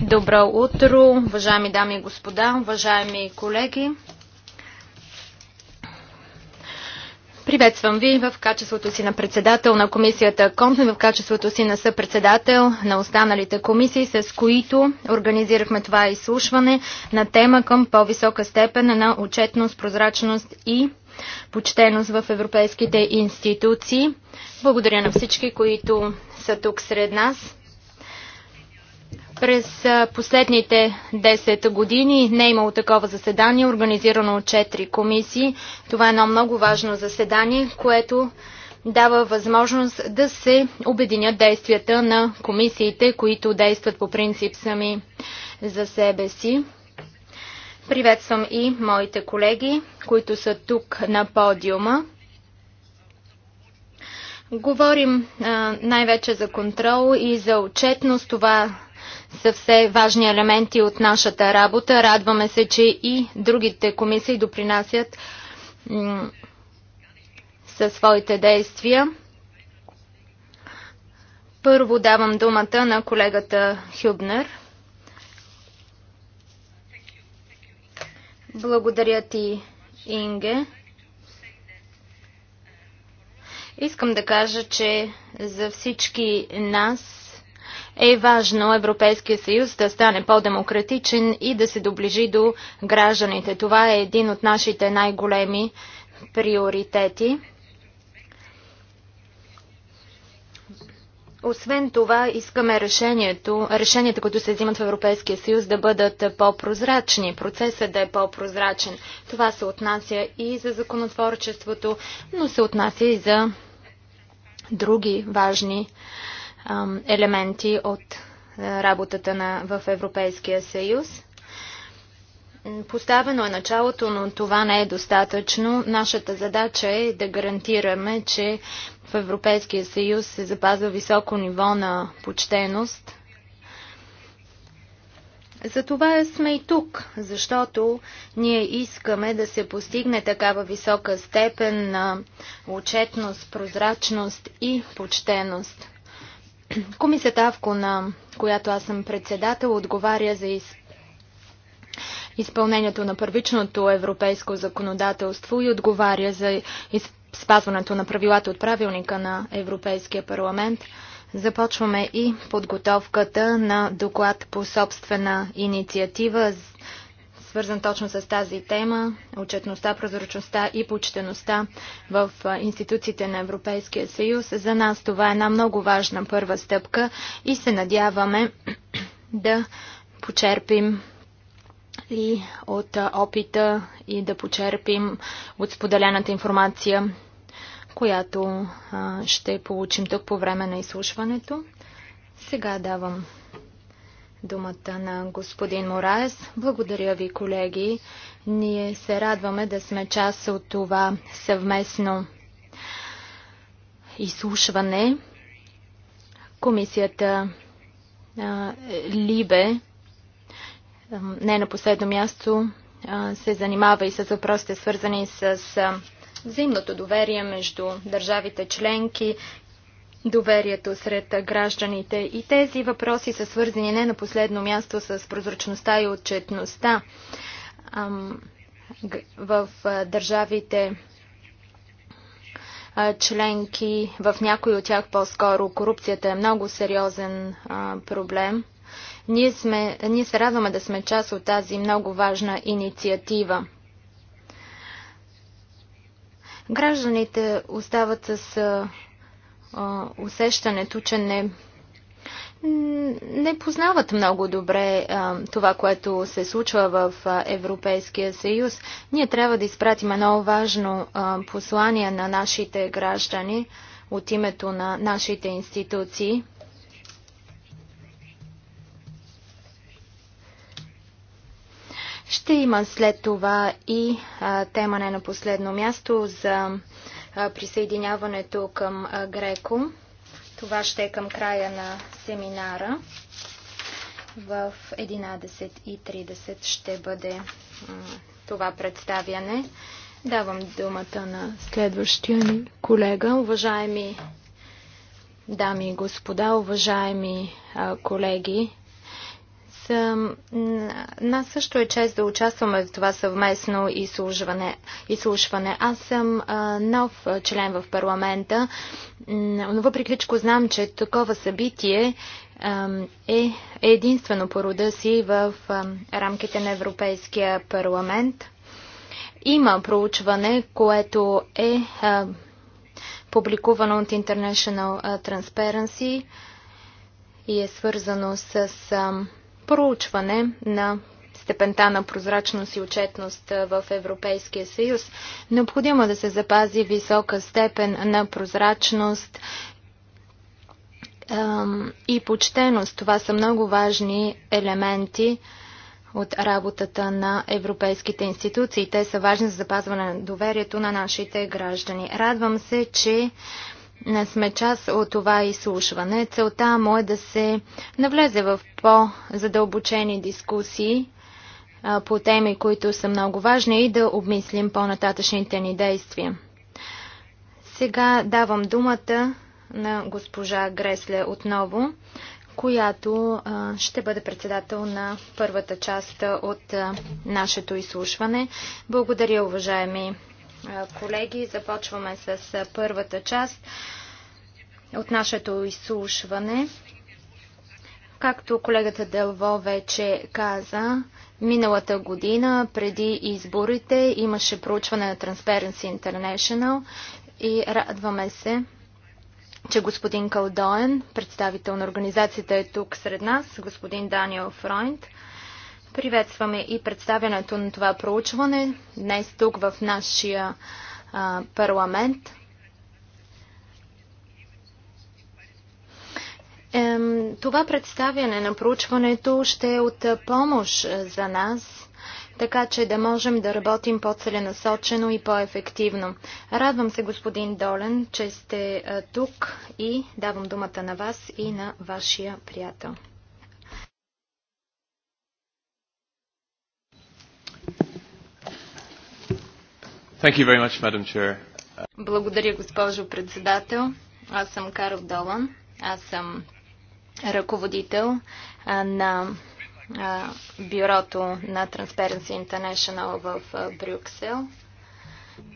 Добро утро, уважаеми дами и господа, уважаеми колеги. Приветствам ви в качеството си на председател на комисията КОМП и в качеството си на съпредседател на останалите комисии, с които организирахме това изслушване на тема към по-висока степен на отчетност, прозрачност и почтеност в европейските институции. Благодаря на всички, които са тук сред нас. През последните 10 години не е имало такова заседание, организирано от 4 комисии. Това е едно много важно заседание, което дава възможност да се обединят действията на комисиите, които действат по принцип сами за себе си. Приветствам и моите колеги, които са тук на подиума. Говорим най-вече за контрол и за отчетност. Това са все важни елементи от нашата работа. Радваме се, че и другите комисии допринасят със своите действия. Първо давам думата на колегата Хюбнер. Благодаря ти, Инге. Искам да кажа, че за всички нас е важно Европейския съюз да стане по-демократичен и да се доближи до гражданите. Това е един от нашите най-големи приоритети. Освен това, искаме решението, решенията, които се взимат в Европейския съюз, да бъдат по-прозрачни, процесът да е по-прозрачен. Това се отнася и за законотворчеството, но се отнася и за други важни елементи от работата на, в Европейския съюз. Поставено е началото, но това не е достатъчно. Нашата задача е да гарантираме, че в Европейския съюз се запазва високо ниво на почтеност. Затова сме и тук, защото ние искаме да се постигне такава висока степен на отчетност, прозрачност и почтеност. Комисията Авко, на която аз съм председател, отговаря за изпълнението изпълнението на първичното европейско законодателство и отговаря за спазването на правилата от правилника на Европейския парламент. Започваме и подготовката на доклад по собствена инициатива, свързан точно с тази тема – отчетността, прозрачността и почтеността в институциите на Европейския съюз. За нас това е една много важна първа стъпка и се надяваме да почерпим и от опита и да почерпим от споделената информация, която ще получим тук по време на изслушването. Сега давам думата на господин Мораес. Благодаря ви, колеги. Ние се радваме да сме част от това съвместно изслушване. Комисията Либе. Либе не на последно място се занимава и с въпросите свързани с взаимното доверие между държавите членки, доверието сред гражданите. И тези въпроси са свързани не на последно място с прозрачността и отчетността в държавите членки, в някои от тях по-скоро корупцията е много сериозен проблем. Ние, сме, ние се радваме да сме част от тази много важна инициатива. Гражданите остават с а, усещането, че не, не познават много добре а, това, което се случва в а, Европейския съюз. Ние трябва да изпратим едно важно а, послание на нашите граждани от името на нашите институции. Ще има след това и а, тема не на последно място за а, присъединяването към а, Греко. Това ще е към края на семинара. В 11.30 ще бъде това представяне. Давам думата на следващия ни колега. Уважаеми дами и господа, уважаеми а, колеги, нас също е чест да участваме в това съвместно изслушване. Аз съм нов член в парламента, но въпреки всичко знам, че такова събитие е единствено по рода си в рамките на Европейския парламент. Има проучване, което е публикувано от International Transparency и е свързано с проучване на степента на прозрачност и отчетност в Европейския съюз. Необходимо да се запази висока степен на прозрачност и почтеност. Това са много важни елементи от работата на европейските институции. Те са важни за запазване на доверието на нашите граждани. Радвам се, че не сме част от това изслушване. Целта му е да се навлезе в по-задълбочени дискусии по теми, които са много важни и да обмислим по-нататъчните ни действия. Сега давам думата на госпожа Гресле отново, която ще бъде председател на първата част от нашето изслушване. Благодаря, уважаеми колеги, започваме с първата част от нашето изслушване. Както колегата Дълво вече каза, миналата година преди изборите имаше проучване на Transparency International и радваме се, че господин Калдоен, представител на организацията е тук сред нас, господин Даниел Фройнд – Приветстваме и представянето на това проучване днес тук в нашия а, парламент. това представяне на проучването ще е от помощ за нас, така че да можем да работим по-целенасочено и по-ефективно. Радвам се, господин Долен, че сте тук и давам думата на вас и на вашия приятел. Благодаря, госпожо председател. Аз съм Карл Долан. Аз съм ръководител на бюрото на Transparency International в Брюксел.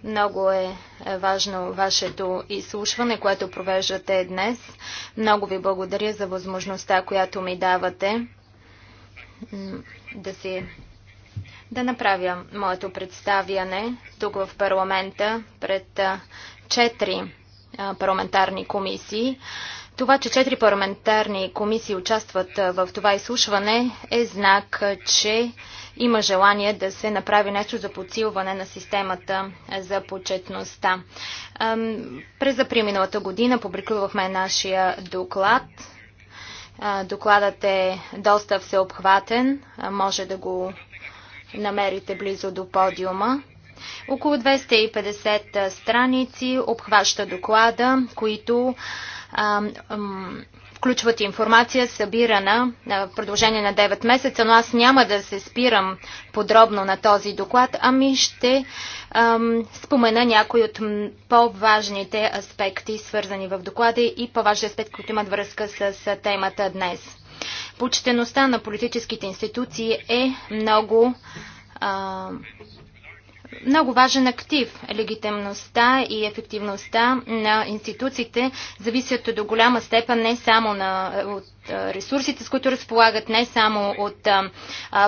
Много е, е важно вашето изслушване, което провеждате днес. Много ви благодаря за възможността, която ми давате да се да направя моето представяне тук в парламента пред четири парламентарни комисии. Това, че четири парламентарни комисии участват в това изслушване е знак, че има желание да се направи нещо за подсилване на системата за почетността. През за миналата година публикувахме нашия доклад. Докладът е доста всеобхватен, може да го намерите близо до подиума. Около 250 страници обхваща доклада, които а, м, включват информация събирана в продължение на 9 месеца, но аз няма да се спирам подробно на този доклад, ами ще ам, спомена някои от по-важните аспекти, свързани в доклада и по-важни аспекти, които имат връзка с темата днес. Почтеността на политическите институции е много, а, много важен актив. Легитимността и ефективността на институциите зависят до голяма степен не само на, от ресурсите, с които разполагат, не само от а,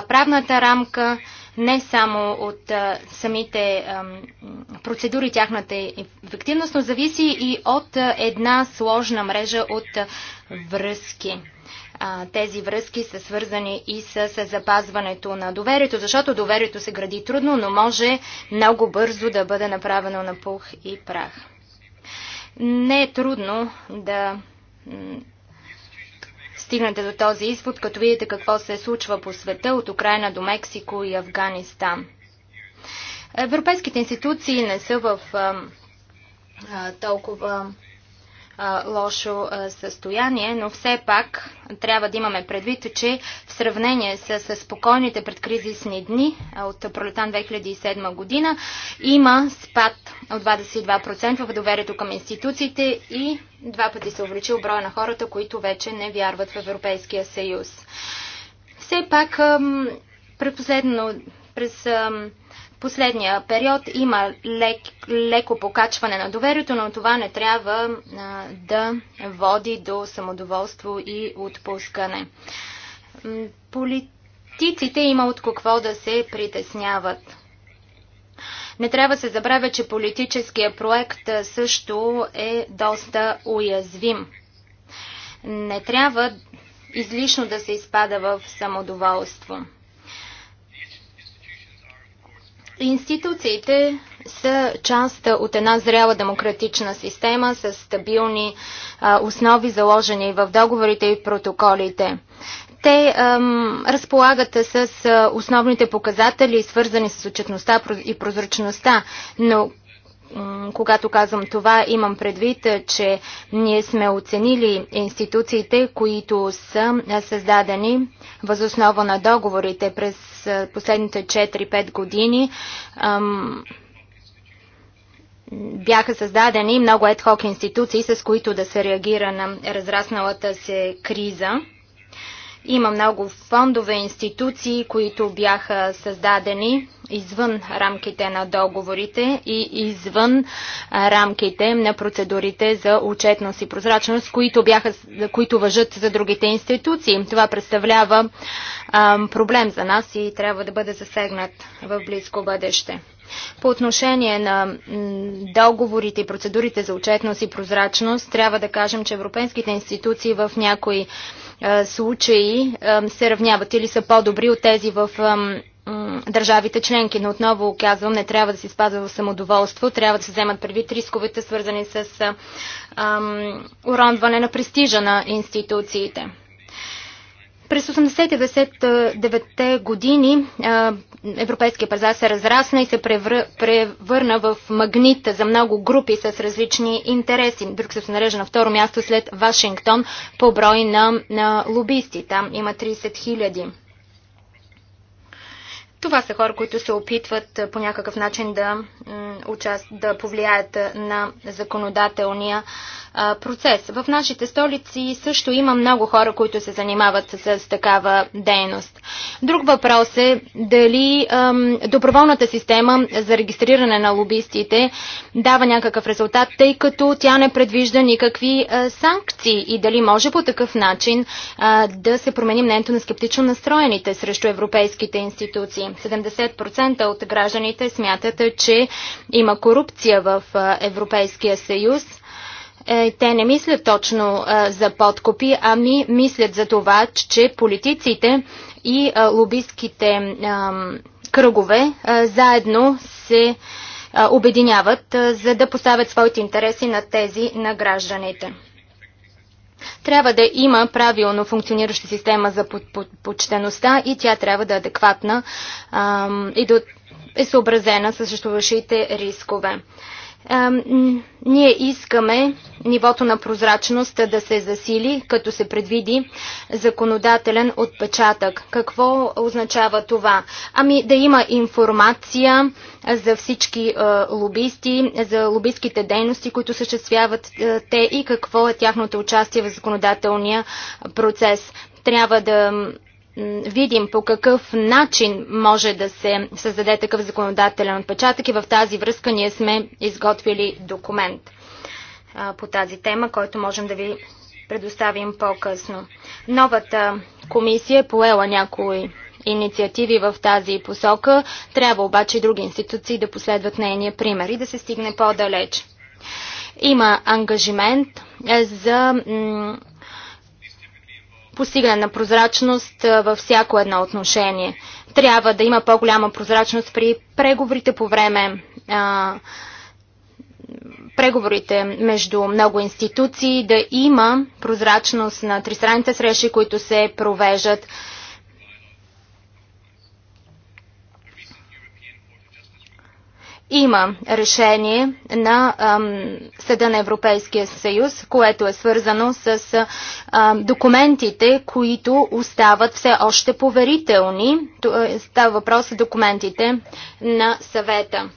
правната рамка, не само от а, самите а, процедури, тяхната ефективност, но зависи и от а, една сложна мрежа от а, връзки тези връзки са свързани и с, запазването на доверието, защото доверието се гради трудно, но може много бързо да бъде направено на пух и прах. Не е трудно да стигнете до този извод, като видите какво се случва по света от Украина до Мексико и Афганистан. Европейските институции не са в толкова лошо състояние, но все пак трябва да имаме предвид, че в сравнение с спокойните предкризисни дни от пролетан 2007 година има спад от 22% в доверието към институциите и два пъти се увеличил броя на хората, които вече не вярват в Европейския съюз. Все пак предпоследно през последния период има лек, леко покачване на доверието, но това не трябва а, да води до самодоволство и отпускане. Политиците има от какво да се притесняват. Не трябва се забравя, че политическия проект също е доста уязвим. Не трябва излишно да се изпада в самодоволство. Институциите са част от една зряла демократична система с стабилни а, основи, заложени в договорите и протоколите. Те ам, разполагат с основните показатели, свързани с отчетността и прозрачността, но когато казвам това, имам предвид, е, че ние сме оценили институциите, които са е, създадени възоснова на договорите през е, последните 4-5 години. Бяха създадени много едхок институции, с които да се реагира на разрасналата се криза. Има много фондове, институции, които бяха създадени извън рамките на договорите и извън рамките на процедурите за отчетност и прозрачност, които, бяха, които въжат за другите институции. Това представлява а, проблем за нас и трябва да бъде засегнат в близко бъдеще. По отношение на договорите и процедурите за отчетност и прозрачност, трябва да кажем, че европейските институции в някои случаи се равняват или са по-добри от тези в държавите членки. Но отново казвам, не трябва да се спазва в самодоволство, трябва да се вземат предвид рисковете, свързани с ам, уронване на престижа на институциите. През 80 те години европейския пазар се разрасна и се превър... превърна в магнит за много групи с различни интереси. Друг се нарежда на второ място след Вашингтон по брой на, на лобисти. Там има 30 хиляди. Това са хора, които се опитват по някакъв начин да, да повлияят на законодателния процес. В нашите столици също има много хора, които се занимават с такава дейност. Друг въпрос е дали ам, доброволната система за регистриране на лобистите дава някакъв резултат, тъй като тя не предвижда никакви а, санкции и дали може по такъв начин а, да се промени мнението на скептично настроените срещу европейските институции. 70% от гражданите смятат, че има корупция в Европейския съюз е, те не мислят точно е, за подкупи, ами мислят за това, че политиците и е, лобистските кръгове заедно се обединяват, за да поставят своите интереси на тези на гражданите. Трябва да има правилно функционираща система за почтеността и тя трябва да е адекватна и да е съобразена с съществуващите рискове ние искаме нивото на прозрачност да се засили, като се предвиди законодателен отпечатък. Какво означава това? Ами да има информация за всички лобисти, за лобистските дейности, които съществяват те и какво е тяхното участие в законодателния процес. Трябва да видим по какъв начин може да се създаде такъв законодателен отпечатък и в тази връзка ние сме изготвили документ по тази тема, който можем да ви предоставим по-късно. Новата комисия е поела някои инициативи в тази посока, трябва обаче и други институции да последват нейния пример и да се стигне по-далеч. Има ангажимент е, за постигане на прозрачност във всяко едно отношение. Трябва да има по-голяма прозрачност при преговорите по време а, преговорите между много институции, да има прозрачност на тристранните срещи, които се провеждат Има решение на Съда на Европейския съюз, което е свързано с документите, които остават все още поверителни. Е, става въпрос за документите на съвета.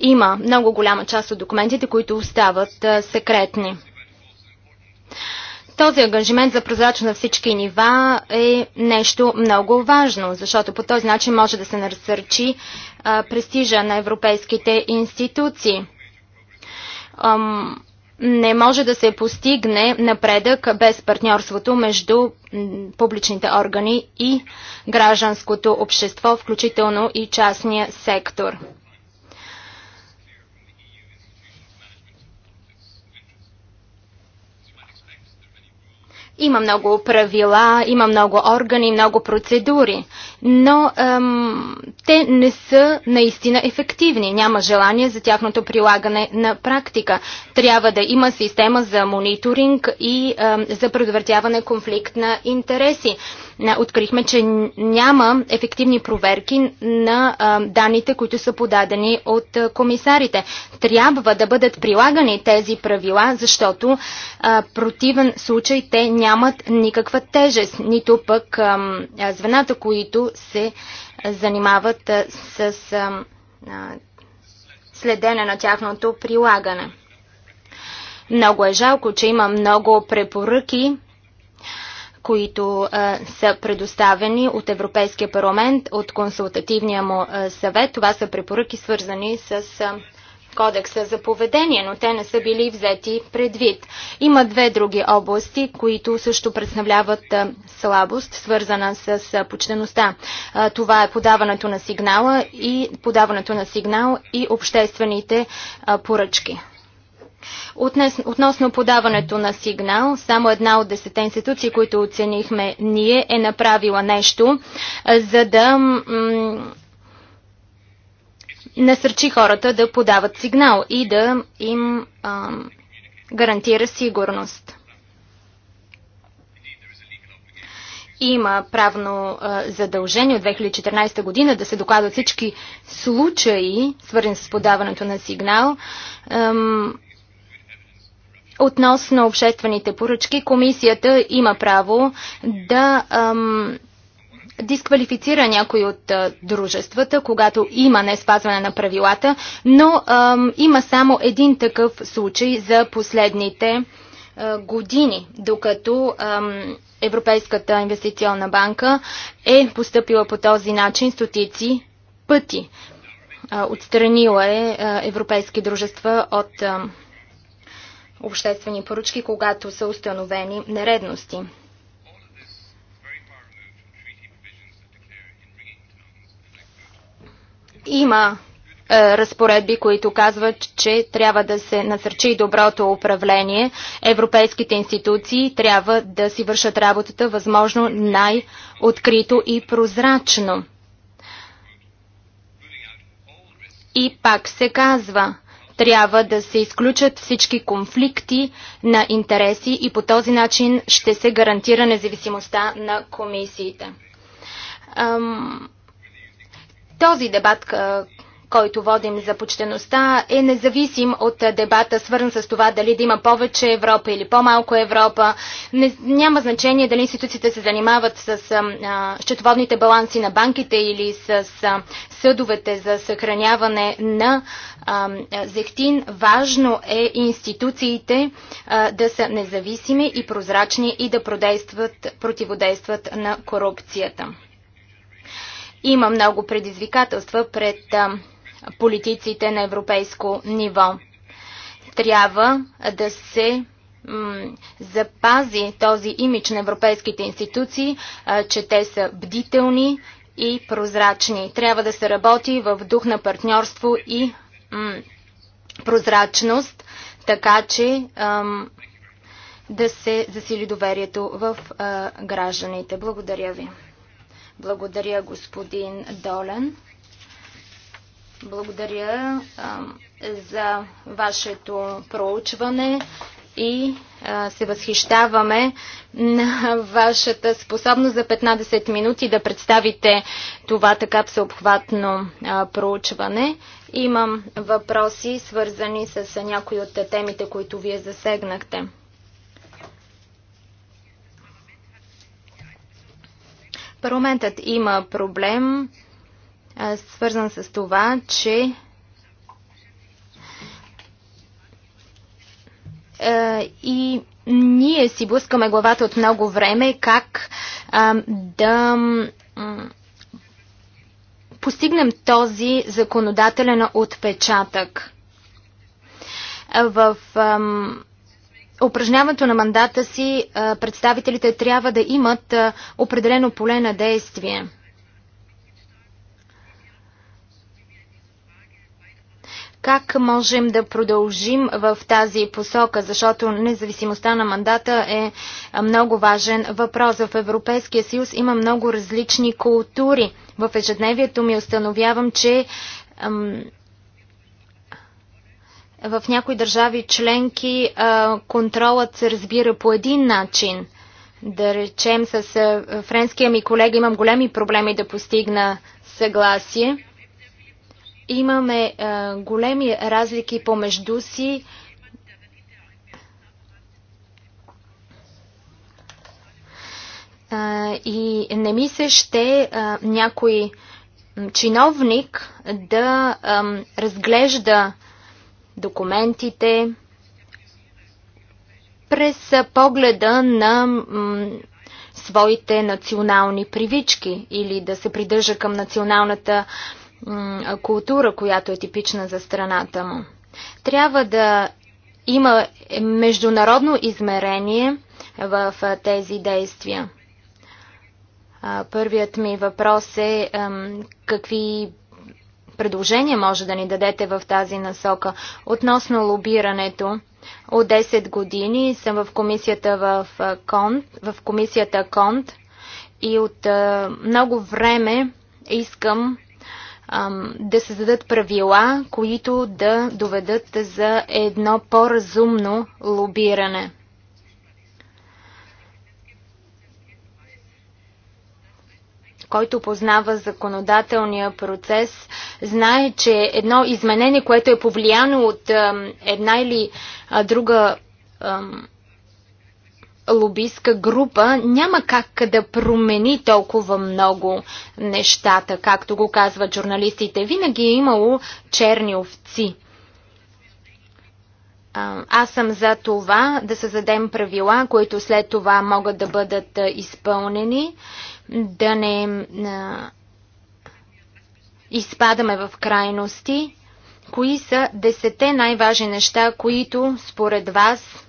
Има много голяма част от документите, които остават а, секретни. Този ангажимент за прозрачно на всички нива е нещо много важно, защото по този начин може да се насърчи престижа на европейските институции. Не може да се постигне напредък без партньорството между публичните органи и гражданското общество, включително и частния сектор. Има много правила, има много органи, много процедури, но ем, те не са наистина ефективни. Няма желание за тяхното прилагане на практика. Трябва да има система за мониторинг и ем, за предотвратяване конфликт на интереси открихме, че няма ефективни проверки на данните, които са подадени от комисарите. Трябва да бъдат прилагани тези правила, защото противен случай те нямат никаква тежест, нито пък звената, които се занимават с следене на тяхното прилагане. Много е жалко, че има много препоръки, които а, са предоставени от Европейския парламент, от консултативния му а, съвет. Това са препоръки свързани с а, кодекса за поведение, но те не са били взети предвид. Има две други области, които също представляват слабост, свързана с почтеността. Това е подаването на сигнала и подаването на сигнал и обществените поръчки относно подаването на сигнал, само една от десете институции, които оценихме ние, е направила нещо, за да насърчи хората да подават сигнал и да им а, гарантира сигурност. Има правно а, задължение от 2014 година да се докладват всички случаи, свързани с подаването на сигнал. Ам, Относно обществените поръчки, комисията има право да ам, дисквалифицира някои от а, дружествата, когато има не спазване на правилата, но ам, има само един такъв случай за последните а, години, докато ам, Европейската инвестиционна банка е поступила по този начин стотици пъти. А, отстранила е европейски дружества от обществени поръчки, когато са установени нередности. Има е, разпоредби, които казват, че трябва да се насърчи доброто управление. Европейските институции трябва да си вършат работата възможно най-открито и прозрачно. И пак се казва, трябва да се изключат всички конфликти на интереси и по този начин ще се гарантира независимостта на комисиите. Този дебат, който водим за почтеността, е независим от дебата, свързан с това дали да има повече Европа или по-малко Европа. Не, няма значение дали институциите се занимават с а, счетоводните баланси на банките или с а, съдовете за съхраняване на а, зехтин. Важно е институциите а, да са независими и прозрачни и да противодействат на корупцията има много предизвикателства пред а, политиците на европейско ниво. Трябва да се запази този имидж на европейските институции, че те са бдителни и прозрачни. Трябва да се работи в дух на партньорство и прозрачност, така че да се засили доверието в гражданите. Благодаря ви. Благодаря господин Долен. Благодаря за вашето проучване и се възхищаваме на вашата способност за 15 минути да представите това така всеобхватно проучване. Имам въпроси, свързани с някои от темите, които вие засегнахте. Парламентът има проблем свързан с това, че е, и ние си блъскаме главата от много време как е, да постигнем този законодателен отпечатък. В упражняването на мандата си е, представителите трябва да имат определено поле на действие. Как можем да продължим в тази посока, защото независимостта на мандата е много важен въпрос. В Европейския съюз има много различни култури. В ежедневието ми установявам, че в някои държави членки контролът се разбира по един начин. Да речем с френския ми колега имам големи проблеми да постигна съгласие имаме а, големи разлики помежду си. А, и не ми се ще а, някой чиновник да а, разглежда документите през погледа на м, своите национални привички или да се придържа към националната м, култура, която е типична за страната му. Трябва да има международно измерение в тези действия. Първият ми въпрос е какви предложения може да ни дадете в тази насока относно лобирането. От 10 години съм в комисията в Конт, в комисията Конт и от много време искам да създадат правила, които да доведат за едно по-разумно лобиране. който познава законодателния процес, знае, че едно изменение, което е повлияно от една или друга лобистка група няма как да промени толкова много нещата, както го казват журналистите. Винаги е имало черни овци. Аз съм за това да създадем правила, които след това могат да бъдат изпълнени, да не изпадаме в крайности. Кои са десете най-важни неща, които според вас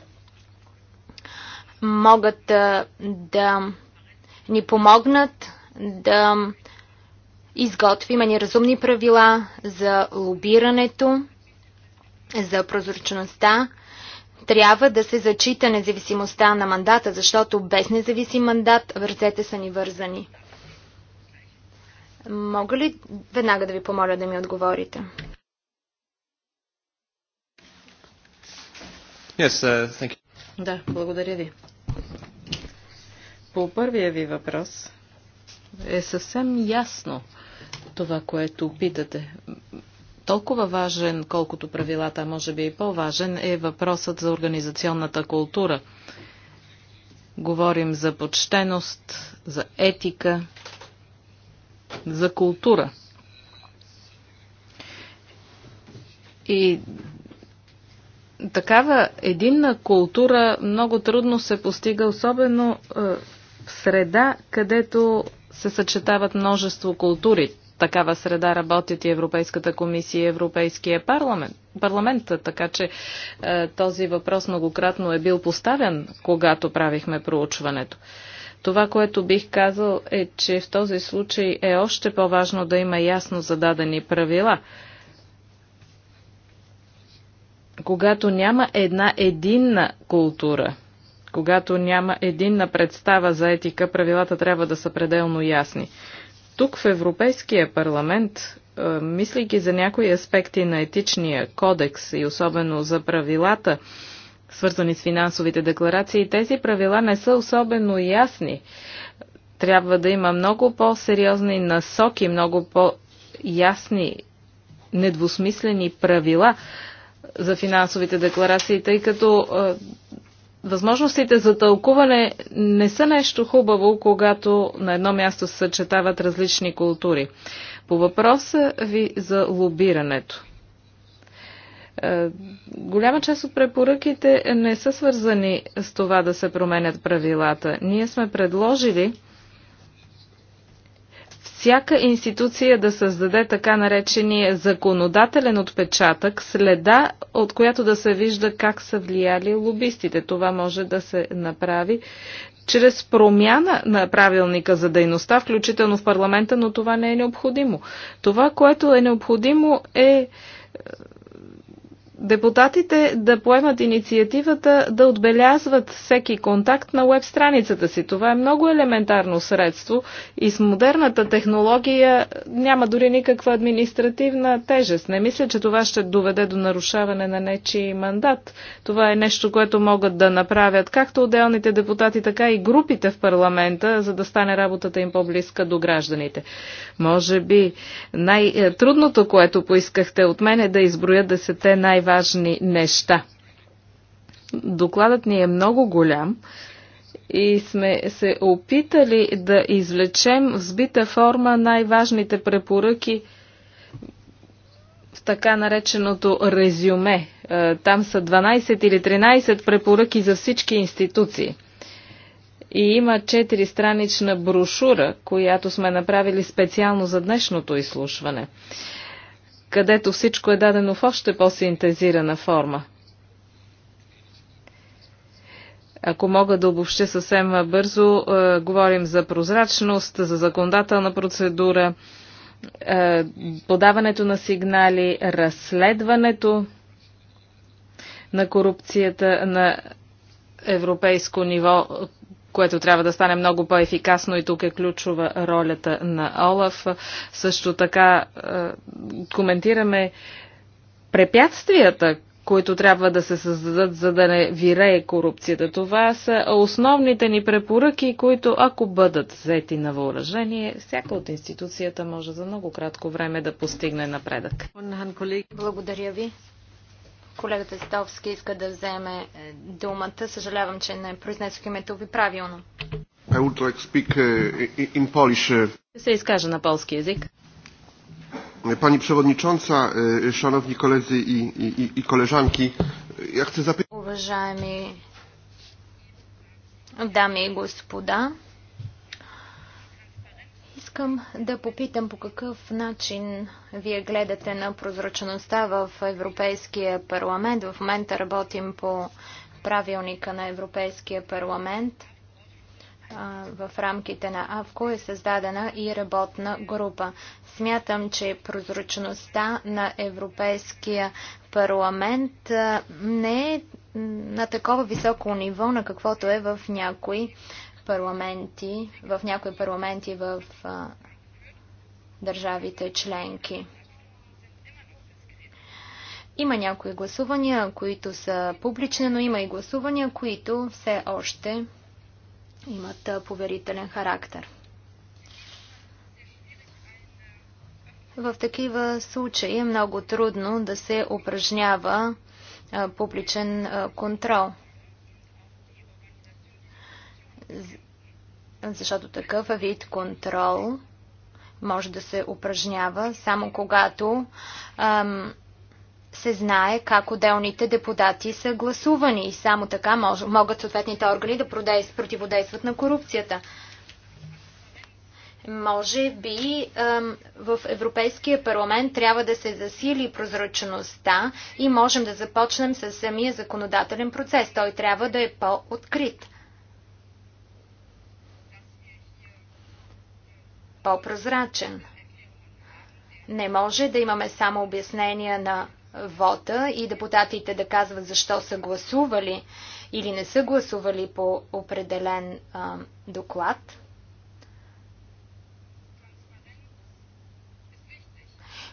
могат да ни помогнат да изготвим ни разумни правила за лобирането, за прозрачността. Трябва да се зачита независимостта на мандата, защото без независим мандат ръцете са ни вързани. Мога ли веднага да ви помоля да ми отговорите? Yes, uh, thank you. Да, благодаря ви. По първия ви въпрос е съвсем ясно това, което питате. Толкова важен, колкото правилата, може би и по-важен, е въпросът за организационната култура. Говорим за почтеност, за етика, за култура. И такава единна култура много трудно се постига, особено е, в среда, където се съчетават множество култури. Такава среда работят и Европейската комисия и Европейския парламент. парламент така че е, този въпрос многократно е бил поставен, когато правихме проучването. Това, което бих казал е, че в този случай е още по-важно да има ясно зададени правила когато няма една единна култура, когато няма единна представа за етика, правилата трябва да са пределно ясни. Тук в Европейския парламент, е, мислейки за някои аспекти на етичния кодекс и особено за правилата, свързани с финансовите декларации, тези правила не са особено ясни. Трябва да има много по-сериозни насоки, много по-ясни, недвусмислени правила, за финансовите декларации, тъй като възможностите за тълкуване не са нещо хубаво, когато на едно място се съчетават различни култури. По въпроса ви за лобирането. Голяма част от препоръките не са свързани с това да се променят правилата. Ние сме предложили всяка институция да създаде така наречения законодателен отпечатък, следа, от която да се вижда как са влияли лобистите. Това може да се направи чрез промяна на правилника за дейността, включително в парламента, но това не е необходимо. Това, което е необходимо е депутатите да поемат инициативата да отбелязват всеки контакт на веб страницата си. Това е много елементарно средство и с модерната технология няма дори никаква административна тежест. Не мисля, че това ще доведе до нарушаване на нечи мандат. Това е нещо, което могат да направят както отделните депутати, така и групите в парламента, за да стане работата им по-близка до гражданите. Може би най-трудното, е, което поискахте от мен е да изброя десете най важни неща. Докладът ни е много голям и сме се опитали да извлечем в сбита форма най-важните препоръки в така нареченото резюме. Е, там са 12 или 13 препоръки за всички институции. И има 4 странична брошура, която сме направили специално за днешното изслушване където всичко е дадено в още по-синтезирана форма. Ако мога да обобща съвсем бързо, е, говорим за прозрачност, за законодателна процедура, е, подаването на сигнали, разследването на корупцията на европейско ниво, което трябва да стане много по-ефикасно и тук е ключова ролята на Олаф. Също така е, коментираме препятствията, които трябва да се създадат, за да не вирее корупцията. Това са основните ни препоръки, които ако бъдат взети на въоръжение, всяка от институцията може за много кратко време да постигне напредък. Благодаря ви. Колегата Стовски иска да вземе е, думата. Съжалявам, че не произнесох името ви правилно. I would like speak е, е, in Polish. Се изкажа на полски язик. Пани przewodnicząca, шановни колези и, i, i koleżanki, ja chcę zapytać. Уважаеми дами и господа, Искам да попитам по какъв начин вие гледате на прозрачността в Европейския парламент. В момента работим по правилника на Европейския парламент. В рамките на АВКО е създадена и работна група. Смятам, че прозрачността на Европейския парламент не е на такова високо ниво, на каквото е в някои парламенти, в някои парламенти в а, държавите членки. Има някои гласувания, които са публични, но има и гласувания, които все още имат поверителен характер. В такива случаи е много трудно да се упражнява публичен контрол защото такъв вид контрол може да се упражнява само когато ам, се знае как отделните депутати са гласувани и само така мож, могат съответните органи да противодействат на корупцията. Може би ам, в Европейския парламент трябва да се засили прозрачността и можем да започнем с самия законодателен процес. Той трябва да е по-открит. по-прозрачен. Не може да имаме само обяснения на вота и депутатите да казват защо са гласували или не са гласували по определен а, доклад.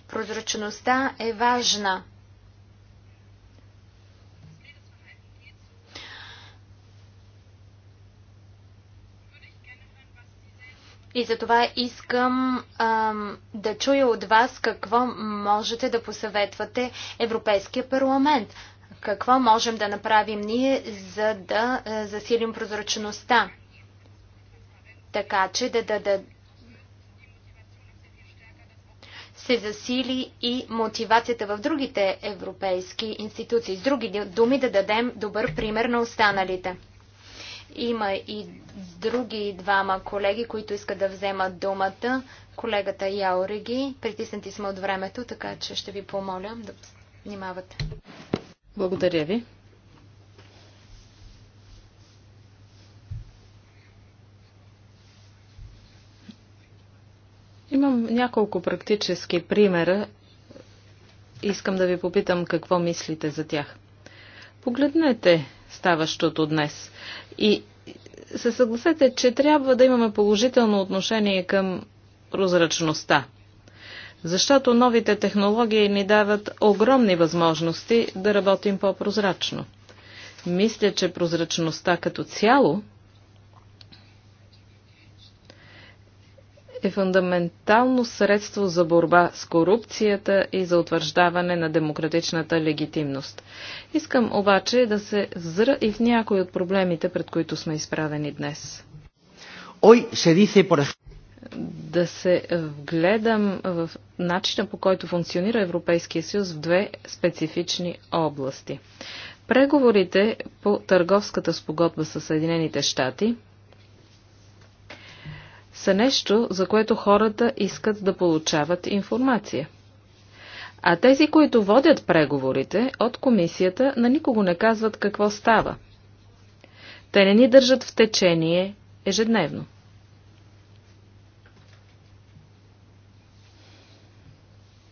Прозрачността е важна И затова искам ам, да чуя от вас какво можете да посъветвате Европейския парламент. Какво можем да направим ние, за да е, засилим прозрачността? Така че да, да, да се засили и мотивацията в другите европейски институции. С други думи да дадем добър пример на останалите. Има и други двама колеги, които искат да вземат думата. Колегата Яореги, притиснати сме от времето, така че ще ви помоля да внимавате. Благодаря ви. Имам няколко практически примера. Искам да ви попитам какво мислите за тях. Погледнете ставащото днес и се съгласете, че трябва да имаме положително отношение към прозрачността. Защото новите технологии ни дават огромни възможности да работим по-прозрачно. Мисля, че прозрачността като цяло е фундаментално средство за борба с корупцията и за утвърждаване на демократичната легитимност. Искам обаче да се зра и в някои от проблемите, пред които сме изправени днес. Ой, се дисе, por да се вгледам в начина по който функционира Европейския съюз в две специфични области. Преговорите по търговската спогодба с Съединените щати са нещо, за което хората искат да получават информация. А тези, които водят преговорите от комисията, на никого не казват какво става. Те не ни държат в течение ежедневно.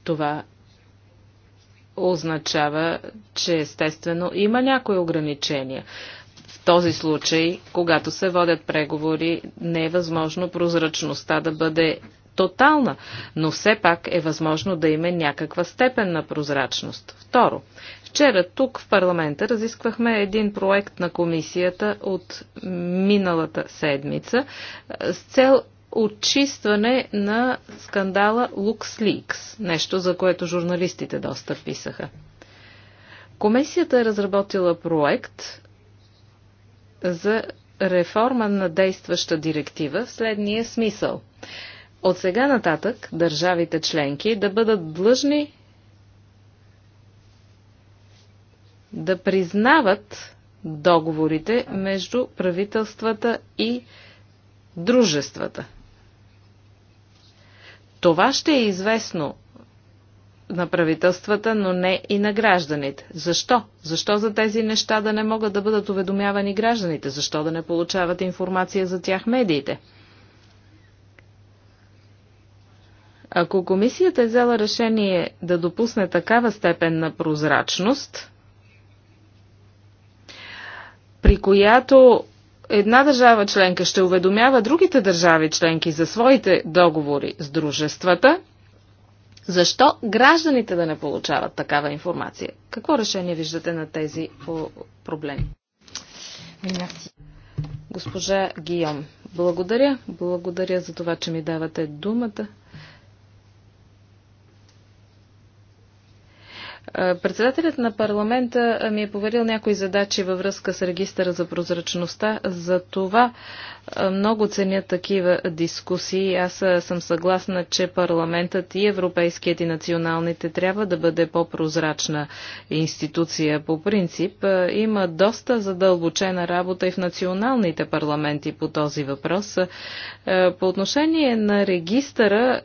Това означава, че естествено има някои ограничения този случай, когато се водят преговори, не е възможно прозрачността да бъде тотална, но все пак е възможно да има някаква степен на прозрачност. Второ, вчера тук в парламента разисквахме един проект на комисията от миналата седмица с цел отчистване на скандала LuxLeaks, нещо за което журналистите доста писаха. Комисията е разработила проект, за реформа на действаща директива в следния смисъл. От сега нататък държавите членки да бъдат длъжни да признават договорите между правителствата и дружествата. Това ще е известно на правителствата, но не и на гражданите. Защо? Защо за тези неща да не могат да бъдат уведомявани гражданите? Защо да не получават информация за тях медиите? Ако комисията е взела решение да допусне такава степен на прозрачност, при която една държава членка ще уведомява другите държави членки за своите договори с дружествата, защо гражданите да не получават такава информация? Какво решение виждате на тези проблеми? Госпожа Гийом, благодаря. Благодаря за това, че ми давате думата. Е, председателят на парламента е, ми е поверил някои задачи във връзка с регистъра за прозрачността. За това е, много ценя такива дискусии. Аз съм съгласна, че парламентът и европейският и националните трябва да бъде по-прозрачна институция по принцип. Има доста задълбочена работа и в националните парламенти по този въпрос. По отношение на регистъра,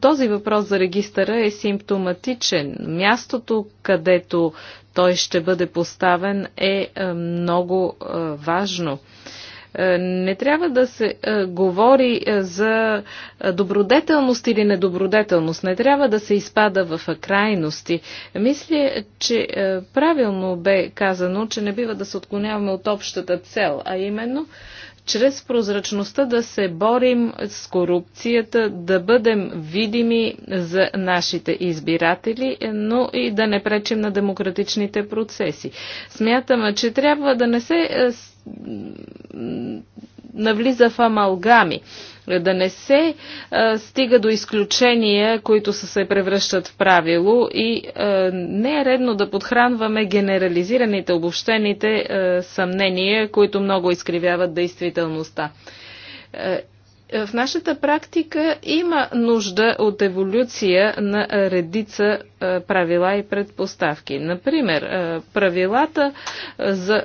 този въпрос за регистъра е симптоматичен. Мястото мястото, където той ще бъде поставен, е, е много е, важно. Е, не трябва да се говори за добродетелност или недобродетелност. Не трябва да се изпада в крайности. Мисля, че правилно бе казано, че не бива да се отклоняваме от общата цел, а именно чрез прозрачността да се борим с корупцията, да бъдем видими за нашите избиратели, но и да не пречим на демократичните процеси. Смятам, че трябва да не се е, навлиза в амалгами, да не се а, стига до изключения, които са се превръщат в правило и а, не е редно да подхранваме генерализираните, обобщените а, съмнения, които много изкривяват действителността. В нашата практика има нужда от еволюция на редица правила и предпоставки. Например, правилата за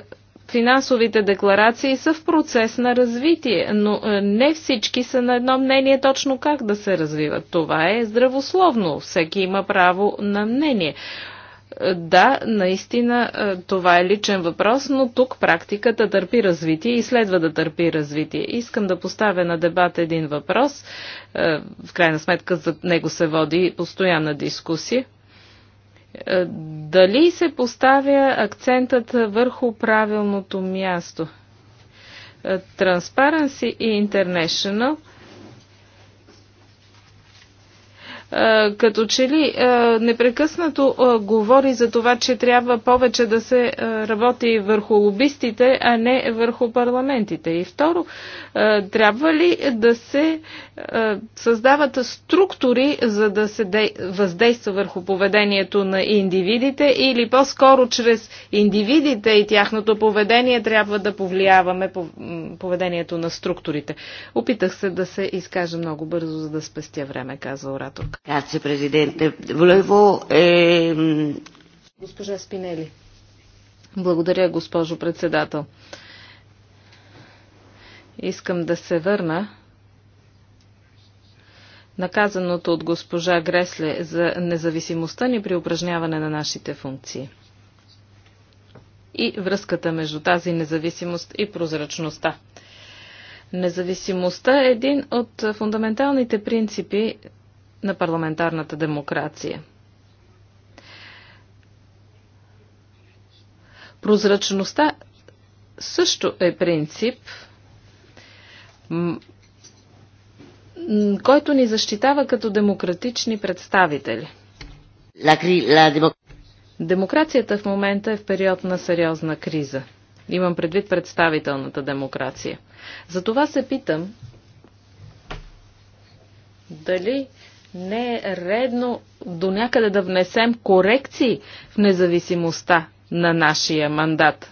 финансовите декларации са в процес на развитие, но е, не всички са на едно мнение точно как да се развиват. Това е здравословно. Всеки има право на мнение. Е, да, наистина е, това е личен въпрос, но тук практиката търпи развитие и следва да търпи развитие. Искам да поставя на дебат един въпрос. В крайна сметка за него се води постоянна дискусия. Е, дали се поставя акцентът върху правилното място? Е, Transparency International Е, като че ли е, непрекъснато е, говори за това, че трябва повече да се работи върху лобистите, а не върху парламентите. И второ, трябва ли да се създават структури, за да се въздейства върху поведението на индивидите или по-скоро чрез индивидите и тяхното поведение трябва да повлияваме поведението на структурите. Опитах се да се изкажа много бързо, за да спестя време, каза ораторка. Grazie, Presidente. Volevo... Ehm, госпожа Спинели. Благодаря, госпожо председател. Искам да се върна наказаното от госпожа Гресле за независимостта ни при упражняване на нашите функции и връзката между тази независимост и прозрачността. Независимостта е един от фундаменталните принципи на парламентарната демокрация. Прозрачността също е принцип, който ни защитава като демократични представители. Демокрацията в момента е в период на сериозна криза. Имам предвид представителната демокрация. Затова се питам дали не е редно до някъде да внесем корекции в независимостта на нашия мандат,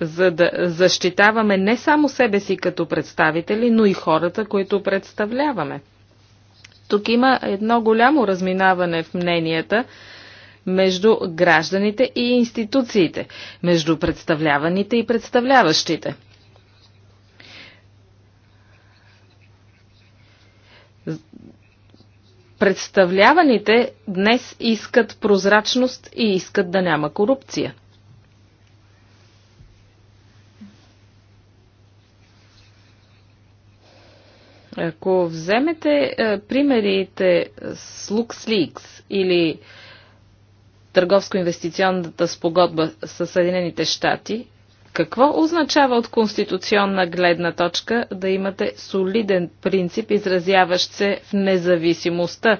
за да защитаваме не само себе си като представители, но и хората, които представляваме. Тук има едно голямо разминаване в мненията между гражданите и институциите, между представляваните и представляващите. Представляваните днес искат прозрачност и искат да няма корупция. Ако вземете е, примерите с LuxLeaks или Търговско-инвестиционната спогодба с Съединените щати, какво означава от конституционна гледна точка да имате солиден принцип, изразяващ се в независимостта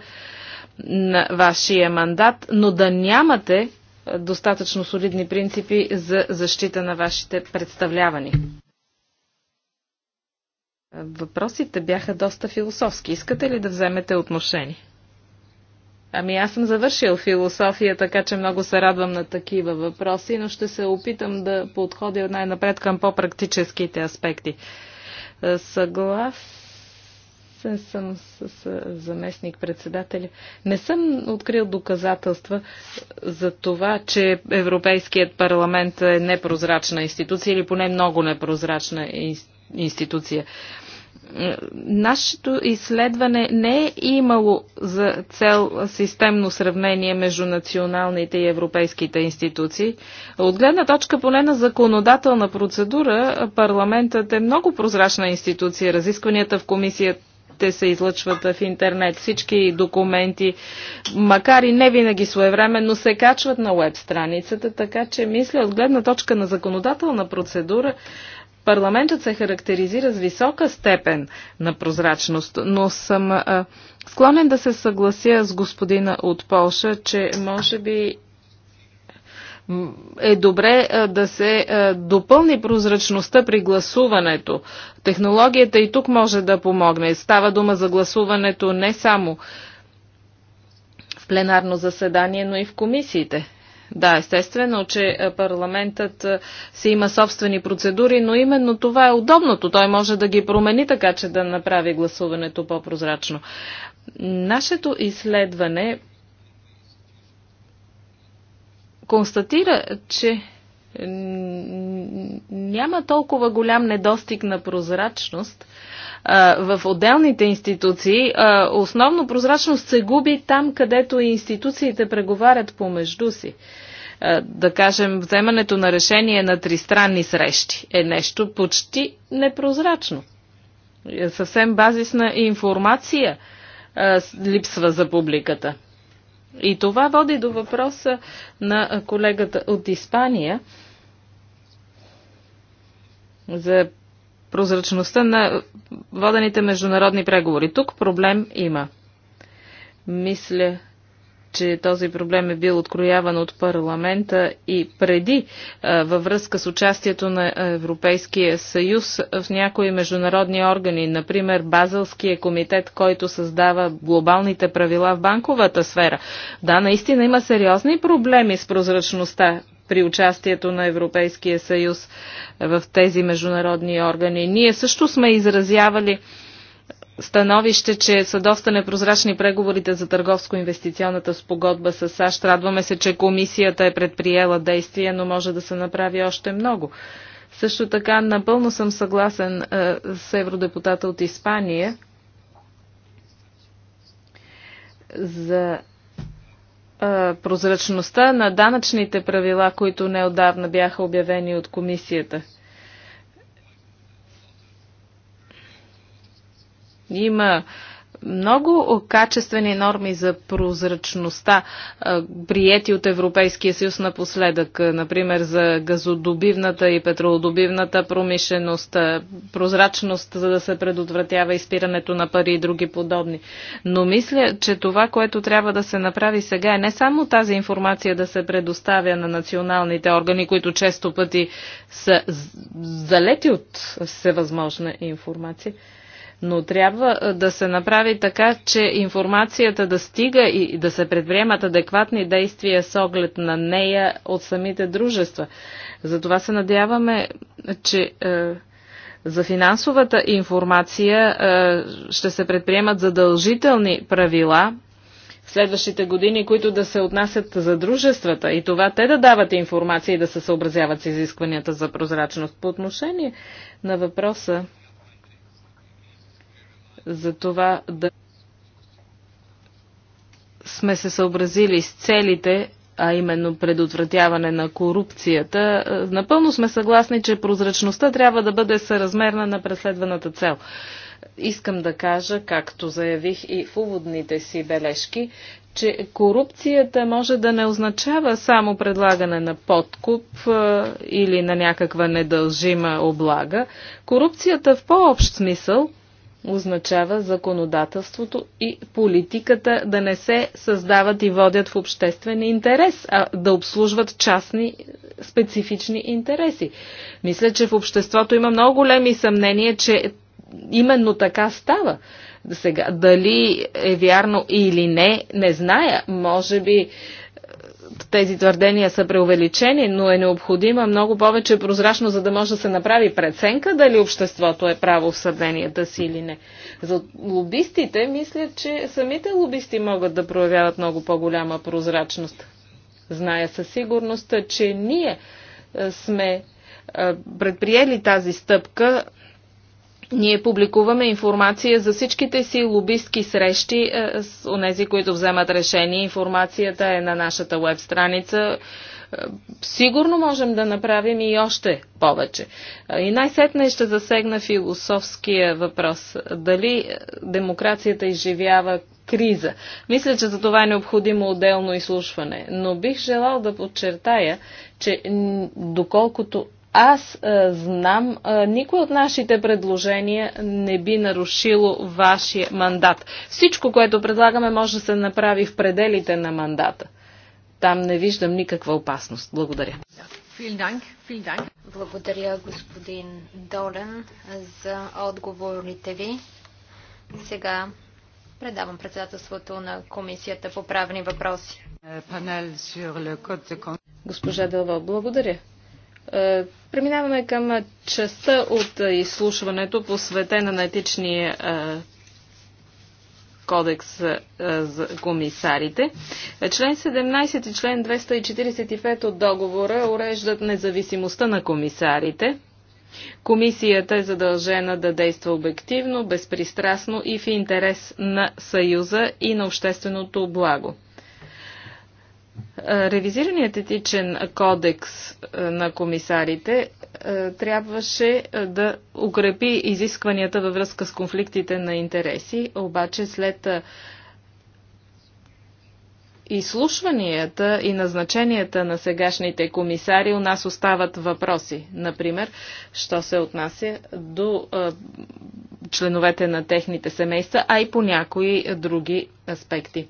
на вашия мандат, но да нямате е, достатъчно солидни принципи за защита на вашите представлявани? Въпросите бяха доста философски. Искате ли да вземете отношение? Ами аз съм завършил философия, така че много се радвам на такива въпроси, но ще се опитам да подходя най-напред към по-практическите аспекти. Е, съгласен съм с, с е, заместник председателя. Не съм открил доказателства е, за това, че Европейският парламент е непрозрачна институция или поне много непрозрачна институция. Нашето изследване не е имало за цел системно сравнение между националните и европейските институции. От гледна точка поне на законодателна процедура, парламентът е много прозрачна институция. Разискванията в комисията те се излъчват в интернет. Всички документи, макар и не винаги своевременно, се качват на веб страницата, така че мисля от гледна точка на законодателна процедура Парламентът се характеризира с висока степен на прозрачност, но съм склонен да се съглася с господина от Полша, че може би е добре да се допълни прозрачността при гласуването. Технологията и тук може да помогне. Става дума за гласуването не само в пленарно заседание, но и в комисиите. Да, естествено, че е, парламентът е, си има собствени процедури, но именно това е удобното. Той може да ги промени така, че да направи гласуването по-прозрачно. Нашето изследване констатира, че няма толкова голям недостиг на прозрачност в отделните институции. Основно прозрачност се губи там, където институциите преговарят помежду си. Да кажем, вземането на решение на тристранни срещи е нещо почти непрозрачно. Е, съвсем базисна информация липсва за публиката. И това води до въпроса на колегата от Испания – за прозрачността на водените международни преговори. Тук проблем има. Мисля, че този проблем е бил открояван от парламента и преди във връзка с участието на Европейския съюз в някои международни органи, например Базълския комитет, който създава глобалните правила в банковата сфера. Да, наистина има сериозни проблеми с прозрачността при участието на Европейския съюз в тези международни органи. Ние също сме изразявали становище, че са доста непрозрачни преговорите за търговско-инвестиционната спогодба с САЩ. Радваме се, че комисията е предприела действия, но може да се направи още много. Също така напълно съм съгласен е, с евродепутата от Испания за прозрачността на данъчните правила, които неодавна бяха обявени от комисията. Има много качествени норми за прозрачността, приети от Европейския съюз напоследък, например за газодобивната и петролодобивната промишленост, прозрачност, за да се предотвратява изпирането на пари и други подобни. Но мисля, че това, което трябва да се направи сега е не само тази информация да се предоставя на националните органи, които често пъти са залети от всевъзможна информация, но трябва да се направи така, че информацията да стига и да се предприемат адекватни действия с оглед на нея от самите дружества. Затова се надяваме, че за финансовата информация ще се предприемат задължителни правила в следващите години, които да се отнасят за дружествата и това те да дават информация и да се съобразяват с изискванията за прозрачност. По отношение на въпроса за това да сме се съобразили с целите, а именно предотвратяване на корупцията. Напълно сме съгласни, че прозрачността трябва да бъде съразмерна на преследваната цел. Искам да кажа, както заявих и в уводните си бележки, че корупцията може да не означава само предлагане на подкуп или на някаква недължима облага. Корупцията в по-общ смисъл означава законодателството и политиката да не се създават и водят в обществен интерес, а да обслужват частни специфични интереси. Мисля, че в обществото има много големи съмнения, че именно така става. Сега, дали е вярно или не, не зная. Може би тези твърдения са преувеличени, но е необходима много повече прозрачно, за да може да се направи преценка дали обществото е право в съденията си или не. За лобистите, мисля, че самите лобисти могат да проявяват много по-голяма прозрачност. Зная със сигурност, че ние сме предприели тази стъпка ние публикуваме информация за всичките си лобистки срещи е, с онези, които вземат решение. Информацията е на нашата веб страница. Е, сигурно можем да направим и още повече. Е, и най-сетне ще засегна философския въпрос. Дали демокрацията изживява криза? Мисля, че за това е необходимо отделно изслушване. Но бих желал да подчертая, че доколкото аз а, е, знам, а, е, никой от нашите предложения не би нарушило вашия мандат. Всичко, което предлагаме, може да се направи в пределите на мандата. Там не виждам никаква опасност. Благодаря. Благодаря, господин Долен, за отговорите ви. Сега предавам председателството на Комисията по правни въпроси. Госпожа Дълва, благодаря. Е, преминаваме към частта от изслушването, посветена на етичния е, кодекс е, за комисарите. Член 17 и член 245 от договора уреждат независимостта на комисарите. Комисията е задължена да действа обективно, безпристрастно и в интерес на Съюза и на общественото благо. Е, ревизираният етичен кодекс е, на комисарите е, трябваше да укрепи изискванията във връзка с конфликтите на интереси, обаче след изслушванията и назначенията на сегашните комисари у нас остават въпроси. Например, що се отнася до членовете на техните семейства, а и по някои други аспекти.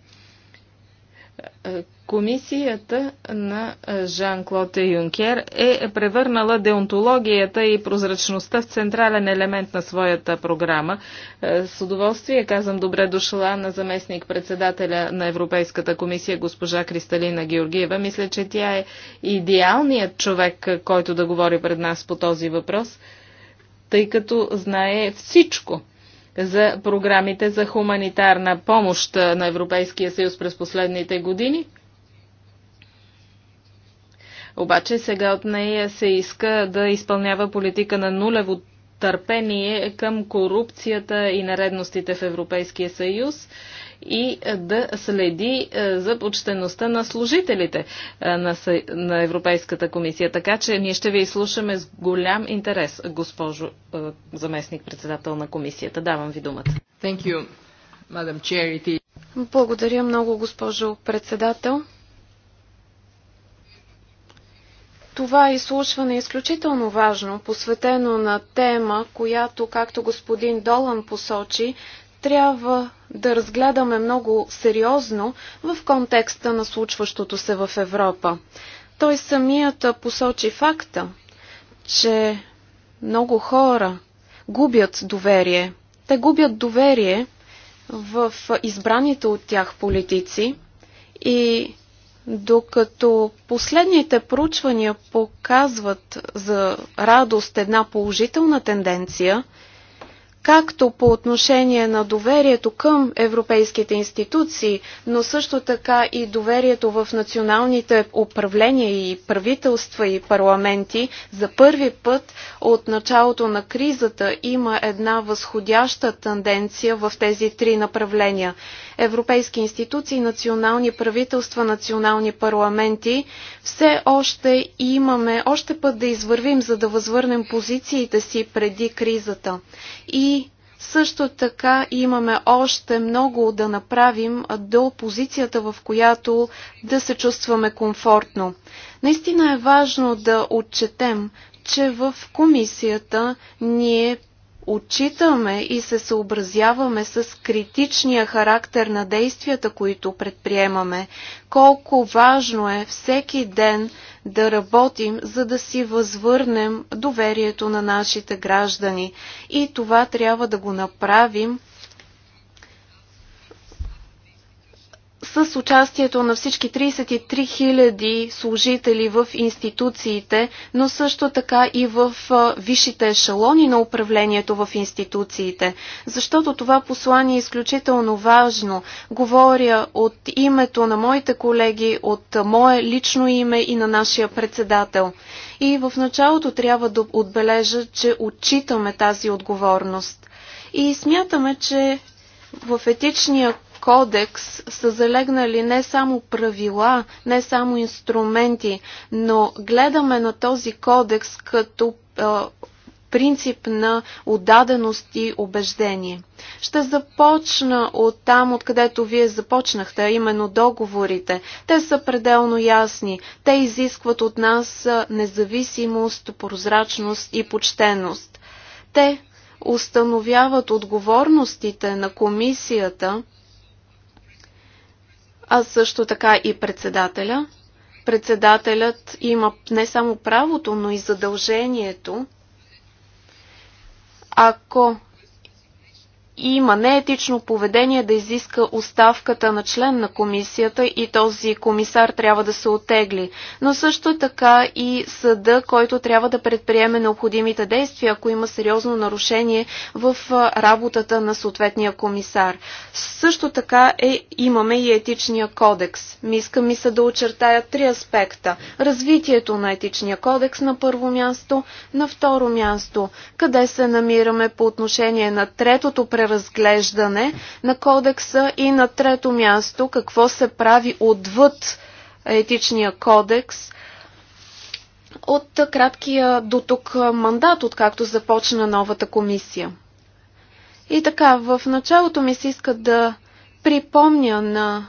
Комисията на Жан-Клод Юнкер е превърнала деонтологията и прозрачността в централен елемент на своята програма. С удоволствие казвам добре дошла на заместник председателя на Европейската комисия госпожа Кристалина Георгиева. Мисля, че тя е идеалният човек, който да говори пред нас по този въпрос, тъй като знае всичко за програмите за хуманитарна помощ на Европейския съюз през последните години обаче сега от нея се иска да изпълнява политика на нулево търпение към корупцията и наредностите в Европейския съюз и да следи е, за почтеността на служителите е, на Европейската комисия. Така че ние ще ви изслушаме с голям интерес, госпожо е, заместник-председател на комисията. Давам ви думата. Thank you, Madam Charity. Благодаря много, госпожо председател. Това изслушване е изключително важно, посветено на тема, която, както господин Долан посочи, трябва да разгледаме много сериозно в контекста на случващото се в Европа. Той самият посочи факта, че много хора губят доверие. Те губят доверие в избраните от тях политици и докато последните проучвания показват за радост една положителна тенденция – както по отношение на доверието към европейските институции, но също така и доверието в националните управления и правителства и парламенти, за първи път от началото на кризата има една възходяща тенденция в тези три направления. Европейски институции, национални правителства, национални парламенти, все още имаме още път да извървим, за да възвърнем позициите си преди кризата. И също така имаме още много да направим до позицията, в която да се чувстваме комфортно. Наистина е важно да отчетем, че в комисията ние отчитаме и се съобразяваме с критичния характер на действията, които предприемаме. Колко важно е всеки ден да работим, за да си възвърнем доверието на нашите граждани. И това трябва да го направим с участието на всички 33 000 служители в институциите, но също така и в висшите ешелони на управлението в институциите. Защото това послание е изключително важно. Говоря от името на моите колеги, от мое лично име и на нашия председател. И в началото трябва да отбележа, че отчитаме тази отговорност. И смятаме, че в етичния кодекс са залегнали не само правила, не само инструменти, но гледаме на този кодекс като принцип на отдаденост и убеждение. Ще започна от там, откъдето вие започнахте, а именно договорите. Те са пределно ясни. Те изискват от нас независимост, прозрачност и почтеност. Те установяват отговорностите на комисията а също така и председателя. Председателят има не само правото, но и задължението, ако има неетично поведение да изиска оставката на член на комисията и този комисар трябва да се отегли. Но също така и съда, който трябва да предприеме необходимите действия, ако има сериозно нарушение в работата на съответния комисар. Също така е, имаме и етичния кодекс. Миска ми се да очертая три аспекта. Развитието на етичния кодекс на първо място, на второ място, къде се намираме по отношение на третото превъзможение преразглеждане на кодекса и на трето място какво се прави отвъд етичния кодекс от краткия до тук мандат, откакто започна новата комисия. И така, в началото ми се иска да припомня на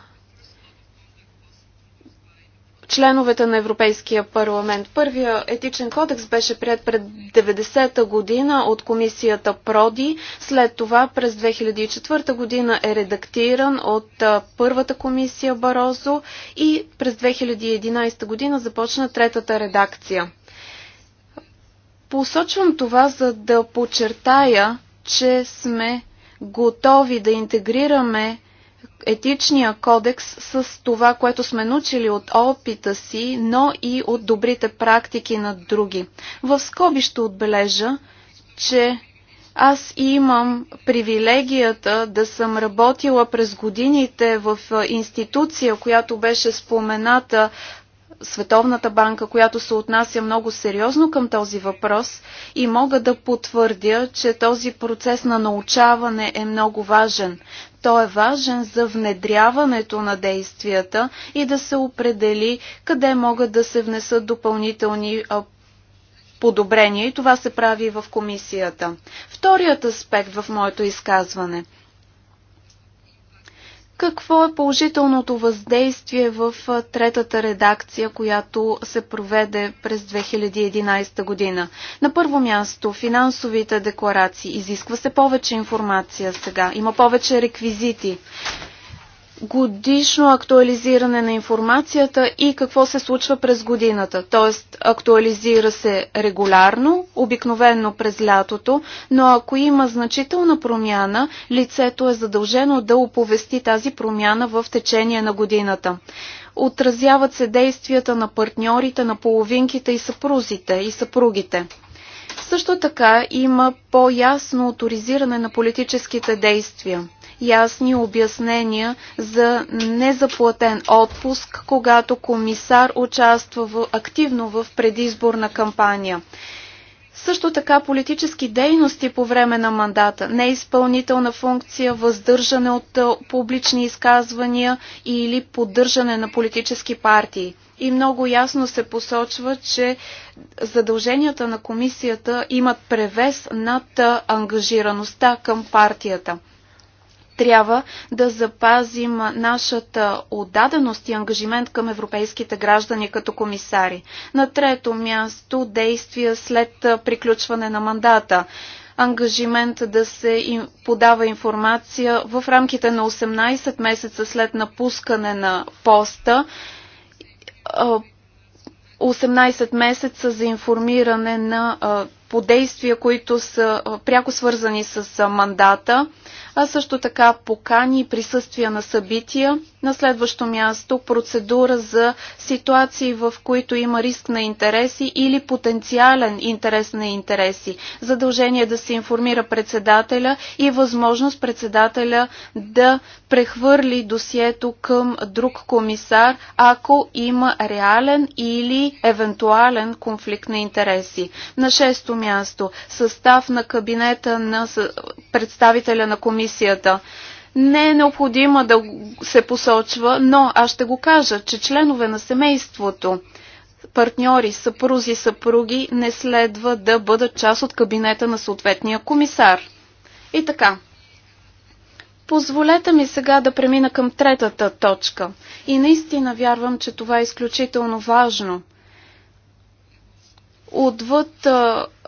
членовете на Европейския парламент. Първия етичен кодекс беше прият пред 90-та година от комисията Проди. След това през 2004 година е редактиран от първата комисия Барозо и през 2011 година започна третата редакция. Посочвам това, за да подчертая, че сме готови да интегрираме етичния кодекс с това, което сме научили от опита си, но и от добрите практики на други. В скоби ще отбележа, че аз имам привилегията да съм работила през годините в институция, която беше спомената Световната банка, която се отнася много сериозно към този въпрос и мога да потвърдя, че този процес на научаване е много важен. Той е важен за внедряването на действията и да се определи къде могат да се внесат допълнителни подобрения и това се прави в комисията. Вторият аспект в моето изказване – какво е положителното въздействие в третата редакция, която се проведе през 2011 година? На първо място, финансовите декларации. Изисква се повече информация сега. Има повече реквизити годишно актуализиране на информацията и какво се случва през годината. Тоест, актуализира се регулярно, обикновенно през лятото, но ако има значителна промяна, лицето е задължено да оповести тази промяна в течение на годината. Отразяват се действията на партньорите, на половинките и съпрузите и съпругите. Също така има по-ясно авторизиране на политическите действия ясни обяснения за незаплатен отпуск, когато комисар участва в, активно в предизборна кампания. Също така политически дейности по време на мандата, неизпълнителна функция, въздържане от публични изказвания или поддържане на политически партии. И много ясно се посочва, че задълженията на комисията имат превес над ангажираността към партията трябва да запазим нашата отдаденост и ангажимент към европейските граждани като комисари. На трето място действия след приключване на мандата ангажимент да се им подава информация в рамките на 18 месеца след напускане на поста. 18 месеца за информиране на подействия, които са пряко свързани с мандата а също така покани и присъствия на събития. На следващо място процедура за ситуации, в които има риск на интереси или потенциален интерес на интереси. Задължение е да се информира председателя и възможност председателя да прехвърли досието към друг комисар, ако има реален или евентуален конфликт на интереси. На шесто място състав на кабинета на представителя на комисията комисията. Не е необходимо да се посочва, но аз ще го кажа, че членове на семейството, партньори, съпрузи, съпруги не следва да бъдат част от кабинета на съответния комисар. И така. Позволете ми сега да премина към третата точка. И наистина вярвам, че това е изключително важно. Отвъд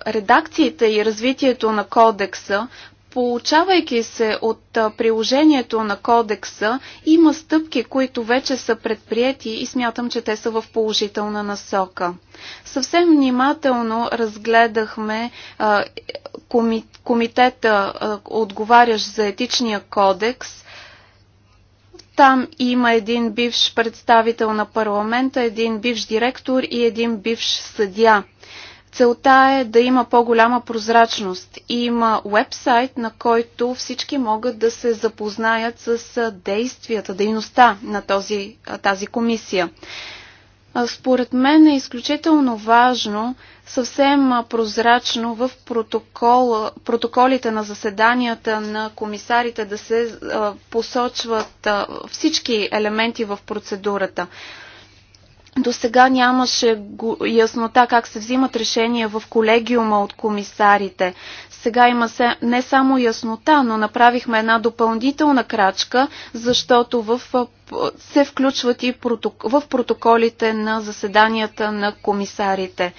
редакциите и развитието на кодекса, Получавайки се от приложението на кодекса, има стъпки, които вече са предприяти и смятам, че те са в положителна насока. Съвсем внимателно разгледахме а, коми, комитета, а, отговарящ за етичния кодекс. Там има един бивш представител на парламента, един бивш директор и един бивш съдя – Целта е да има по-голяма прозрачност. Има вебсайт, на който всички могат да се запознаят с действията, дейността на този, тази комисия. Според мен е изключително важно съвсем прозрачно в протокол, протоколите на заседанията на комисарите да се посочват всички елементи в процедурата. До сега нямаше яснота как се взимат решения в колегиума от комисарите. Сега има се не само яснота, но направихме една допълнителна крачка, защото в, се включват и в протоколите на заседанията на комисарите.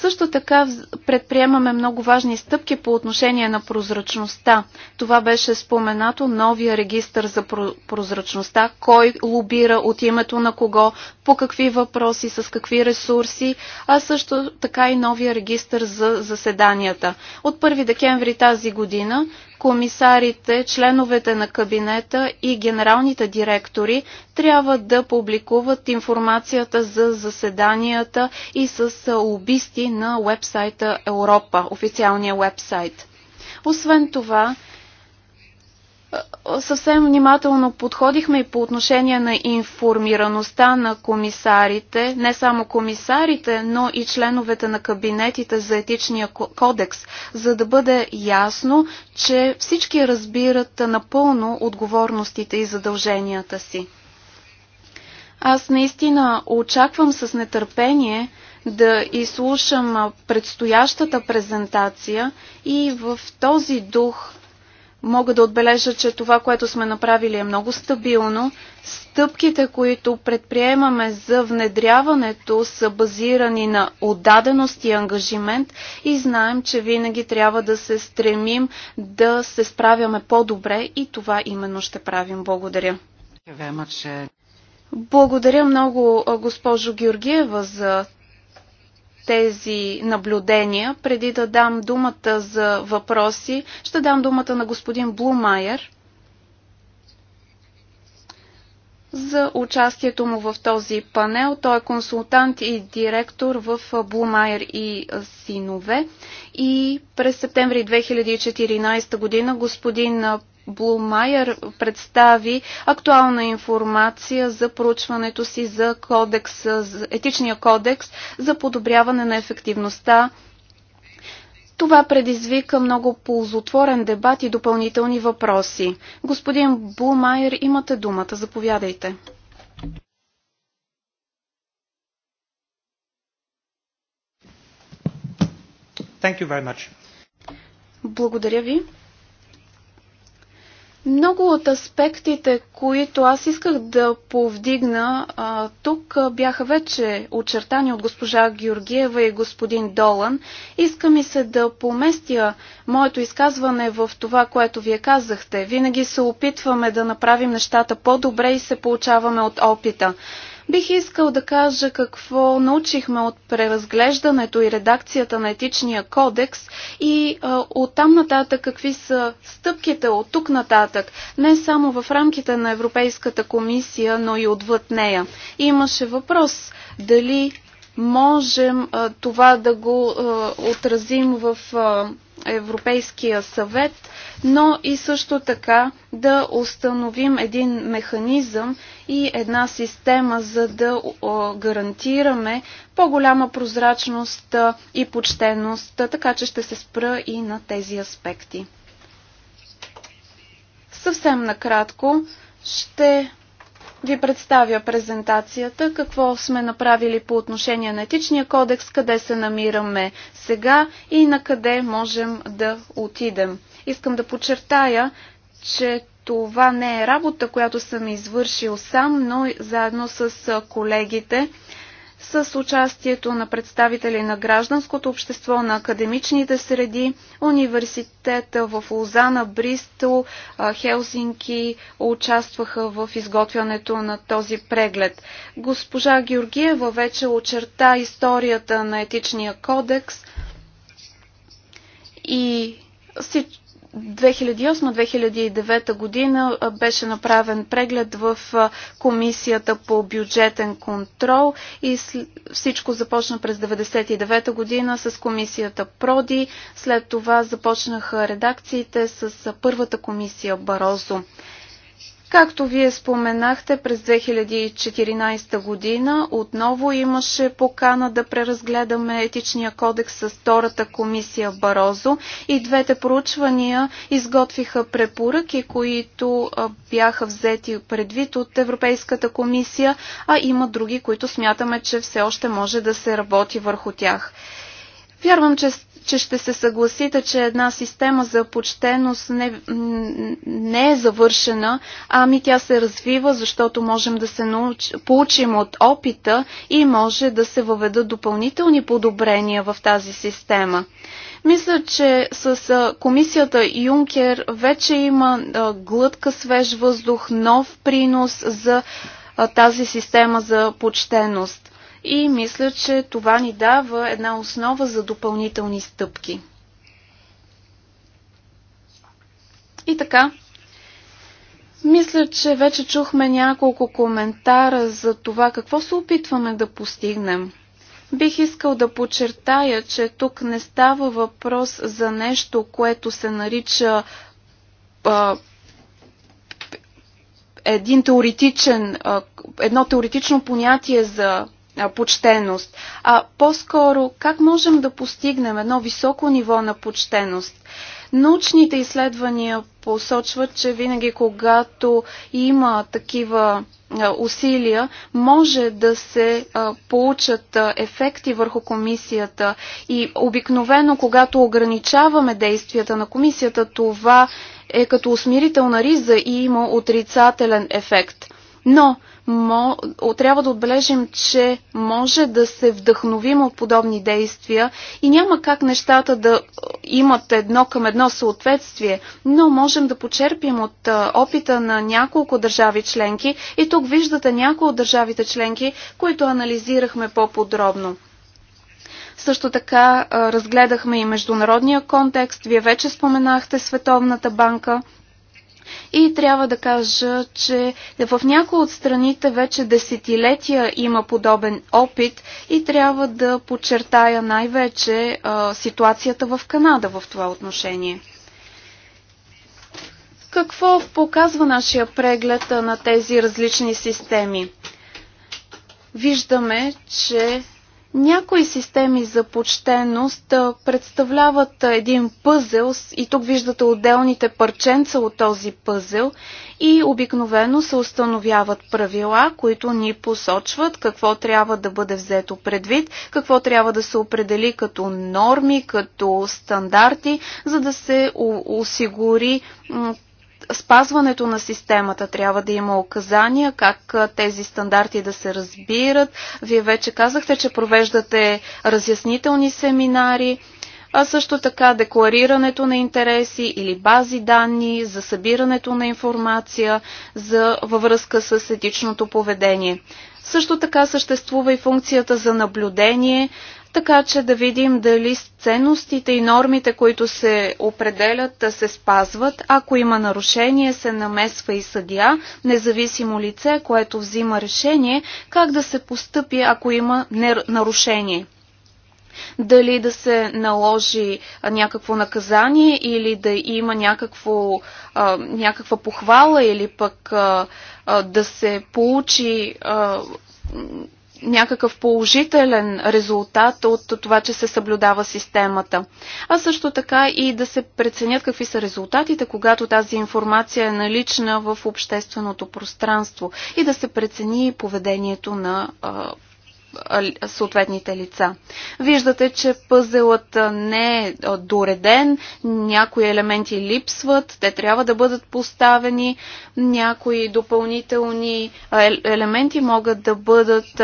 Също така предприемаме много важни стъпки по отношение на прозрачността. Това беше споменато новия регистр за прозрачността, кой лобира от името на кого, по какви въпроси, с какви ресурси, а също така и новия регистр за заседанията. От 1 декември тази година комисарите, членовете на кабинета и генералните директори трябва да публикуват информацията за заседанията и с убийсти на вебсайта Европа, официалния вебсайт. Освен това, е, съвсем внимателно подходихме и по отношение на информираността на комисарите, не само комисарите, но и членовете на кабинетите за етичния кодекс, за да бъде ясно, че всички разбират напълно отговорностите и задълженията си. Аз наистина очаквам с нетърпение да изслушам предстоящата презентация и в този дух Мога да отбележа, че това, което сме направили е много стабилно. Стъпките, които предприемаме за внедряването са базирани на отдаденост и ангажимент и знаем, че винаги трябва да се стремим да се справяме по-добре и това именно ще правим. Благодаря. Uh, Благодаря много, госпожо Георгиева, за тези наблюдения. Преди да дам думата за въпроси, ще дам думата на господин Блумайер за участието му в този панел. Той е консултант и директор в Блумайер и синове. И през септември 2014 година господин Блумайер представи актуална информация за проучването си за кодекс, за етичния кодекс за подобряване на ефективността. Това предизвика много ползотворен дебат и допълнителни въпроси. Господин Блумайер, имате думата. Заповядайте. Thank you very much. Благодаря ви. Много от аспектите, които аз исках да повдигна а, тук, бяха вече очертани от госпожа Георгиева и господин Долан. Иска ми се да поместя моето изказване в това, което вие казахте. Винаги се опитваме да направим нещата по-добре и се получаваме от опита. Бих искал да кажа какво научихме от преразглеждането и редакцията на етичния кодекс и а, от там нататък какви са стъпките от тук нататък, не само в рамките на Европейската комисия, но и отвъд нея. Имаше въпрос дали можем а, това да го а, отразим в. А, Европейския съвет, но и също така да установим един механизъм и една система, за да гарантираме по-голяма прозрачност и почтеност, така че ще се спра и на тези аспекти. Съвсем накратко ще ви представя презентацията, какво сме направили по отношение на етичния кодекс, къде се намираме сега и на къде можем да отидем. Искам да подчертая, че това не е работа, която съм извършил сам, но заедно с колегите с участието на представители на гражданското общество, на академичните среди, университета в Лозана, Бристол, Хелсинки участваха в изготвянето на този преглед. Госпожа Георгиева вече очерта историята на етичния кодекс и 2008-2009 година беше направен преглед в Комисията по бюджетен контрол и всичко започна през 1999 година с Комисията Проди. След това започнаха редакциите с първата комисия Барозо. Както вие споменахте, през 2014 година отново имаше покана да преразгледаме етичния кодекс с втората комисия Барозо и двете проучвания изготвиха препоръки, които бяха взети предвид от Европейската комисия, а има други, които смятаме, че все още може да се работи върху тях. Вярвам, че че ще се съгласите, че една система за почтеност не, не е завършена, ами тя се развива, защото можем да се науч, получим от опита и може да се въведат допълнителни подобрения в тази система. Мисля, че с комисията Юнкер вече има глътка свеж въздух, нов принос за тази система за почтеност и мисля, че това ни дава една основа за допълнителни стъпки. И така, мисля, че вече чухме няколко коментара за това какво се опитваме да постигнем. Бих искал да подчертая, че тук не става въпрос за нещо, което се нарича а, един теоретичен, а, едно теоретично понятие за почтеност, а по-скоро как можем да постигнем едно високо ниво на почтеност. Научните изследвания посочват, че винаги когато има такива усилия, може да се получат ефекти върху комисията и обикновено, когато ограничаваме действията на комисията, това е като усмирителна риза и има отрицателен ефект. Но трябва да отбележим, че може да се вдъхновим от подобни действия и няма как нещата да е, имат едно към едно съответствие, но можем да почерпим от е, опита на няколко държави членки и тук виждате някои от държавите членки, които анализирахме по-подробно. Също така е, разгледахме и международния контекст. Вие вече споменахте Световната банка. И трябва да кажа, че в някои от страните вече десетилетия има подобен опит и трябва да подчертая най-вече ситуацията в Канада в това отношение. Какво показва нашия преглед на тези различни системи? Виждаме, че някои системи за почтеност представляват един пъзел и тук виждате отделните парченца от този пъзел и обикновено се установяват правила, които ни посочват какво трябва да бъде взето предвид, какво трябва да се определи като норми, като стандарти, за да се осигури спазването на системата трябва да има указания, как тези стандарти да се разбират. Вие вече казахте, че провеждате разяснителни семинари, а също така декларирането на интереси или бази данни за събирането на информация за, във връзка с етичното поведение. Също така съществува и функцията за наблюдение така че да видим дали ценностите и нормите, които се определят, да се спазват. Ако има нарушение, се намесва и съдия, независимо лице, което взима решение, как да се постъпи, ако има нарушение дали да се наложи някакво наказание или да има някакво, а, някаква похвала или пък а, а, да се получи а, някакъв положителен резултат от това, че се съблюдава системата. А също така и да се преценят какви са резултатите, когато тази информация е налична в общественото пространство и да се прецени поведението на съответните лица. Виждате, че пъзелът не е дореден, някои елементи липсват, те трябва да бъдат поставени, някои допълнителни елементи могат да бъдат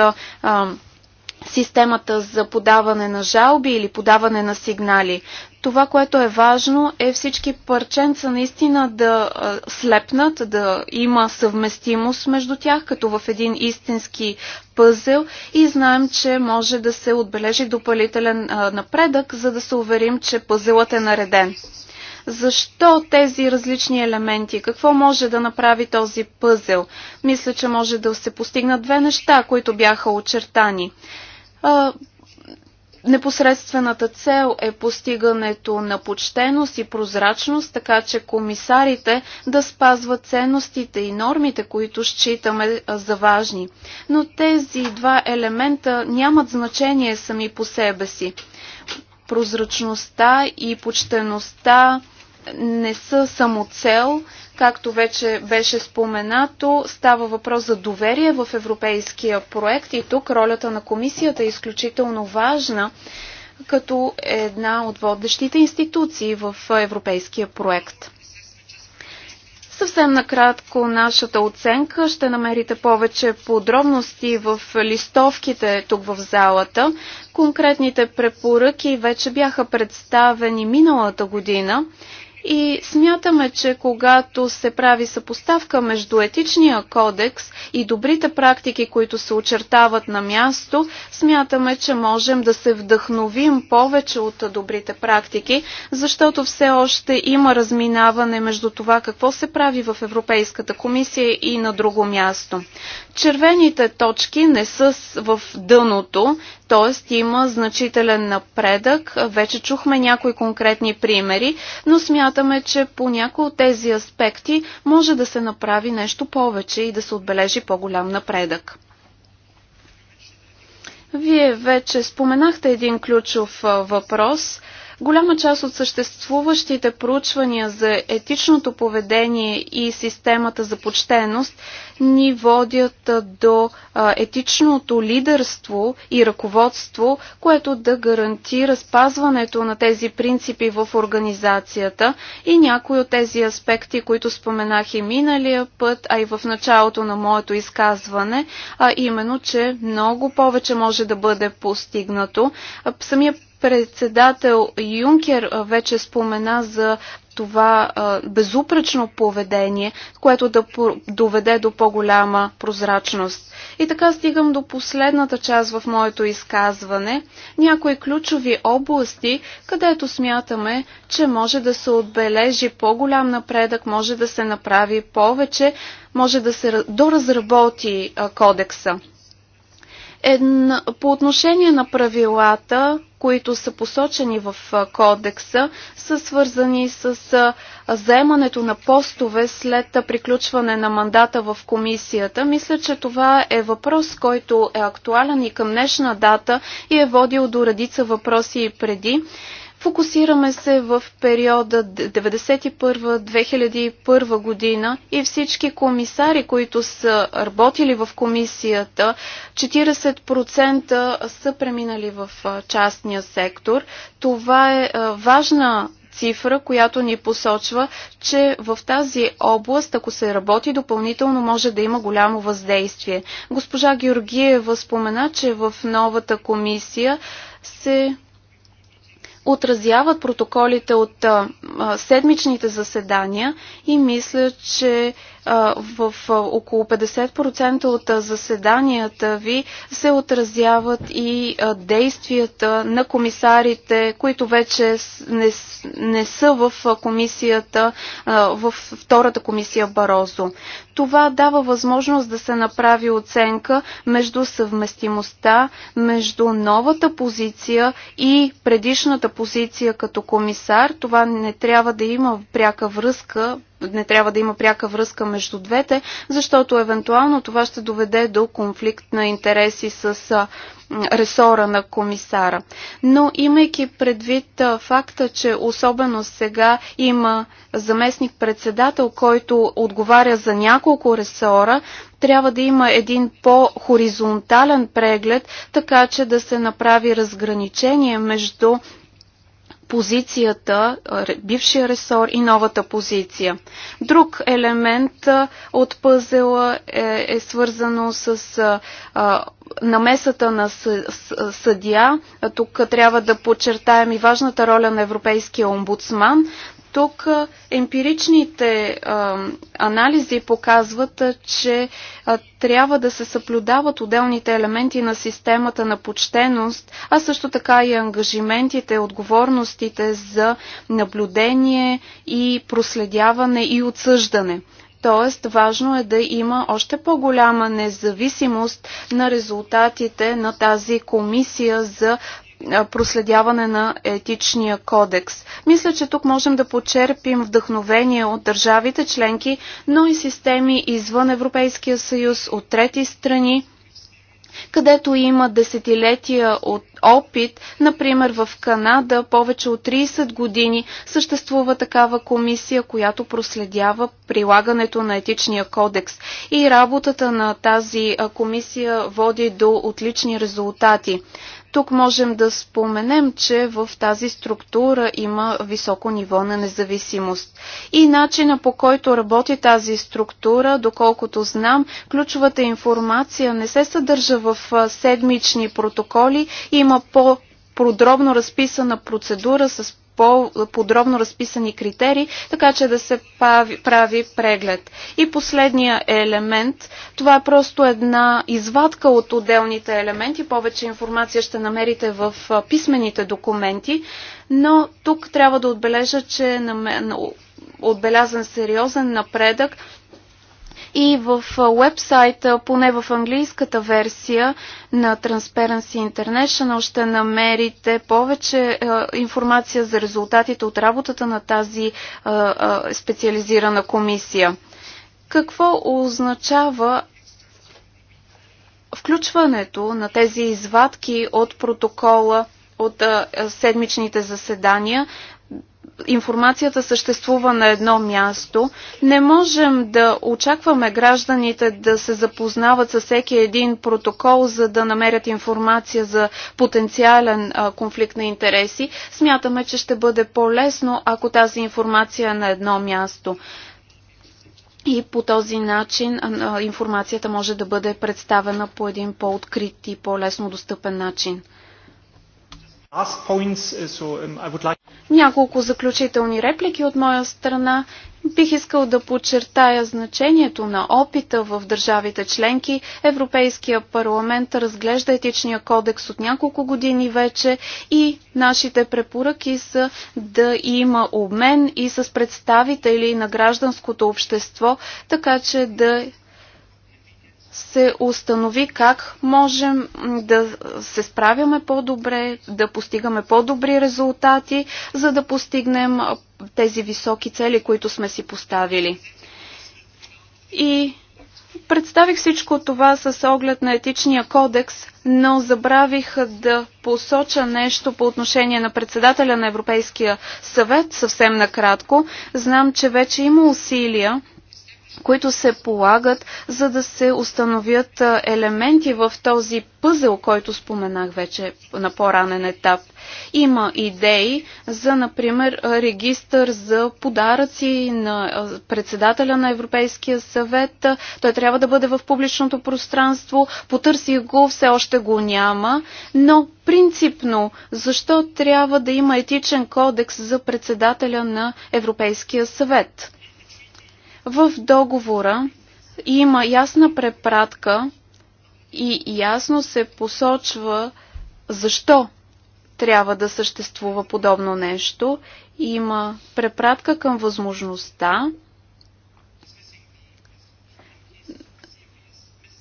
системата за подаване на жалби или подаване на сигнали. Това, което е важно, е всички парченца наистина да слепнат, да има съвместимост между тях, като в един истински пъзел и знаем, че може да се отбележи допълнителен напредък, за да се уверим, че пъзелът е нареден защо тези различни елементи, какво може да направи този пъзел. Мисля, че може да се постигнат две неща, които бяха очертани. Непосредствената цел е постигането на почтеност и прозрачност, така че комисарите да спазват ценностите и нормите, които считаме за важни. Но тези два елемента нямат значение сами по себе си. Прозрачността и почтеността не са само цел, Както вече беше споменато, става въпрос за доверие в европейския проект и тук ролята на комисията е изключително важна като една от водещите институции в европейския проект. Съвсем накратко нашата оценка. Ще намерите повече подробности в листовките тук в залата. Конкретните препоръки вече бяха представени миналата година и смятаме, че когато се прави съпоставка между етичния кодекс и добрите практики, които се очертават на място, смятаме, че можем да се вдъхновим повече от добрите практики, защото все още има разминаване между това какво се прави в Европейската комисия и на друго място. Червените точки не са в дъното, т.е. има значителен напредък. Вече чухме някои конкретни примери, но смятам, смятаме, че по някои от тези аспекти може да се направи нещо повече и да се отбележи по-голям напредък. Вие вече споменахте един ключов въпрос – Голяма част от съществуващите проучвания за етичното поведение и системата за почтеност ни водят до етичното лидерство и ръководство, което да гарантира спазването на тези принципи в организацията и някои от тези аспекти, които споменах и миналия път, а и в началото на моето изказване, а именно, че много повече може да бъде постигнато. Самия председател Юнкер вече спомена за това безупречно поведение, което да доведе до по-голяма прозрачност. И така стигам до последната част в моето изказване някои ключови области, където смятаме, че може да се отбележи по-голям напредък, може да се направи повече, може да се доразработи кодекса. Една, по отношение на правилата, които са посочени в кодекса, са свързани с заемането на постове след приключване на мандата в комисията. Мисля, че това е въпрос, който е актуален и към днешна дата и е водил до редица въпроси и преди. Фокусираме се в периода 1991-2001 година и всички комисари, които са работили в комисията, 40% са преминали в частния сектор. Това е важна цифра, която ни посочва, че в тази област, ако се работи допълнително, може да има голямо въздействие. Госпожа Георгиева спомена, че в новата комисия се отразяват протоколите от седмичните заседания и мисля, че в около 50% от заседанията ви се отразяват и действията на комисарите, които вече не, не са в комисията, в втората комисия Барозо. Това дава възможност да се направи оценка между съвместимостта, между новата позиция и предишната позиция като комисар. Това не трябва да има пряка връзка не трябва да има пряка връзка между двете, защото евентуално това ще доведе до конфликт на интереси с ресора на комисара. Но имайки предвид факта, че особено сега има заместник-председател, който отговаря за няколко ресора, трябва да има един по-хоризонтален преглед, така че да се направи разграничение между позицията, бившия ресор и новата позиция. Друг елемент от пъзела е, е свързано с а, намесата на съдия. Тук трябва да подчертаем и важната роля на Европейския омбудсман. Тук емпиричните а, анализи показват, а, че а, трябва да се съблюдават отделните елементи на системата на почтеност, а също така и ангажиментите, отговорностите за наблюдение и проследяване и отсъждане. Тоест, важно е да има още по-голяма независимост на резултатите на тази комисия за проследяване на етичния кодекс. Мисля, че тук можем да почерпим вдъхновение от държавите членки, но и системи извън Европейския съюз, от трети страни, където има десетилетия от опит. Например, в Канада повече от 30 години съществува такава комисия, която проследява прилагането на етичния кодекс. И работата на тази комисия води до отлични резултати. Тук можем да споменем, че в тази структура има високо ниво на независимост. И начина по който работи тази структура, доколкото знам, ключовата информация не се съдържа в седмични протоколи, има по подробно разписана процедура с по-подробно разписани критерии, така че да се прави, прави преглед. И последния елемент, това е просто една извадка от отделните елементи, повече информация ще намерите в писмените документи, но тук трябва да отбележа, че е отбелязан сериозен напредък и в вебсайта, поне в английската версия на Transparency International, ще намерите повече информация за резултатите от работата на тази специализирана комисия. Какво означава включването на тези извадки от протокола от седмичните заседания информацията съществува на едно място. Не можем да очакваме гражданите да се запознават с всеки един протокол, за да намерят информация за потенциален конфликт на интереси. Смятаме, че ще бъде по-лесно, ако тази информация е на едно място. И по този начин информацията може да бъде представена по един по-открит и по-лесно достъпен начин. Uh, um, няколко заключителни реплики от моя страна. Бих искал да подчертая значението на опита в държавите членки. Европейския парламент разглежда етичния кодекс от няколко години вече и нашите препоръки са да има обмен и с представители на гражданското общество, така че да се установи как можем да се справяме по-добре, да постигаме по-добри резултати, за да постигнем тези високи цели, които сме си поставили. И представих всичко това с оглед на етичния кодекс, но забравих да посоча нещо по отношение на председателя на Европейския съвет съвсем накратко. Знам, че вече има усилия които се полагат, за да се установят елементи в този пъзел, който споменах вече на по-ранен етап. Има идеи за, например, регистър за подаръци на председателя на Европейския съвет. Той трябва да бъде в публичното пространство. Потърсих го, все още го няма, но принципно, защо трябва да има етичен кодекс за председателя на Европейския съвет? В договора има ясна препратка и ясно се посочва защо трябва да съществува подобно нещо. Има препратка към възможността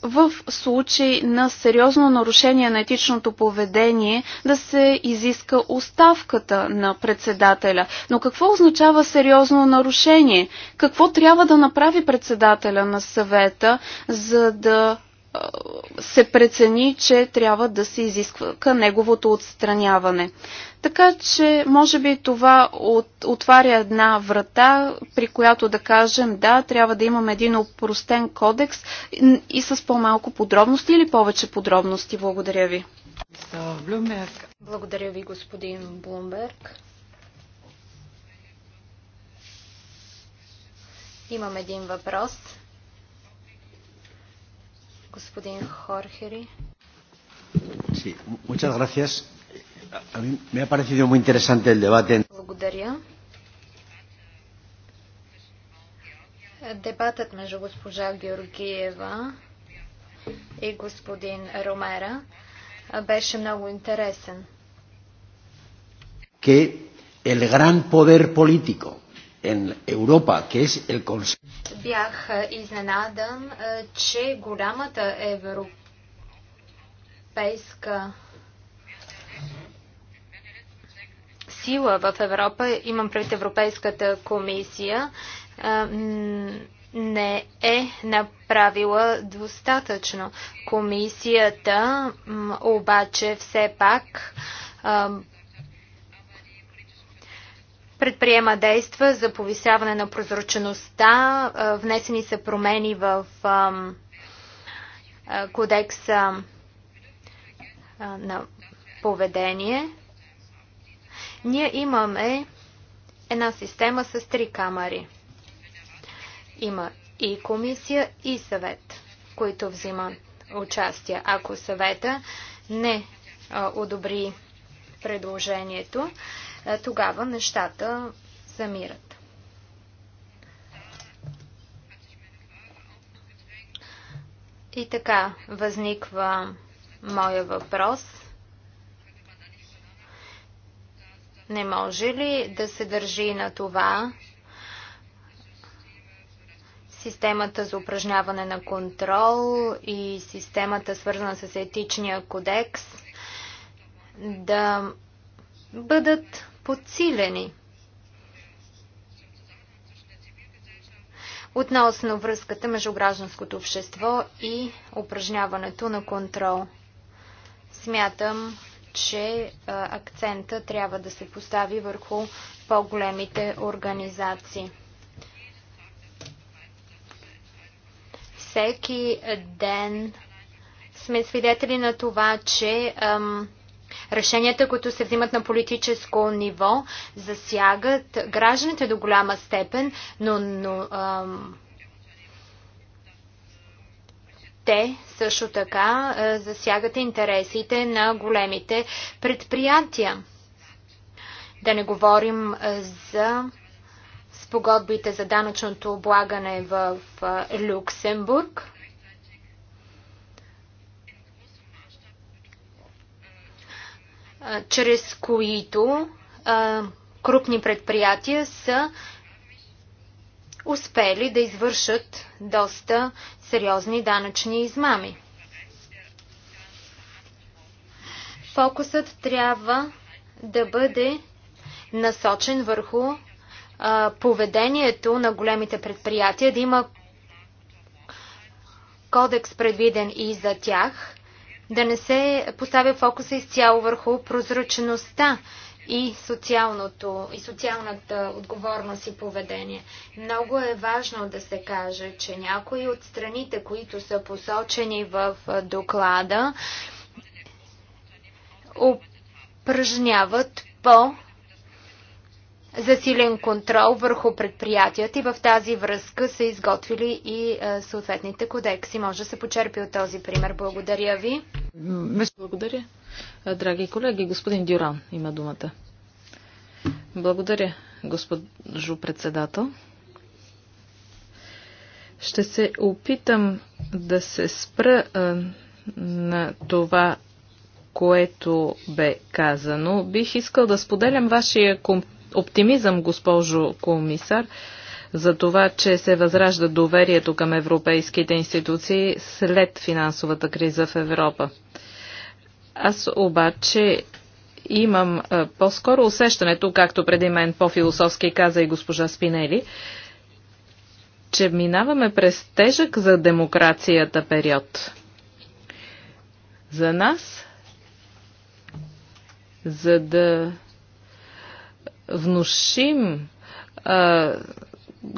в случай на сериозно нарушение на етичното поведение да се изиска оставката на председателя. Но какво означава сериозно нарушение? Какво трябва да направи председателя на съвета, за да се прецени, че трябва да се изисква неговото отстраняване. Така че, може би това от, отваря една врата, при която да кажем, да, трябва да имаме един опростен кодекс и, и с по-малко подробности или повече подробности. Благодаря ви. Благодаря ви, господин Блумберг. Имам един въпрос. Господин Хорхери. Sí, muchas gracias. Благодаря. Дебатът между госпожа Георгиева и господин Ромера беше много интересен. Que el gran poder político en Europa, que es el Бях изненадан, че голямата европейска сила в Европа, имам пред Европейската комисия, не е направила достатъчно. Комисията обаче все пак предприема действа за повисяване на прозрачността. Внесени са промени в кодекса на поведение. Ние имаме една система с три камери. Има и комисия, и съвет, които взима участие. Ако съвета не а, одобри предложението, а, тогава нещата замират. И така възниква моя въпрос – Не може ли да се държи на това системата за упражняване на контрол и системата свързана с етичния кодекс да бъдат подсилени? Относно връзката между гражданското общество и упражняването на контрол. Смятам, че е, акцента трябва да се постави върху по-големите организации. Всеки ден сме свидетели на това, че ам, решенията, които се взимат на политическо ниво, засягат гражданите до голяма степен, но, но ам, те също така засягат интересите на големите предприятия. Да не говорим за спогодбите за данъчното облагане в Люксембург. чрез които крупни предприятия са успели да извършат доста сериозни данъчни измами. Фокусът трябва да бъде насочен върху а, поведението на големите предприятия, да има кодекс предвиден и за тях, да не се поставя фокуса изцяло върху прозрачността и, социалното, и социалната отговорност и поведение. Много е важно да се каже, че някои от страните, които са посочени в доклада, упражняват по засилен контрол върху предприятията и в тази връзка са изготвили и съответните кодекси. Може да се почерпи от този пример. Благодаря ви. Благодаря. Е, драги колеги, господин Дюран има думата. Благодаря, госпожо председател. Ще се опитам да се спра а, е, на това, което бе казано. Бих искал да споделям вашия оптимизъм, госпожо комисар, за това, че се възражда доверието към европейските институции след финансовата криза в Европа. Аз обаче имам по-скоро усещането, както преди мен по-философски каза и госпожа Спинели, че минаваме през тежък за демокрацията период. За нас, за да внушим а,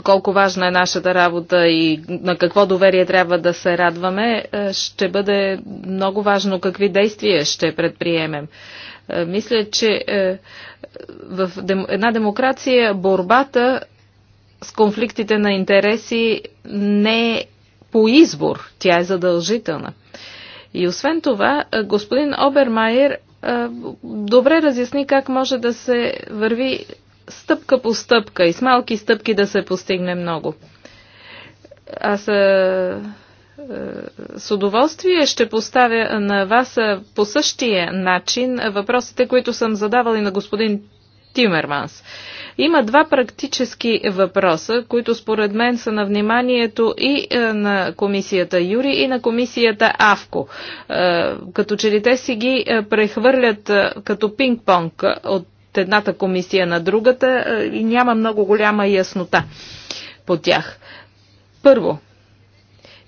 колко важна е нашата работа и на какво доверие трябва да се радваме, е, ще бъде много важно какви действия ще предприемем. Е, мисля, че е, в една демокрация борбата с конфликтите на интереси не е по избор, тя е задължителна. И освен това, господин Обермайер добре разясни как може да се върви стъпка по стъпка и с малки стъпки да се постигне много. Аз а, с удоволствие ще поставя на вас по същия начин въпросите, които съм задавал и на господин Тимерманс. Има два практически въпроса, които според мен са на вниманието и на комисията Юри и на комисията Авко. Като че ли те си ги прехвърлят като пинг-понг от едната комисия на другата е, и няма много голяма яснота по тях. Първо,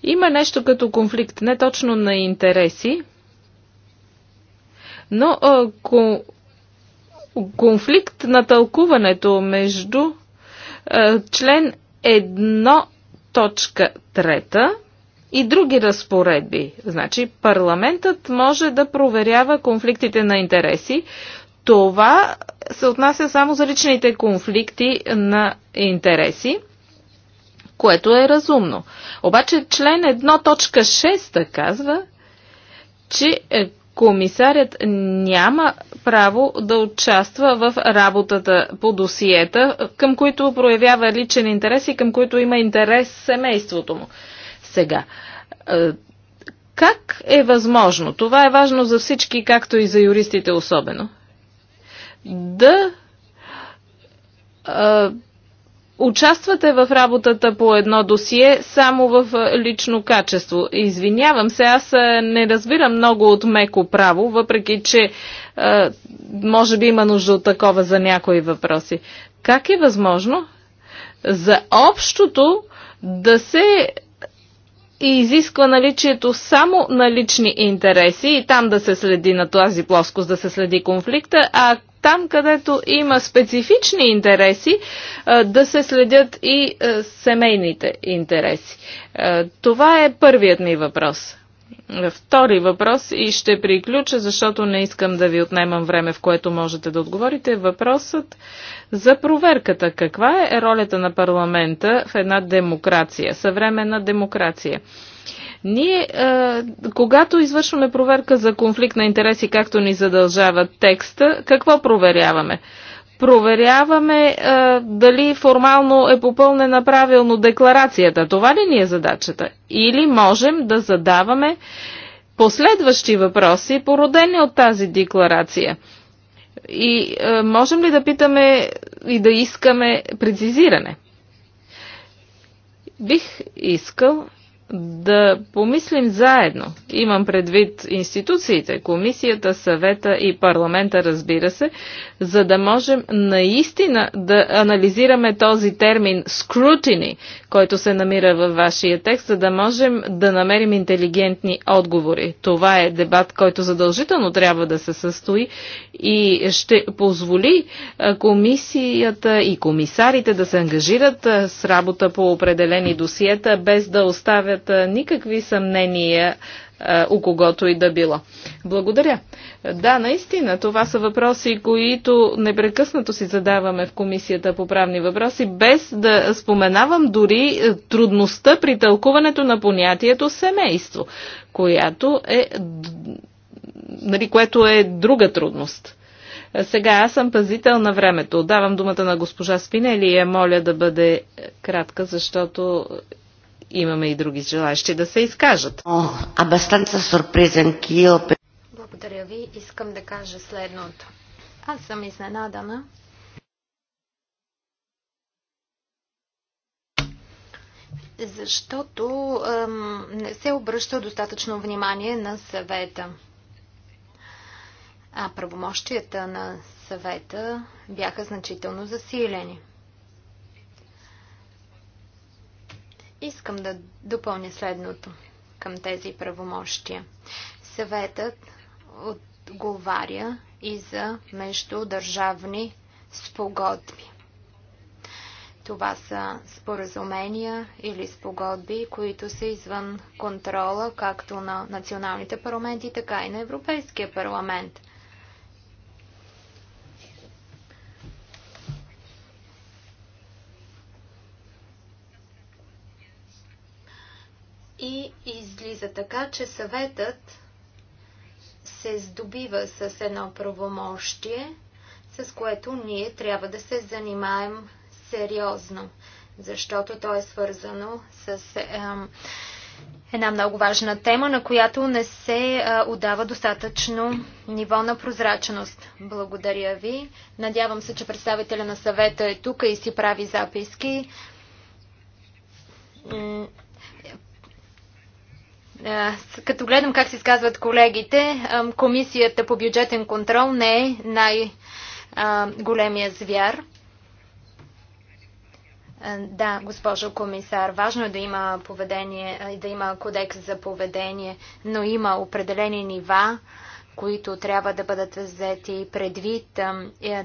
има нещо като конфликт, не точно на интереси, но а, е, ко, конфликт на тълкуването между а, е, член 1.3 и други разпоредби. Значи парламентът може да проверява конфликтите на интереси. Това се отнася само за личните конфликти на интереси, което е разумно. Обаче член 1.6 казва, че е, комисарят няма право да участва в работата по досиета, към които проявява личен интерес и към които има интерес семейството му. Сега, е, как е възможно? Това е важно за всички, както и за юристите особено да а, участвате в работата по едно досие само в лично качество. Извинявам се, аз не разбирам много от меко право, въпреки че а, може би има нужда от такова за някои въпроси. Как е възможно за общото да се и изисква наличието само на лични интереси и там да се следи на тази плоскост, да се следи конфликта, а там, където има специфични интереси, да се следят и семейните интереси. Това е първият ми въпрос. Втори въпрос и ще приключа, защото не искам да ви отнемам време, в което можете да отговорите. Въпросът за проверката. Каква е ролята на парламента в една демокрация, съвременна демокрация? Ние, е, когато извършваме проверка за конфликт на интереси, както ни задължава текста, какво проверяваме? Проверяваме а, е, дали формално е попълнена правилно декларацията. Това ли ни е задачата? Или можем да задаваме последващи въпроси, породени от тази декларация? И а, е, можем ли да питаме и да искаме прецизиране? Бих искал да помислим заедно. Имам предвид институциите, комисията, съвета и парламента, разбира се, за да можем наистина да анализираме този термин scrutiny, който се намира във вашия текст, за да можем да намерим интелигентни отговори. Това е дебат, който задължително трябва да се състои и ще позволи комисията и комисарите да се ангажират с работа по определени досиета, без да оставят оставят никакви съмнения у когото и да било. Благодаря. Да, наистина, това са въпроси, които непрекъснато си задаваме в Комисията по правни въпроси, без да споменавам дори е, трудността при тълкуването на понятието семейство, която е, нали, което е друга трудност. Сега аз съм пазител на времето. Давам думата на госпожа Спинели и я моля да бъде кратка, защото имаме и други желащи да се изкажат. О, абастанца сюрпризен кил. Благодаря ви. Искам да кажа следното. Аз съм изненадана. Защото ем, не се обръща достатъчно внимание на съвета. А правомощията на съвета бяха значително засилени. Искам да допълня следното към тези правомощия. Съветът отговаря и за междудържавни спогодби. Това са споразумения или спогодби, които са извън контрола както на националните парламенти, така и на Европейския парламент. И излиза така, че съветът се здобива с едно правомощие, с което ние трябва да се занимаем сериозно, защото то е свързано с е, една много важна тема, на която не се е, отдава достатъчно ниво на прозрачност. Благодаря ви. Надявам се, че представителя на съвета е тук и си прави записки е, като гледам как се изказват колегите, е, комисията по бюджетен контрол не е най-големия звяр. Е, да, госпожо комисар, важно е да има поведение, да има кодекс за поведение, но има определени нива, които трябва да бъдат взети предвид.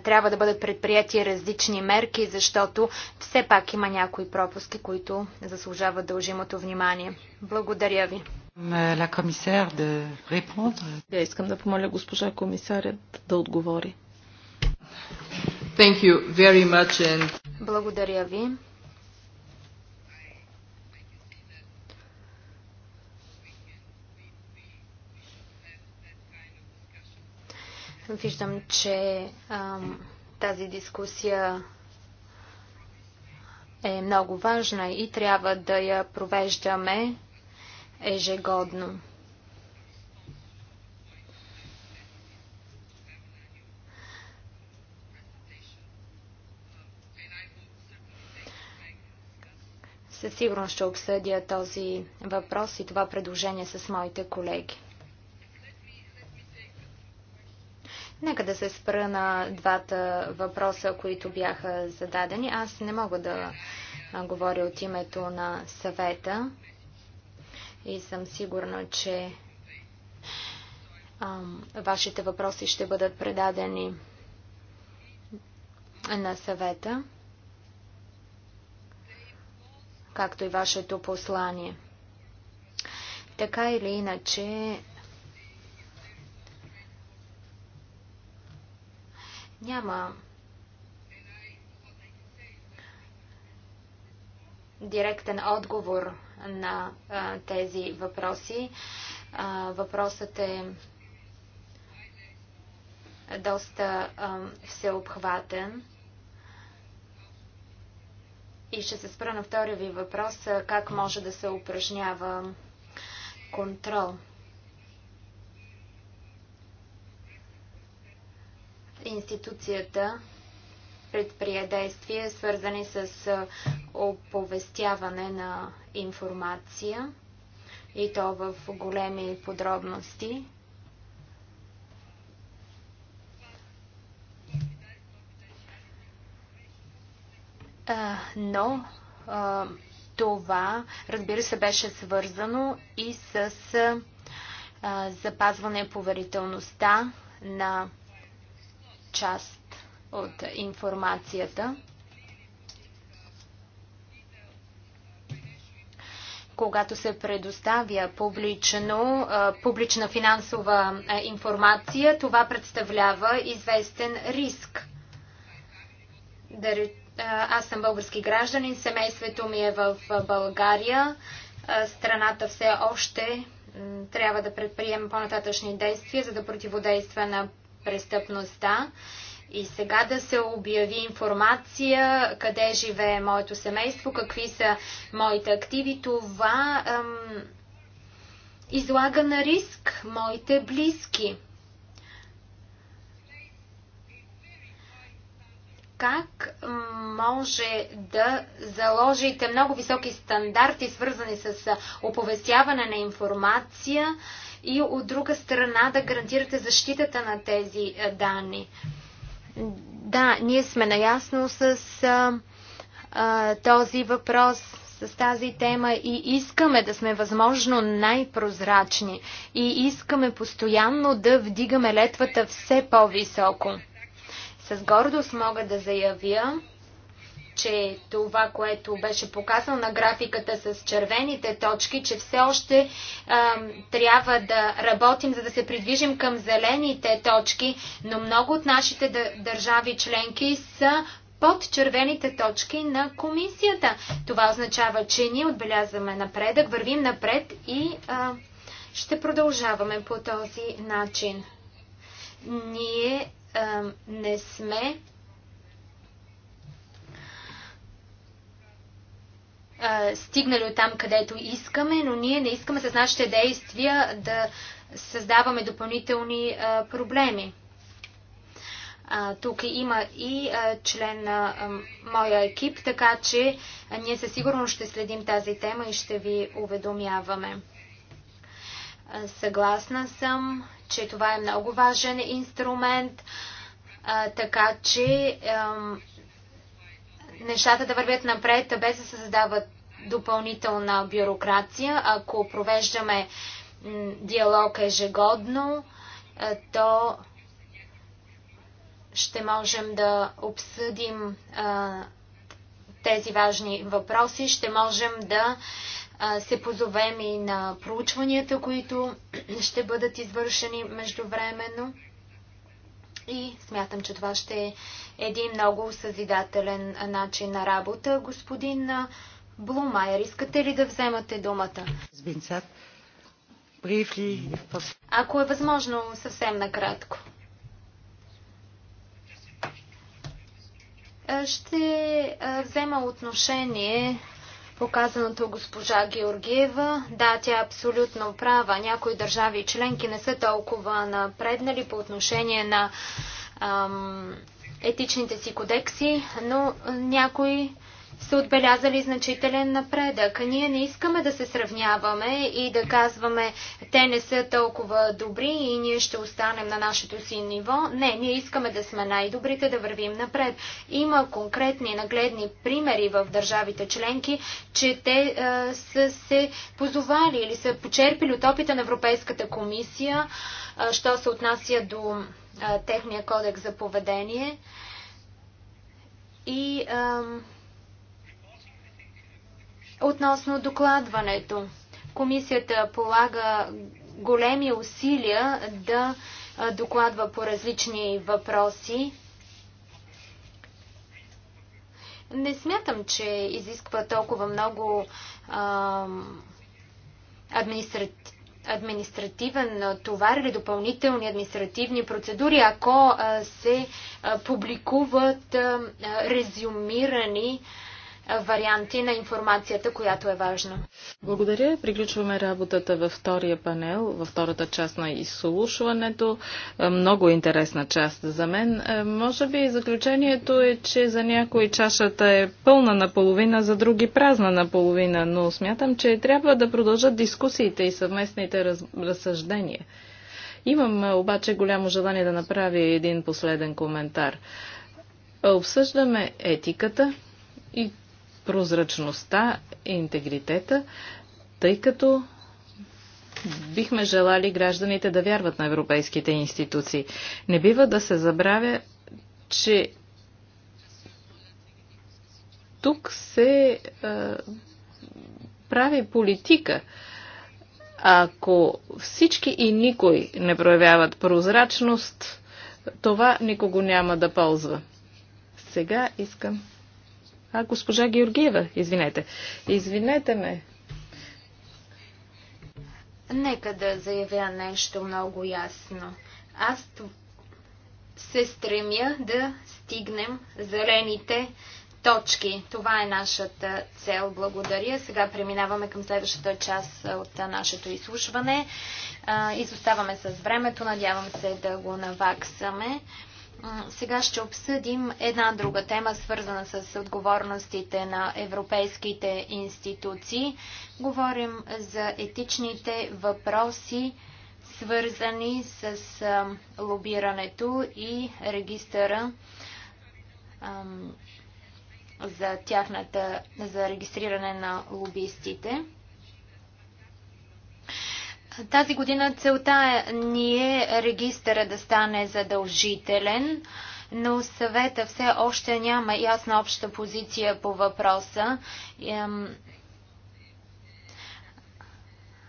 Трябва да бъдат предприяти различни мерки, защото все пак има някои пропуски, които заслужават дължимото внимание. Благодаря ви искам да помоля госпожа комисарят да отговори. Thank you very much and... Благодаря ви. Виждам, че ам, тази дискусия е много важна и трябва да я провеждаме ежегодно. Със сигурност ще обсъдя този въпрос и това предложение с моите колеги. Нека да се спра на двата въпроса, които бяха зададени. Аз не мога да говоря от името на съвета и съм сигурна, че ам, вашите въпроси ще бъдат предадени на съвета, както и вашето послание. Така или иначе, няма директен отговор на тези въпроси. въпросът е доста всеобхватен. И ще се спра на втория ви въпрос, как може да се упражнява контрол. Институцията предприе действия, свързани с оповестяване на информация и то в големи подробности. Но това, разбира се, беше свързано и с запазване поверителността на част от информацията. когато се предоставя публично, публична финансова информация, това представлява известен риск. Аз съм български гражданин, семейството ми е в България, страната все още трябва да предприеме по-нататъчни действия, за да противодейства на престъпността. И сега да се обяви информация, къде живее моето семейство, какви са моите активи, това ам, излага на риск моите близки. как може да заложите много високи стандарти, свързани с оповестяване на информация и от друга страна да гарантирате защитата на тези данни. Да, ние сме наясно с а, а, този въпрос, с тази тема и искаме да сме възможно най-прозрачни и искаме постоянно да вдигаме летвата все по-високо. С гордост мога да заявя, че това, което беше показано на графиката с червените точки, че все още а, трябва да работим, за да се придвижим към зелените точки, но много от нашите държави членки са под червените точки на комисията. Това означава, че ние отбелязваме напредък, вървим напред и а, ще продължаваме по този начин. Ние а, не сме стигнали от там, където искаме, но ние не искаме с нашите действия да създаваме допълнителни а, проблеми. А, тук има и а, член на а, моя екип, така че а, ние със сигурност ще следим тази тема и ще ви уведомяваме. А, съгласна съм, че това е много важен инструмент, а, така че а, нещата да вървят напред, без да се създават допълнителна бюрокрация. Ако провеждаме диалог ежегодно, е, то ще можем да обсъдим е, тези важни въпроси, ще можем да е, се позовем и на проучванията, които ще бъдат извършени междувременно. И смятам, че това ще е един много съзидателен начин на работа. Господин Блумайер, искате ли да вземате думата? Ако е възможно, съвсем накратко. Е, ще е, взема отношение показаното госпожа Георгиева. Да, тя е абсолютно права. Някои държави и членки не са толкова напреднали по отношение на ам, етичните си кодекси, но е, някои са отбелязали значителен напредък. Ние не искаме да се сравняваме и да казваме, те не са толкова добри и ние ще останем на нашето си ниво. Не, ние искаме да сме най-добрите, да вървим напред. Има конкретни нагледни примери в държавите членки, че те а, е, са се позовали или са почерпили от опита на Европейската комисия, а, е, що се отнася до а, е, техния кодекс за поведение. И А, Относно докладването, комисията полага големи усилия да докладва по различни въпроси. Не смятам, че изисква толкова много а, административен товар или допълнителни административни процедури, ако а, се а, публикуват резюмирани варианти на информацията, която е важна. Благодаря. Приключваме работата във втория панел, във втората част на изслушването. Е, много интересна част за мен. Е, може би заключението е, че за някои чашата е пълна наполовина, за други празна наполовина, но смятам, че трябва да продължат дискусиите и съвместните раз... разсъждения. Имам е, обаче голямо желание да направя един последен коментар. Обсъждаме етиката и прозрачността и интегритета, тъй като бихме желали гражданите да вярват на европейските институции. Не бива да се забравя, че тук се а, прави политика. Ако всички и никой не проявяват прозрачност, това никого няма да ползва. Сега искам а, госпожа Георгиева, извинете. Извинете ме. Нека да заявя нещо много ясно. Аз се стремя да стигнем зелените точки. Това е нашата цел. Благодаря. Сега преминаваме към следващата част от нашето изслушване. Изоставаме с времето. Надявам се да го наваксаме. Сега ще обсъдим една друга тема, свързана с отговорностите на европейските институции. Говорим за етичните въпроси, свързани с лобирането и регистъра за тяхната, за регистриране на лобистите. Тази година целта е ние регистъра да стане задължителен, но съвета все още няма ясна обща позиция по въпроса.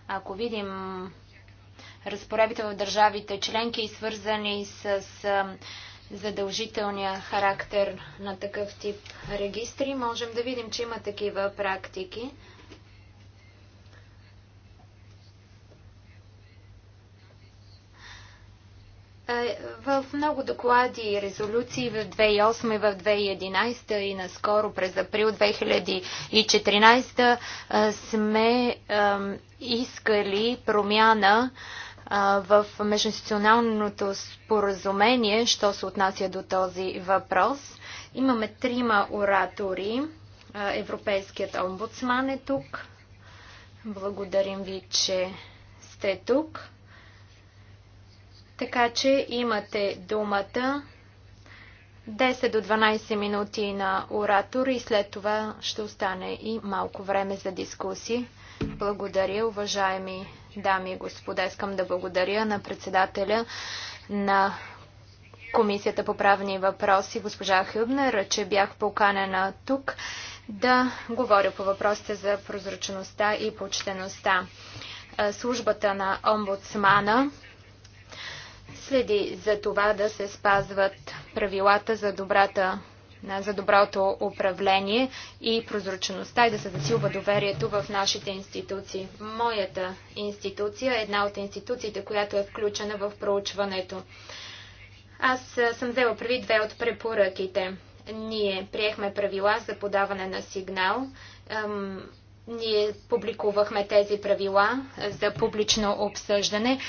Ако видим разпоребите в държавите членки и свързани с задължителния характер на такъв тип регистри, можем да видим, че има такива практики. Е, в много доклади и резолюции в 2008 и в 2011 и наскоро през април 2014 е, сме е, искали промяна в междуинституционалното споразумение, що се отнася до този въпрос. Имаме трима оратори. Европейският омбудсман е тук. Благодарим ви, че сте тук. Така че имате думата 10 до 12 минути на оратор и след това ще остане и малко време за дискусии. Благодаря, уважаеми дами и господа. Искам да благодаря на председателя на Комисията по правни въпроси, госпожа Хюбнер, че бях поканена тук да говоря по въпросите за прозрачността и почтеността. Службата на омбудсмана следи за това да се спазват правилата за добрата за доброто управление и прозрачността и да се засилва доверието в нашите институции. Моята институция е една от институциите, която е включена в проучването. Аз съм взела преди две от препоръките. Ние приехме правила за подаване на сигнал. ние публикувахме тези правила за публично обсъждане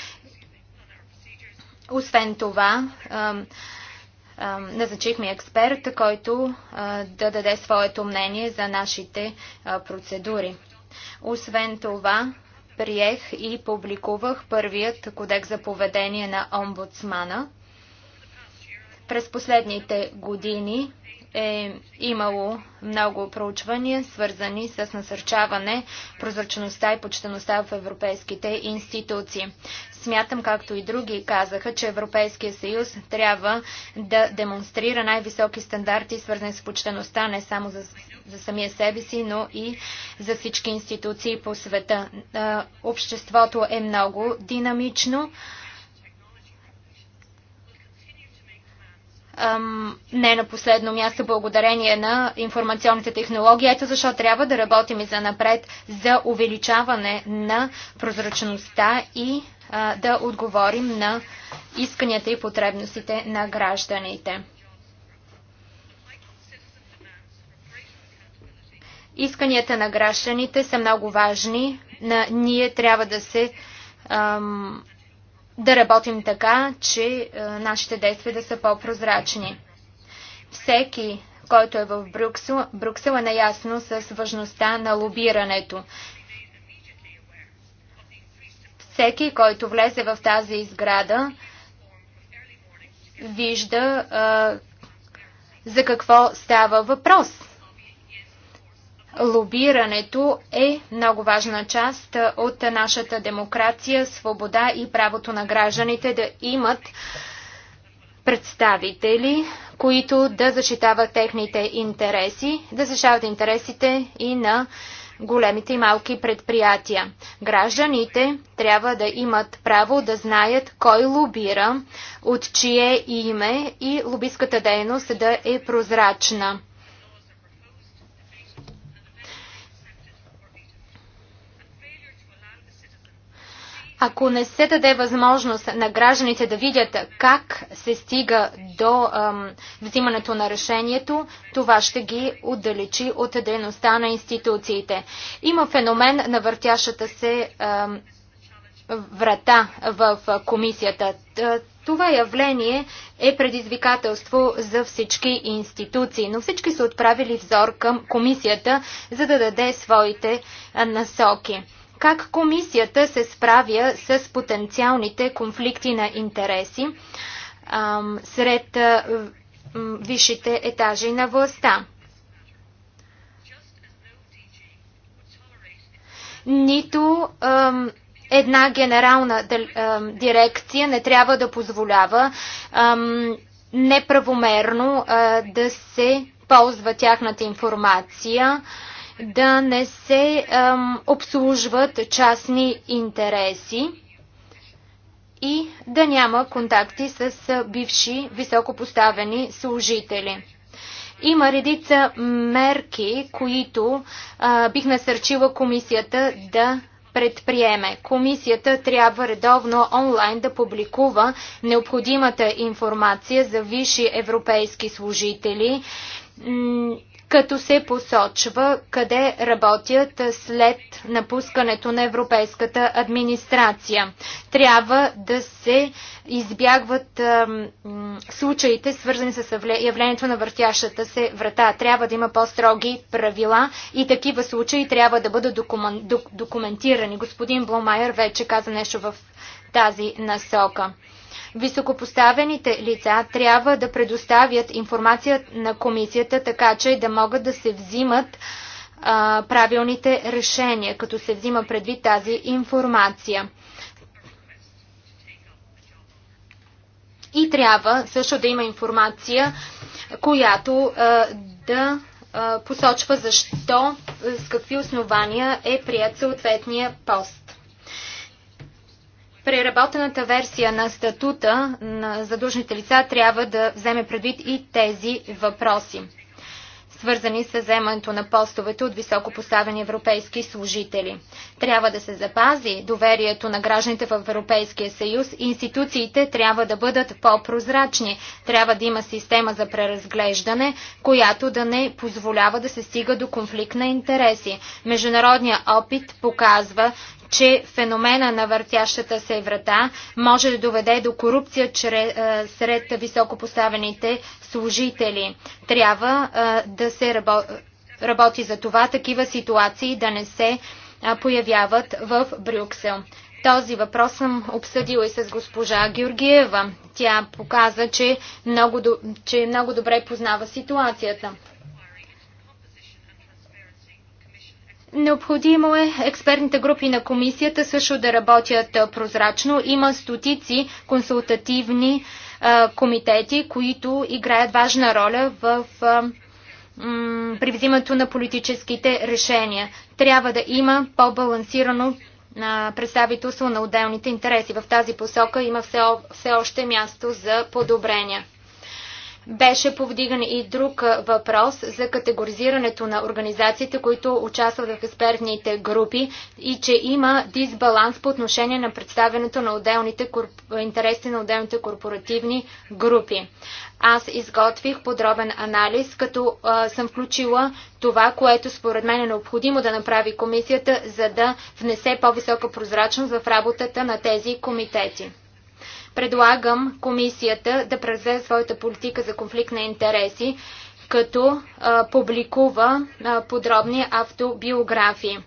освен това, назначихме експерт, който да даде своето мнение за нашите процедури. Освен това, приех и публикувах първият кодекс за поведение на омбудсмана. През последните години е имало много проучвания, свързани с насърчаване прозрачността и почтеността в европейските институции. Смятам, както и други казаха, че Европейския съюз трябва да демонстрира най-високи стандарти, свързани с почтеността не само за, за самия себе си, но и за всички институции по света. Обществото е много динамично. не на последно място благодарение на информационните технологии. Ето защо трябва да работим и за напред за увеличаване на прозрачността и да отговорим на исканията и потребностите на гражданите. Исканията на гражданите са много важни. ние трябва да се ам, да работим така, че е, нашите действия да са по-прозрачни. Всеки, който е в Брюксел, Брюксел е наясно с важността на лобирането. Всеки, който влезе в тази изграда, вижда е, за какво става въпрос. Лобирането е много важна част от нашата демокрация, свобода и правото на гражданите да имат представители, които да защитават техните интереси, да защитават интересите и на големите и малки предприятия. Гражданите трябва да имат право да знаят кой лобира, от чие име и лобистката дейност да е прозрачна. Ако не се даде възможност на гражданите да видят как се стига до ам, взимането на решението, това ще ги отдалечи от дейността на институциите. Има феномен на въртящата се ам, врата в комисията. Това явление е предизвикателство за всички институции, но всички са отправили взор към комисията, за да даде своите насоки. Как комисията се справя с потенциалните конфликти на интереси сред висшите етажи на властта? Нито една генерална дирекция не трябва да позволява неправомерно да се ползва тяхната информация да не се ем, обслужват частни интереси и да няма контакти с бивши високопоставени служители. Има редица мерки, които а, бих насърчила комисията да предприеме. Комисията трябва редовно онлайн да публикува необходимата информация за висши европейски служители като се посочва къде работят след напускането на европейската администрация. Трябва да се избягват случаите, свързани с явлението на въртящата се врата. Трябва да има по-строги правила и такива случаи трябва да бъдат документирани. Господин Бломайер вече каза нещо в тази насока. Високопоставените лица трябва да предоставят информация на комисията, така че да могат да се взимат а, правилните решения, като се взима предвид тази информация. И трябва също да има информация, която а, да а, посочва защо, с какви основания е прият съответния пост. Преработената версия на статута на задушните лица трябва да вземе предвид и тези въпроси, свързани с вземането на постовете от високо поставени европейски служители. Трябва да се запази доверието на гражданите в Европейския съюз. Институциите трябва да бъдат по-прозрачни. Трябва да има система за преразглеждане, която да не позволява да се стига до конфликт на интереси. Международният опит показва, че феномена на въртящата се врата може да доведе до корупция чрез, е, сред високопоставените служители. Трябва е, да се работи за това такива ситуации да не се появяват в Брюксел. Този въпрос съм обсъдила и с госпожа Георгиева. Тя показа, че много, че много добре познава ситуацията. Необходимо е експертните групи на комисията също да работят прозрачно. Има стотици консултативни комитети, които играят важна роля в при взимането на политическите решения. Трябва да има по-балансирано представителство на отделните интереси. В тази посока има все, все още място за подобрения. Беше повдиган и друг въпрос за категоризирането на организациите, които участват в експертните групи и че има дисбаланс по отношение на представянето на отделните интереси на отделните корпоративни групи. Аз изготвих подробен анализ, като а, съм включила това, което според мен е необходимо да направи комисията, за да внесе по-висока прозрачност в работата на тези комитети. Предлагам комисията да презе своята политика за конфликт на интереси, като а, публикува а, подробни автобиографии.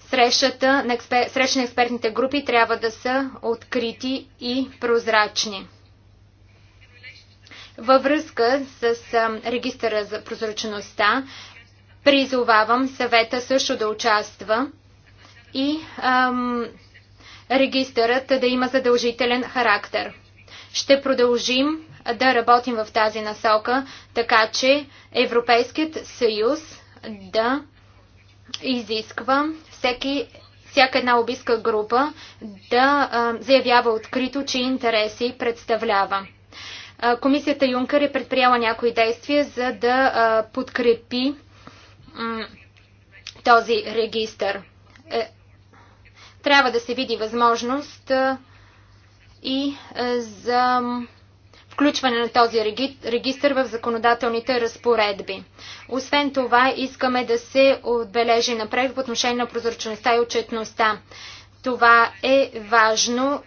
Срещата на, експер... Среща на експертните групи трябва да са открити и прозрачни. Във връзка с а, регистъра за прозрачността, призовавам съвета също да участва и а, регистърът да има задължителен характер. Ще продължим да работим в тази насока, така че Европейският съюз да изисква всеки, всяка една обиска група да а, заявява открито, че интереси представлява. А, комисията Юнкър е предприяла някои действия, за да а, подкрепи този регистър. Е, трябва да се види възможност и за включване на този регистр в законодателните разпоредби. Освен това, искаме да се отбележи напред по отношение на прозрачността и отчетността. Това е важно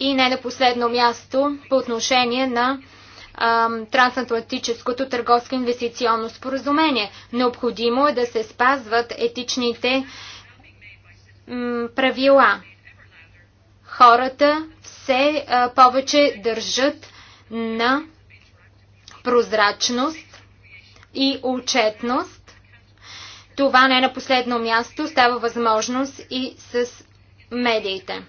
и не на последно място по отношение на трансатлантическото търговско инвестиционно споразумение. Необходимо е да се спазват етичните правила. Хората все повече държат на прозрачност и отчетност. Това не е на последно място, става възможност и с медиите.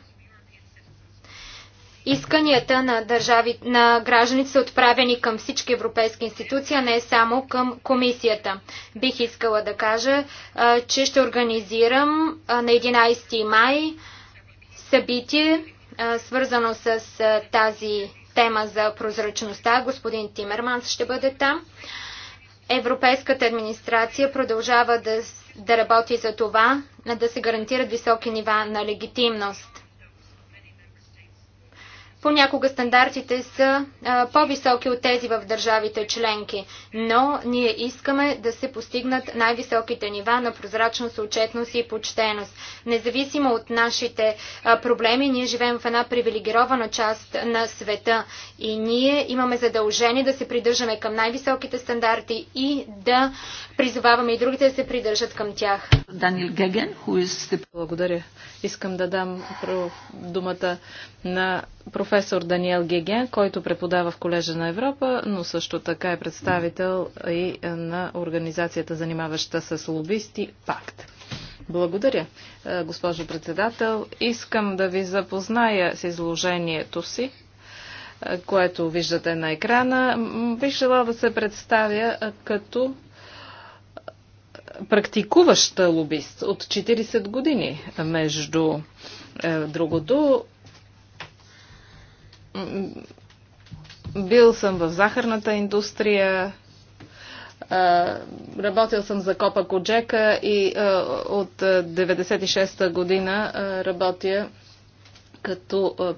Исканията на, държави, на гражданите са отправени към всички европейски институции, а не само към комисията. Бих искала да кажа, че ще организирам на 11 май събитие, свързано с тази тема за прозрачността. Господин Тимерманс ще бъде там. Европейската администрация продължава да, да работи за това, да се гарантират високи нива на легитимност Понякога стандартите са по-високи от тези в държавите членки, но ние искаме да се постигнат най-високите нива на прозрачност, отчетност и почтеност. Независимо от нашите а, проблеми, ние живеем в една привилегирована част на света и ние имаме задължение да се придържаме към най-високите стандарти и да призоваваме и другите да се придържат към тях. Данил Геген, is... Благодаря. Искам да дам думата на професор Даниел Геген, който преподава в Колежа на Европа, но също така е представител и на организацията, занимаваща с лобисти, ПАКТ. Благодаря, е, госпожо председател. Искам да ви запозная с изложението си, е, което виждате на екрана. Бих желала да се представя е, като Практикуваща лобист от 40 години, между е, другото. Бил съм в захарната индустрия, е, работил съм за Копа Коджека и е, от 96-та година е, работя като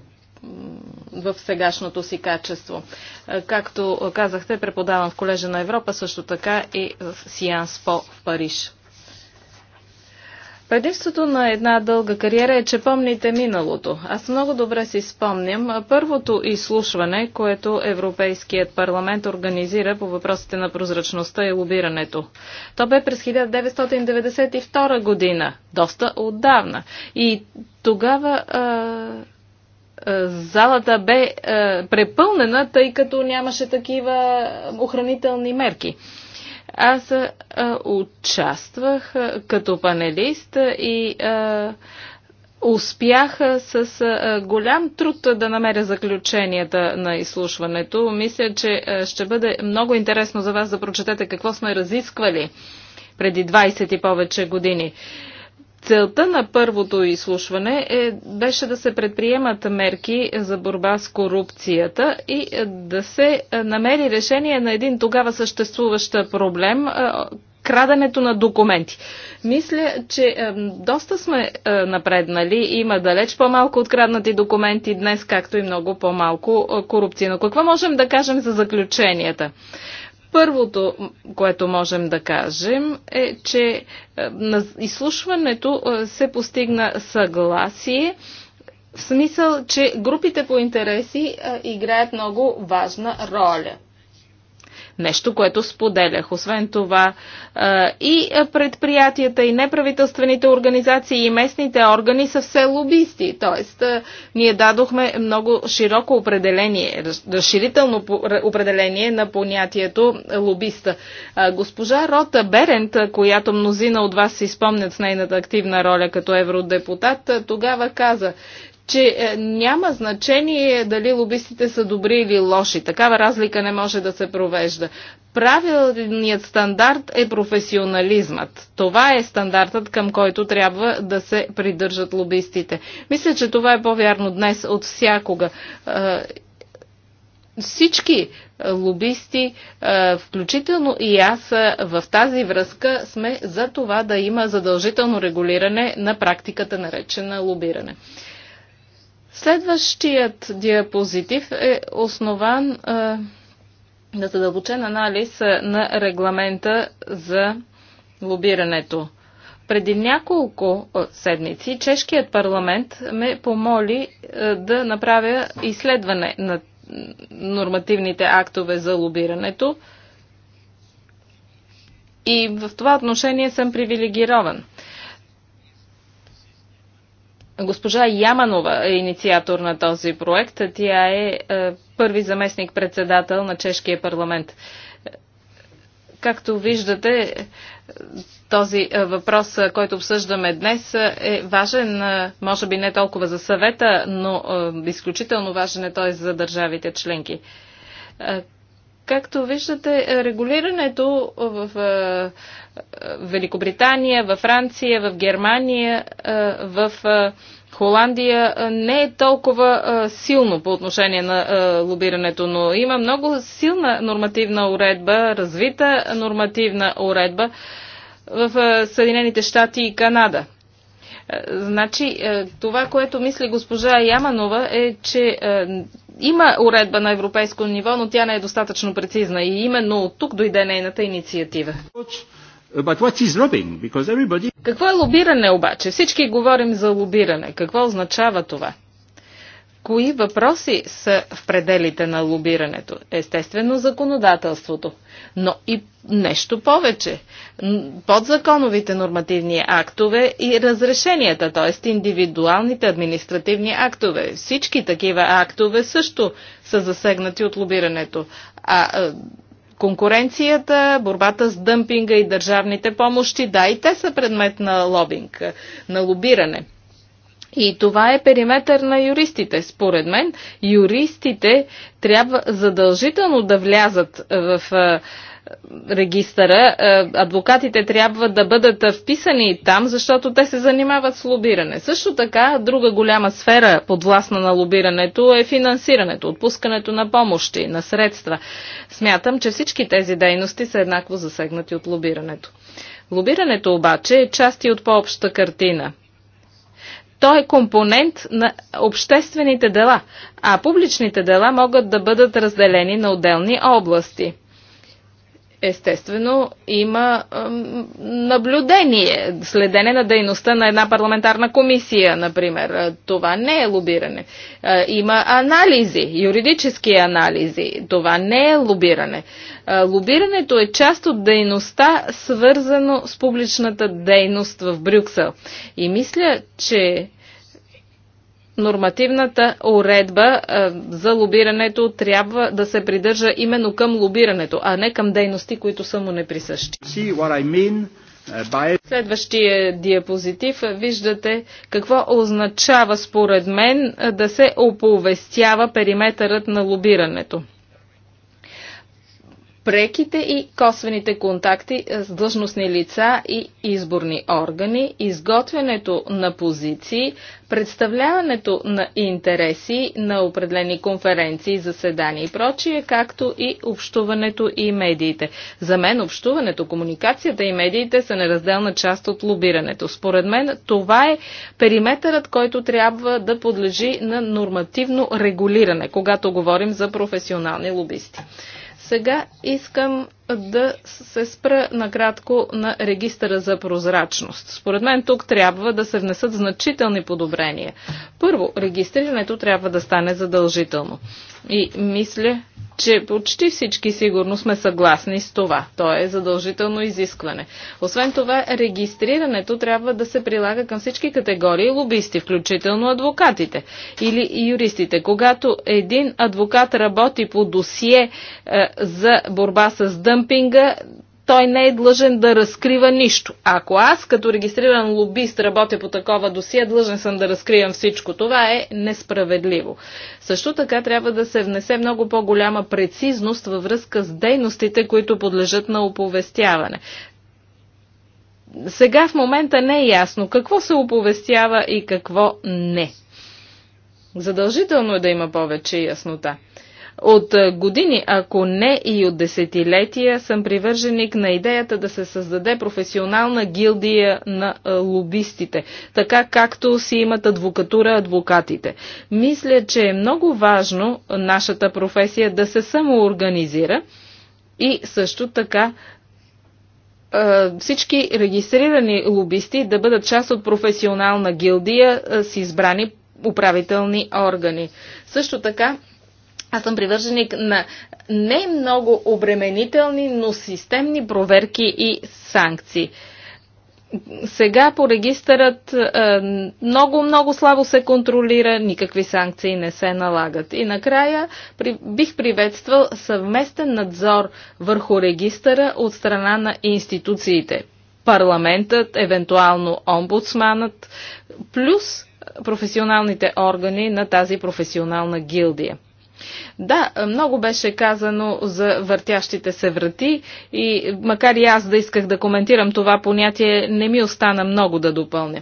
в сегашното си качество. Е, както казахте, преподавам в Колежа на Европа, също така и в Сианс По в Париж. Предимството на една дълга кариера е, че помните миналото. Аз много добре си спомням е, първото изслушване, което Европейският парламент организира по въпросите на прозрачността и лобирането. То бе през 1992 година, доста отдавна. И тогава а, е, е, залата бе е, препълнена, тъй като нямаше такива охранителни мерки. Аз а, е, участвах а, като панелист и а, успях с голям труд да намеря заключенията на изслушването. Мисля, че ще бъде много интересно за вас да прочетете какво сме разисквали преди 20 и повече години. Целта на първото изслушване е, беше да се предприемат мерки за борба с корупцията и е, да се е, намери решение на един тогава съществуващ проблем, е, краденето на документи. Мисля, че е, доста сме е, напреднали. Има далеч по-малко откраднати документи днес, както и много по-малко е, корупция. Но какво можем да кажем за заключенията? Първото, което можем да кажем е, че е, на изслушването е, се постигна съгласие в смисъл, че групите по интереси е, играят много важна роля. Нещо, което споделях. Освен това и предприятията, и неправителствените организации, и местните органи са все лобисти. Тоест, ние дадохме много широко определение, разширително определение на понятието лобиста. Госпожа Рота Берент, която мнозина от вас си спомнят с нейната активна роля като евродепутат, тогава каза, че е, няма значение дали лобистите са добри или лоши. Такава разлика не може да се провежда. Правилният стандарт е професионализмът. Това е стандартът, към който трябва да се придържат лобистите. Мисля, че това е по-вярно днес от всякога е, всички е, лобисти, включително и аз в тази връзка сме за това да има задължително регулиране на практиката наречена лобиране. Следващият диапозитив е основан а, е, на задълбочен анализ е, на регламента за лобирането. Преди няколко е, седмици чешкият парламент ме помоли да направя изследване на нормативните актове за лобирането и в това отношение съм привилегирован. Госпожа Яманова е инициатор на този проект. Тя е, е първи заместник-председател на Чешкия парламент. Както виждате, този е, въпрос, е, който обсъждаме днес, е важен, може би не толкова за съвета, но изключително важен е той за държавите членки. Както виждате, регулирането в Великобритания, във Франция, в Германия, в Холандия не е толкова силно по отношение на лобирането, но има много силна нормативна уредба, развита нормативна уредба в Съединените щати и Канада. Значи, това, което мисли госпожа Яманова е, че има уредба на европейско ниво, но тя не е достатъчно прецизна и именно от тук дойде нейната инициатива. Everybody... Какво е лобиране обаче? Всички говорим за лобиране. Какво означава това? кои въпроси са в пределите на лобирането? Естествено законодателството, но и нещо повече. Подзаконовите нормативни актове и разрешенията, т.е. индивидуалните административни актове. Всички такива актове също са засегнати от лобирането. А конкуренцията, борбата с дъмпинга и държавните помощи, да, и те са предмет на лобинг, на лобиране. И това е периметър на юристите. Според мен, юристите трябва задължително да влязат в регистъра. Адвокатите трябва да бъдат вписани там, защото те се занимават с лобиране. Също така, друга голяма сфера подвластна на лобирането е финансирането, отпускането на помощи, на средства. Смятам, че всички тези дейности са еднакво засегнати от лобирането. Лобирането обаче е части от по-обща картина – той е компонент на обществените дела, а публичните дела могат да бъдат разделени на отделни области. Естествено, има наблюдение, следене на дейността на една парламентарна комисия, например. Това не е лобиране. Има анализи, юридически анализи. Това не е лобиране. Лобирането е част от дейността, свързано с публичната дейност в Брюксел. И мисля, че нормативната уредба а, е, за лобирането трябва да се придържа именно към лобирането, а не към дейности, които са му неприсъщи. Uh, Следващия диапозитив виждате какво означава според мен е, да се оповестява периметърът на лобирането преките и косвените контакти с длъжностни лица и изборни органи, изготвянето на позиции, представляването на интереси на определени конференции, заседания и прочие, както и общуването и медиите. За мен общуването, комуникацията и медиите са неразделна част от лобирането. Според мен това е периметърът, който трябва да подлежи на нормативно регулиране, когато говорим за професионални лобисти. Сега искам да се спра накратко на регистъра за прозрачност. Според мен тук трябва да се внесат значителни подобрения. Първо, регистрирането трябва да стане задължително. И мисля, че почти всички сигурно сме съгласни с това. То е задължително изискване. Освен това, регистрирането трябва да се прилага към всички категории лобисти, включително адвокатите или юристите. Когато един адвокат работи по досие е, за борба с дъмпинга, той не е длъжен да разкрива нищо. Ако аз като регистриран лобист работя по такова досие, длъжен съм да разкривам всичко. Това е несправедливо. Също така трябва да се внесе много по-голяма прецизност във връзка с дейностите, които подлежат на оповестяване. Сега в момента не е ясно какво се оповестява и какво не. Задължително е да има повече яснота. От е, години, ако не и от десетилетия, съм привърженик на идеята да се създаде професионална гилдия на е, лобистите, така както си имат адвокатура адвокатите. Мисля, че е много важно нашата професия да се самоорганизира и също така е, всички регистрирани лобисти да бъдат част от професионална гилдия с избрани управителни органи. Също така аз съм привърженик на не много обременителни, но системни проверки и санкции. Сега по регистърът много-много е, слабо се контролира, никакви санкции не се налагат. И накрая при, бих приветствал съвместен надзор върху регистъра от страна на институциите. Парламентът, евентуално омбудсманът, плюс професионалните органи на тази професионална гилдия. Да, много беше казано за въртящите се врати и макар и аз да исках да коментирам това понятие, не ми остана много да допълня.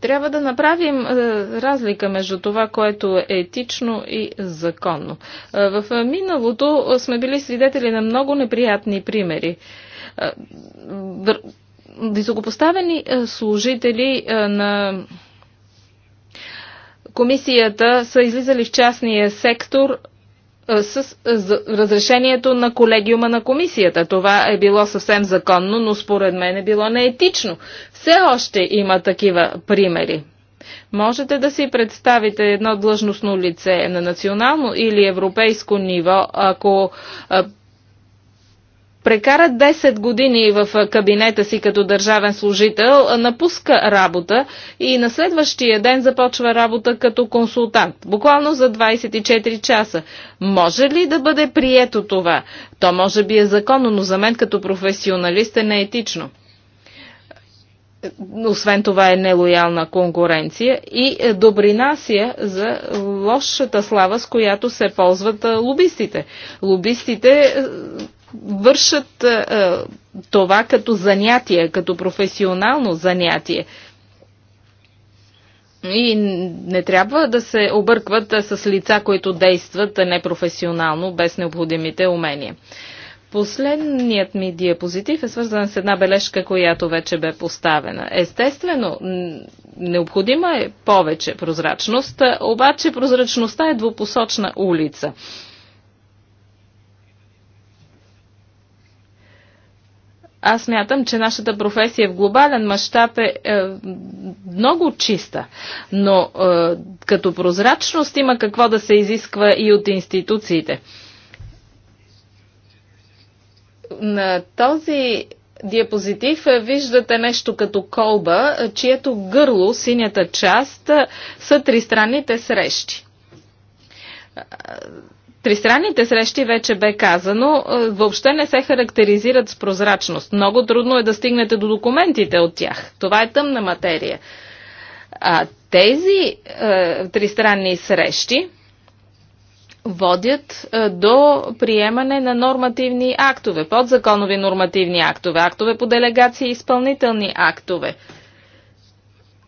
Трябва да направим е, разлика между това, което е етично и законно. Е, в миналото сме били свидетели на много неприятни примери е, високопоставени служители на комисията са излизали в частния сектор с разрешението на колегиума на комисията. Това е било съвсем законно, но според мен е било неетично. Все още има такива примери. Можете да си представите едно длъжностно лице на национално или европейско ниво, ако прекара 10 години в кабинета си като държавен служител, напуска работа и на следващия ден започва работа като консултант, буквално за 24 часа. Може ли да бъде прието това? То може би е законно, но за мен като професионалист е неетично освен това е нелоялна конкуренция и е, добринася за лошата слава, с която се ползват е, лобистите. Лобистите е, вършат е, е, това като занятие, като професионално занятие. И не трябва да се объркват е, с лица, които действат е, непрофесионално, без необходимите умения. Последният ми диапозитив е свързан с една бележка, която вече бе поставена. Естествено, необходима е повече прозрачност, обаче прозрачността е двупосочна улица. Аз мятам, че нашата професия в глобален мащаб е, е много чиста, но е, като прозрачност има какво да се изисква и от институциите. На този диапозитив е, виждате нещо като колба, чието гърло, синята част, е, са тристранните срещи Тристранните срещи, вече бе казано, е, въобще не се характеризират с прозрачност. Много трудно е да стигнете до документите от тях. Това е тъмна материя. А тези е, тристранни срещи водят е, до приемане на нормативни актове, подзаконови нормативни актове, актове по делегации и изпълнителни актове.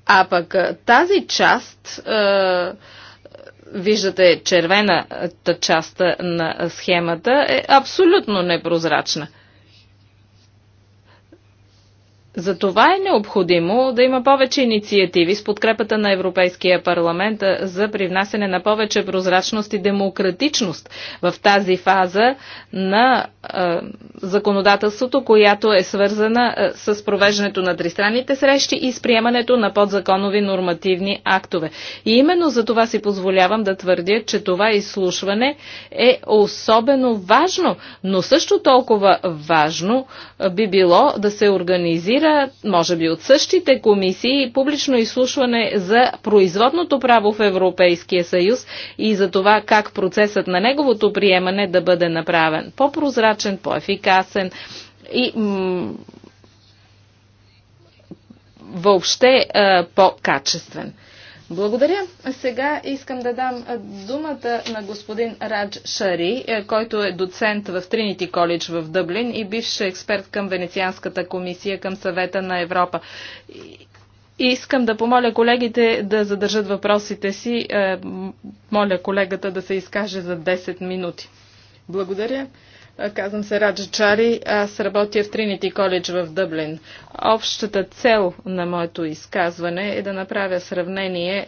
А пък е, тази част е, виждате червената част на схемата, е абсолютно непрозрачна. За това е необходимо да има повече инициативи с подкрепата на Европейския парламент за привнасяне на повече прозрачност и демократичност в тази фаза на е, законодателството, която е свързана е, с провеждането на тристранните срещи и с приемането на подзаконови нормативни актове. И именно за това си позволявам да твърдя, че това изслушване е особено важно, но също толкова важно би било да се организира организира, може би от същите комисии, публично изслушване за производното право в Европейския съюз и за това как процесът на неговото приемане да бъде направен по-прозрачен, по-ефикасен и въобще по-качествен. Благодаря. Сега искам да дам думата на господин Радж Шари, е, който е доцент в Тринити коледж в Дъблин и бивш експерт към Венецианската комисия към съвета на Европа. И искам да помоля колегите да задържат въпросите си. Е, моля колегата да се изкаже за 10 минути. Благодаря. Казвам се Раджа Чари. Аз работя в Тринити коледж в Дъблин. Общата цел на моето изказване е да направя сравнение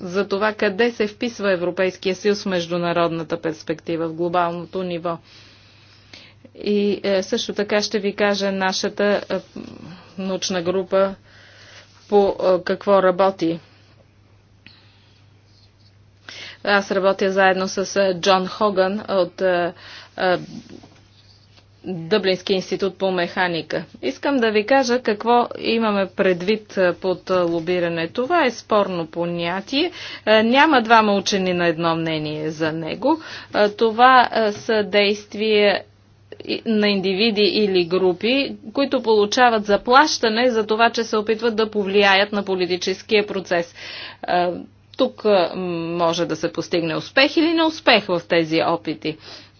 за това къде се вписва Европейския съюз в международната перспектива, в глобалното ниво. И е, също така ще ви кажа нашата е, научна група по е, какво работи. Аз работя заедно с Джон Хоган от Дъблински институт по механика. Искам да ви кажа какво имаме предвид под лобиране. Това е спорно понятие. Няма двама учени на едно мнение за него. Това са действия на индивиди или групи, които получават заплащане за това, че се опитват да повлияят на политическия процес. Тук може да се постигне успех или неуспех в тези опити.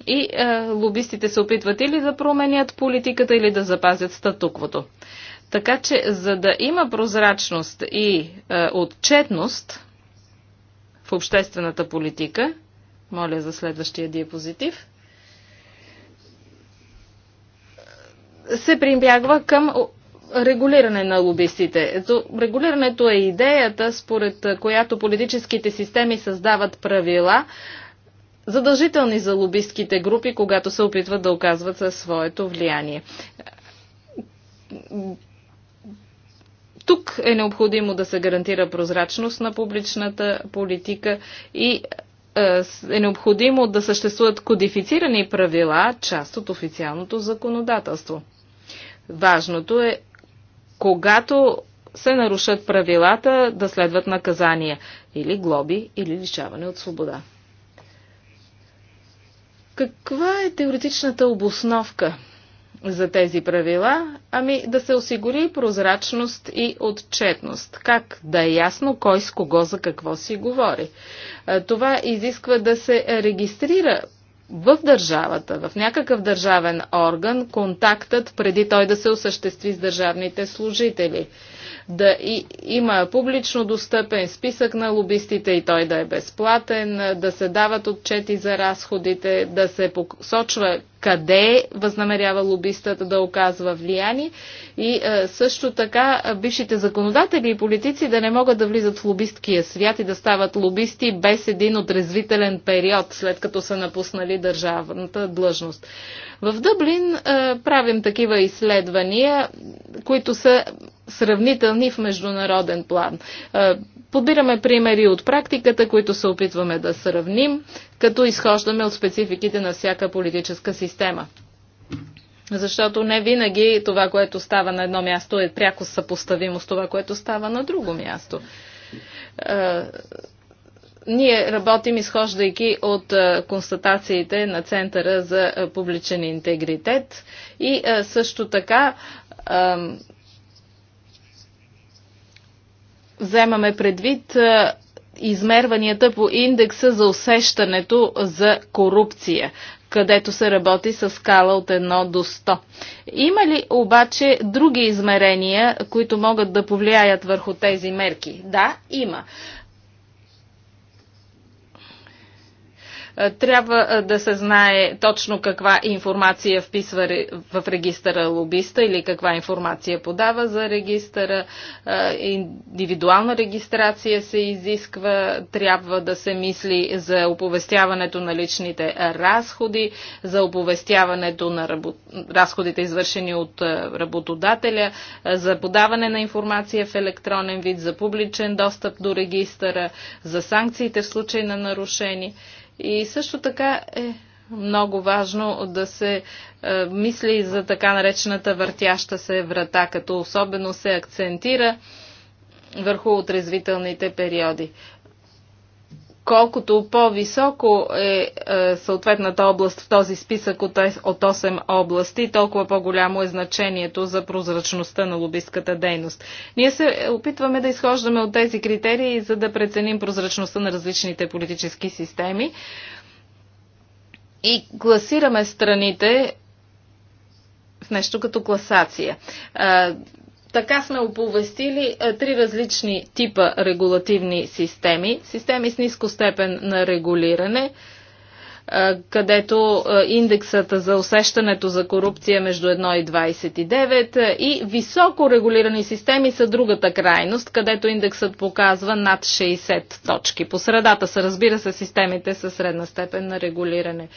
И е, лобистите се опитват или да променят политиката, или да запазят статуквото. Така че, за да има прозрачност и е, отчетност в обществената политика, моля за следващия диапозитив, се прибягва към регулиране на лобистите. Ето, регулирането е идеята, според е, която политическите системи създават правила, задължителни за лобистките групи, когато се опитват да оказват своето влияние. Тук е необходимо да се гарантира прозрачност на публичната политика и е, е необходимо да съществуват кодифицирани правила, част от официалното законодателство. Важното е, когато се нарушат правилата, да следват наказания или глоби, или лишаване от свобода. Каква е теоретичната обосновка за тези правила? Ами да се осигури прозрачност и отчетност. Как да е ясно кой с кого за какво си говори? Това изисква да се регистрира в държавата, в някакъв държавен орган, контактът преди той да се осъществи с държавните служители. Да и, има публично достъпен списък на лобистите и той да е безплатен, да се дават отчети за разходите, да се посочва къде възнамерява лобистът да оказва влияние и е, също така е, бившите законодатели и политици да не могат да влизат в лобисткия свят и да стават лобисти без един отрезвителен период, след като са напуснали държавната длъжност. В Дъблин е, правим такива изследвания, които са сравнителни в международен план. Подбираме примери от практиката, които се опитваме да сравним, като изхождаме от спецификите на всяка политическа система. Защото не винаги това, което става на едно място, е пряко съпоставимо с това, което става на друго място е, ние работим изхождайки от е, констатациите на Центъра за е, публичен интегритет и също така вземаме предвид е, измерванията по индекса за усещането за корупция, където се работи с скала от 1 до 100. Има ли обаче други измерения, които могат да повлияят върху тези мерки? Да, има. Е, трябва е, да се знае точно каква информация вписва в регистъра лобиста или каква информация подава за регистъра. Е, индивидуална регистрация се изисква, трябва да се мисли за оповестяването на личните разходи, за оповестяването на работ... разходите извършени от работодателя, за подаване на информация в електронен вид, за публичен достъп до регистъра, за санкциите в случай на нарушение. И също така е много важно да се е, мисли за така наречената въртяща се врата, като особено се акцентира върху отрезвителните периоди колкото по-високо е, е съответната област в този списък от, от 8 области, толкова по-голямо е значението за прозрачността на лобистката дейност. Ние се опитваме да изхождаме от тези критерии, за да преценим прозрачността на различните политически системи и класираме страните в нещо като класация така сме оповестили е, три различни типа регулативни системи. Системи с ниско степен на регулиране, е, където е, индексът за усещането за корупция е между 1 и 29 и високо регулирани системи са другата крайност, където индексът показва над 60 точки. По средата са, разбира се, системите със средна степен на регулиране.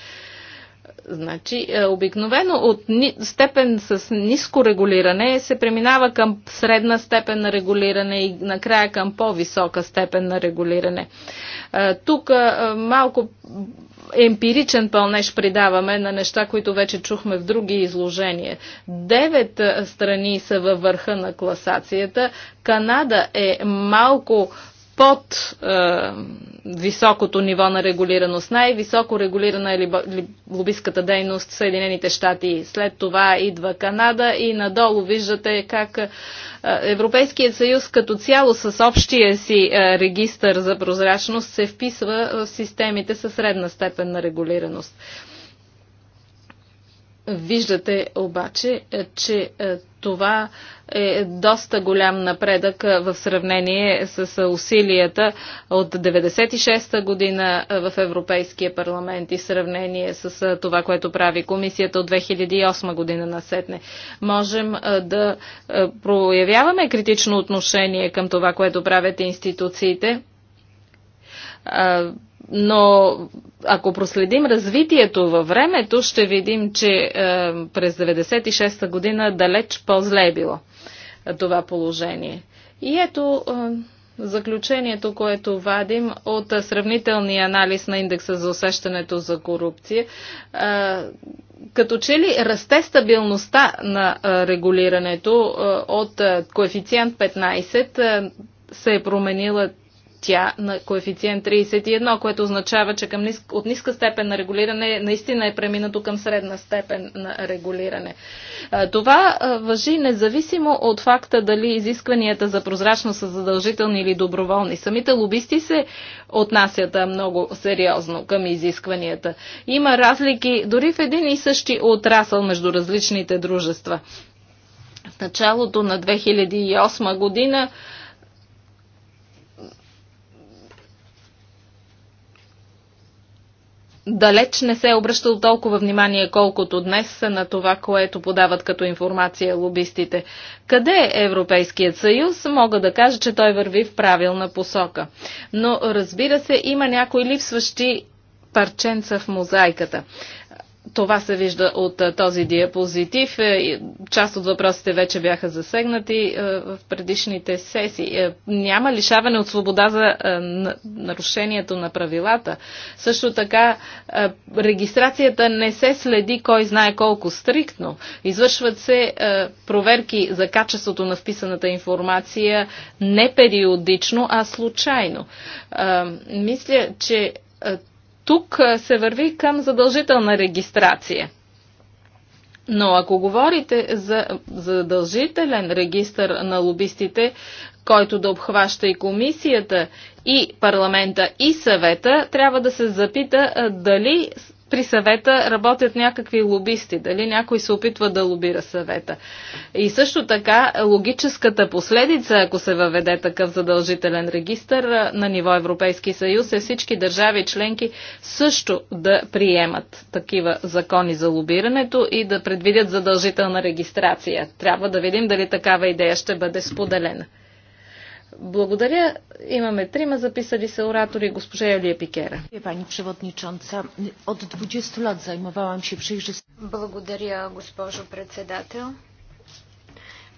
Значи, е, обикновено от степен с ниско регулиране се преминава към средна степен на регулиране и накрая към по-висока степен на регулиране. Е, тук е, малко емпиричен пълнеж придаваме на неща, които вече чухме в други изложения. Девет страни са във върха на класацията. Канада е малко под е, високото ниво на регулираност. Най-високо регулирана е лобистката дейност в Съединените щати. След това идва Канада и надолу виждате как е, Европейският съюз като цяло с общия си е, регистър за прозрачност се вписва в системите със средна степен на регулираност. Виждате обаче, е, че е, това е доста голям напредък е, в сравнение с усилията от 96-та година в Европейския парламент и сравнение с това, което прави комисията от 2008 година на Сетне. Можем да проявяваме критично отношение към това, което правят институциите но ако проследим развитието във времето, ще видим, че е, през 96-та година далеч по-зле е било това положение. И ето е, заключението, което вадим от сравнителния анализ на индекса за усещането за корупция. Е, като че ли расте стабилността на е, регулирането е, от коефициент 15 се е променила тя на коефициент 31, което означава, че към ниск, от ниска степен на регулиране наистина е преминато към средна степен на регулиране. Това въжи независимо от факта дали изискванията за прозрачност са задължителни или доброволни. Самите лобисти се отнасят много сериозно към изискванията. Има разлики дори в един и същи отрасъл между различните дружества. В началото на 2008 година далеч не се е обръщал толкова внимание, колкото днес на това, което подават като информация лобистите. Къде е Европейският съюз? Мога да кажа, че той върви в правилна посока. Но разбира се, има някои липсващи парченца в мозайката. Това се вижда от този диапозитив. Е, част от въпросите вече бяха засегнати е, в предишните сесии. Е, няма лишаване от свобода за нарушението на правилата. Също така регистрацията не се следи кой знае колко стриктно. Извършват се проверки за качеството на вписаната информация не периодично, а случайно. Мисля, че тук се върви към задължителна регистрация. Но ако говорите за задължителен регистр на лобистите, който да обхваща и комисията, и парламента, и съвета, трябва да се запита дали при съвета работят някакви лобисти, дали някой се опитва да лобира съвета. И също така логическата последица, ако се въведе такъв задължителен регистр на ниво Европейски съюз, е всички държави членки също да приемат такива закони за лобирането и да предвидят задължителна регистрация. Трябва да видим дали такава идея ще бъде споделена. Благодаря. Имаме трима записали се оратори. Госпожа Елия Пикера. Пани Przewodnicząca, от 20 лет займавałam се przejrzystостью. Благодаря, госпожо председател.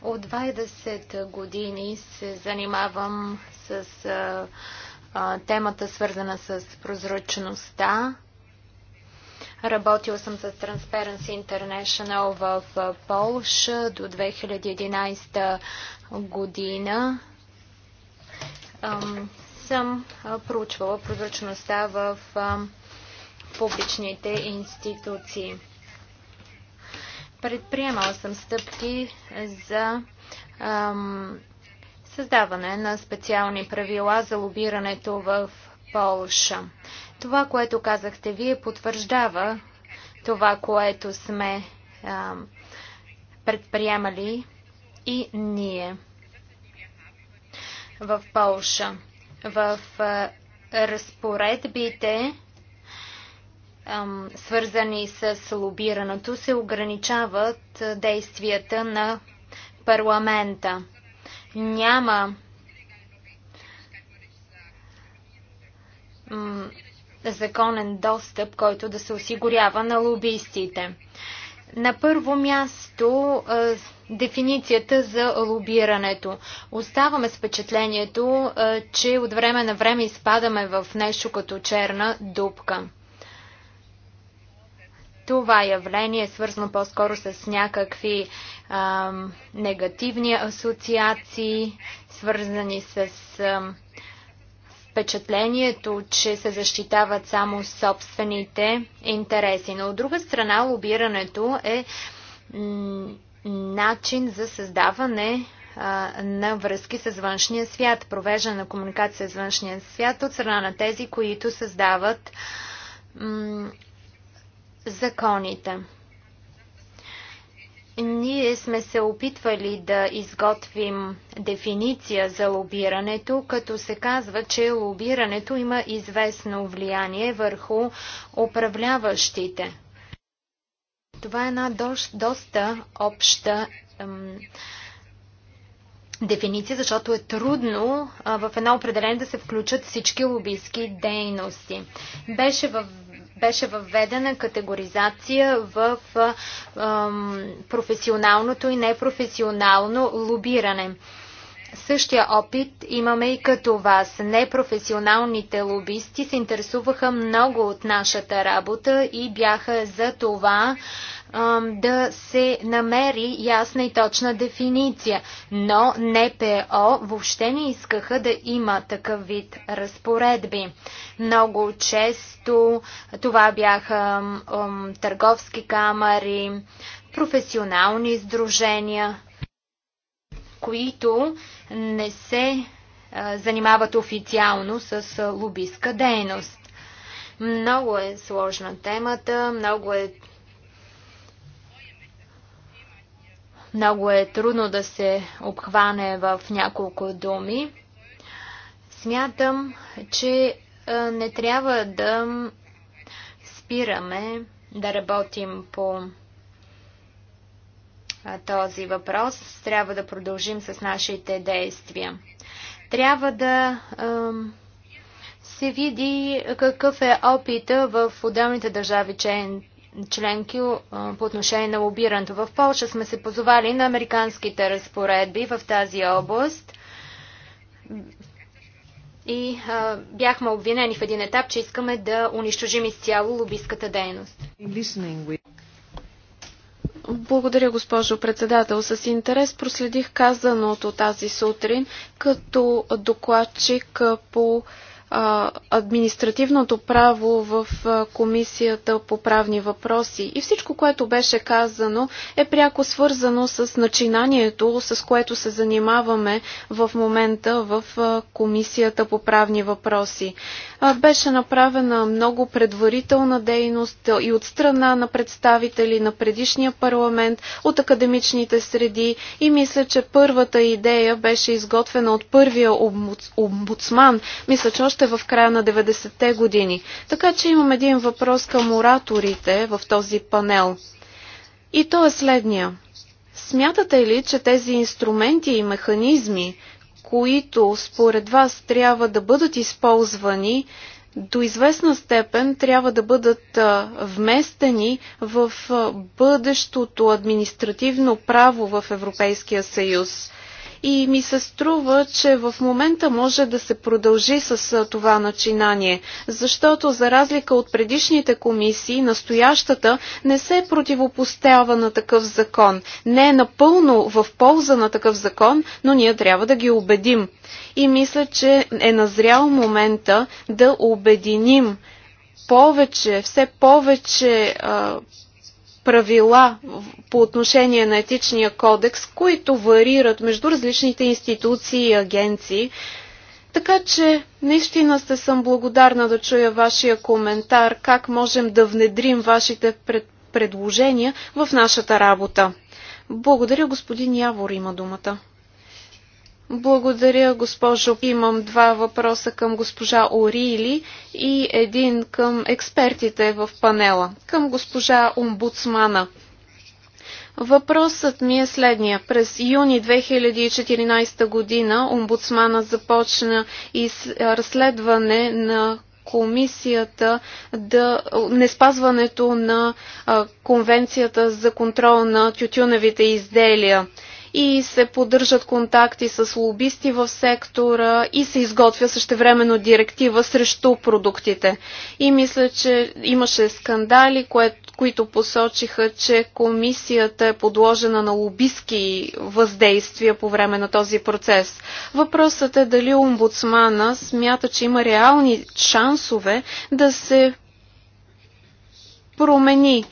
От 20 години се занимавам с а, а, темата, свързана с прозрачността. Работил съм с Transparency International в Полша до 2011 година съм проучвала прозрачността в публичните институции. Предприемала съм стъпки за създаване на специални правила за лобирането в Полша. Това, което казахте вие, потвърждава това, което сме предприемали и ние в Полша. В разпоредбите, свързани с лобирането, се ограничават действията на парламента. Няма законен достъп, който да се осигурява на лобистите. На първо място дефиницията за лобирането. Оставаме с впечатлението, че от време на време изпадаме в нещо като черна дупка. Това явление е свързано по-скоро с някакви ам, негативни асоциации, свързани с ам, впечатлението, че се защитават само собствените интереси. Но от друга страна, лобирането е начин за създаване на връзки с външния свят, провеждане на комуникация с външния свят от страна на тези, които създават законите. Ние сме се опитвали да изготвим дефиниция за лобирането, като се казва, че лобирането има известно влияние върху управляващите. Това е една до, доста обща ем, дефиниция, защото е трудно а, в едно определение да се включат всички лобийски дейности. Беше в беше въведена категоризация в а, професионалното и непрофесионално лобиране. Същия опит имаме и като вас. Непрофесионалните лобисти се интересуваха много от нашата работа и бяха за това да се намери ясна и точна дефиниция. Но НПО въобще не искаха да има такъв вид разпоредби. Много често това бяха търговски камери, професионални издружения които не се занимават официално с лобистка дейност. Много е сложна темата, много е много е трудно да се обхване в няколко думи. Смятам, че не трябва да спираме да работим по този въпрос. Трябва да продължим с нашите действия. Трябва да се види какъв е опита в отделните държави членки по отношение на лобирането. В Польша сме се позовали на американските разпоредби в тази област и бяхме обвинени в един етап, че искаме да унищожим изцяло лобистката дейност. Благодаря, госпожо председател. С интерес проследих казаното тази сутрин като докладчик по административното право в Комисията по правни въпроси. И всичко, което беше казано, е пряко свързано с начинанието, с което се занимаваме в момента в Комисията по правни въпроси. Беше направена много предварителна дейност и от страна на представители на предишния парламент, от академичните среди и мисля, че първата идея беше изготвена от първия омбудсман, мисля, че още в края на 90-те години. Така че имам един въпрос към ораторите в този панел. И то е следния. Смятате ли, че тези инструменти и механизми, които според вас трябва да бъдат използвани, до известна степен трябва да бъдат вместени в бъдещото административно право в Европейския съюз и ми се струва, че в момента може да се продължи с това начинание, защото за разлика от предишните комисии, настоящата не се противопоставя на такъв закон. Не е напълно в полза на такъв закон, но ние трябва да ги убедим. И мисля, че е назрял момента да обединим повече, все повече а, правила по отношение на етичния кодекс, които варират между различните институции и агенции. Така че наистина сте съм благодарна да чуя вашия коментар, как можем да внедрим вашите пред, предложения в нашата работа. Благодаря, господин Явор има думата. Благодаря, госпожо. Имам два въпроса към госпожа Орили и един към експертите в панела. Към госпожа омбудсмана. Въпросът ми е следния. През юни 2014 година омбудсмана започна и разследване на комисията да не спазването на а, конвенцията за контрол на тютюневите изделия и се поддържат контакти с лобисти в сектора и се изготвя същевременно директива срещу продуктите. И мисля, че имаше скандали, които посочиха, че комисията е подложена на лобистки въздействия по време на този процес. Въпросът е дали омбудсмана смята, че има реални шансове да се промени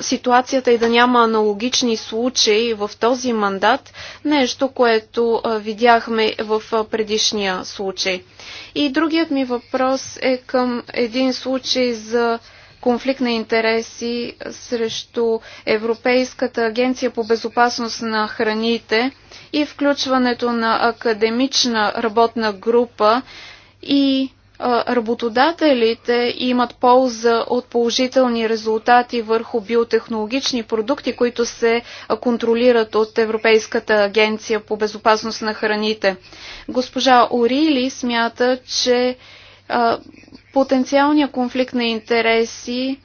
ситуацията и да няма аналогични случаи в този мандат, нещо, което видяхме в предишния случай. И другият ми въпрос е към един случай за конфликт на интереси срещу Европейската агенция по безопасност на храните и включването на академична работна група и работодателите имат полза от положителни резултати върху биотехнологични продукти, които се контролират от Европейската агенция по безопасност на храните. Госпожа Орили смята, че потенциалният конфликт на интереси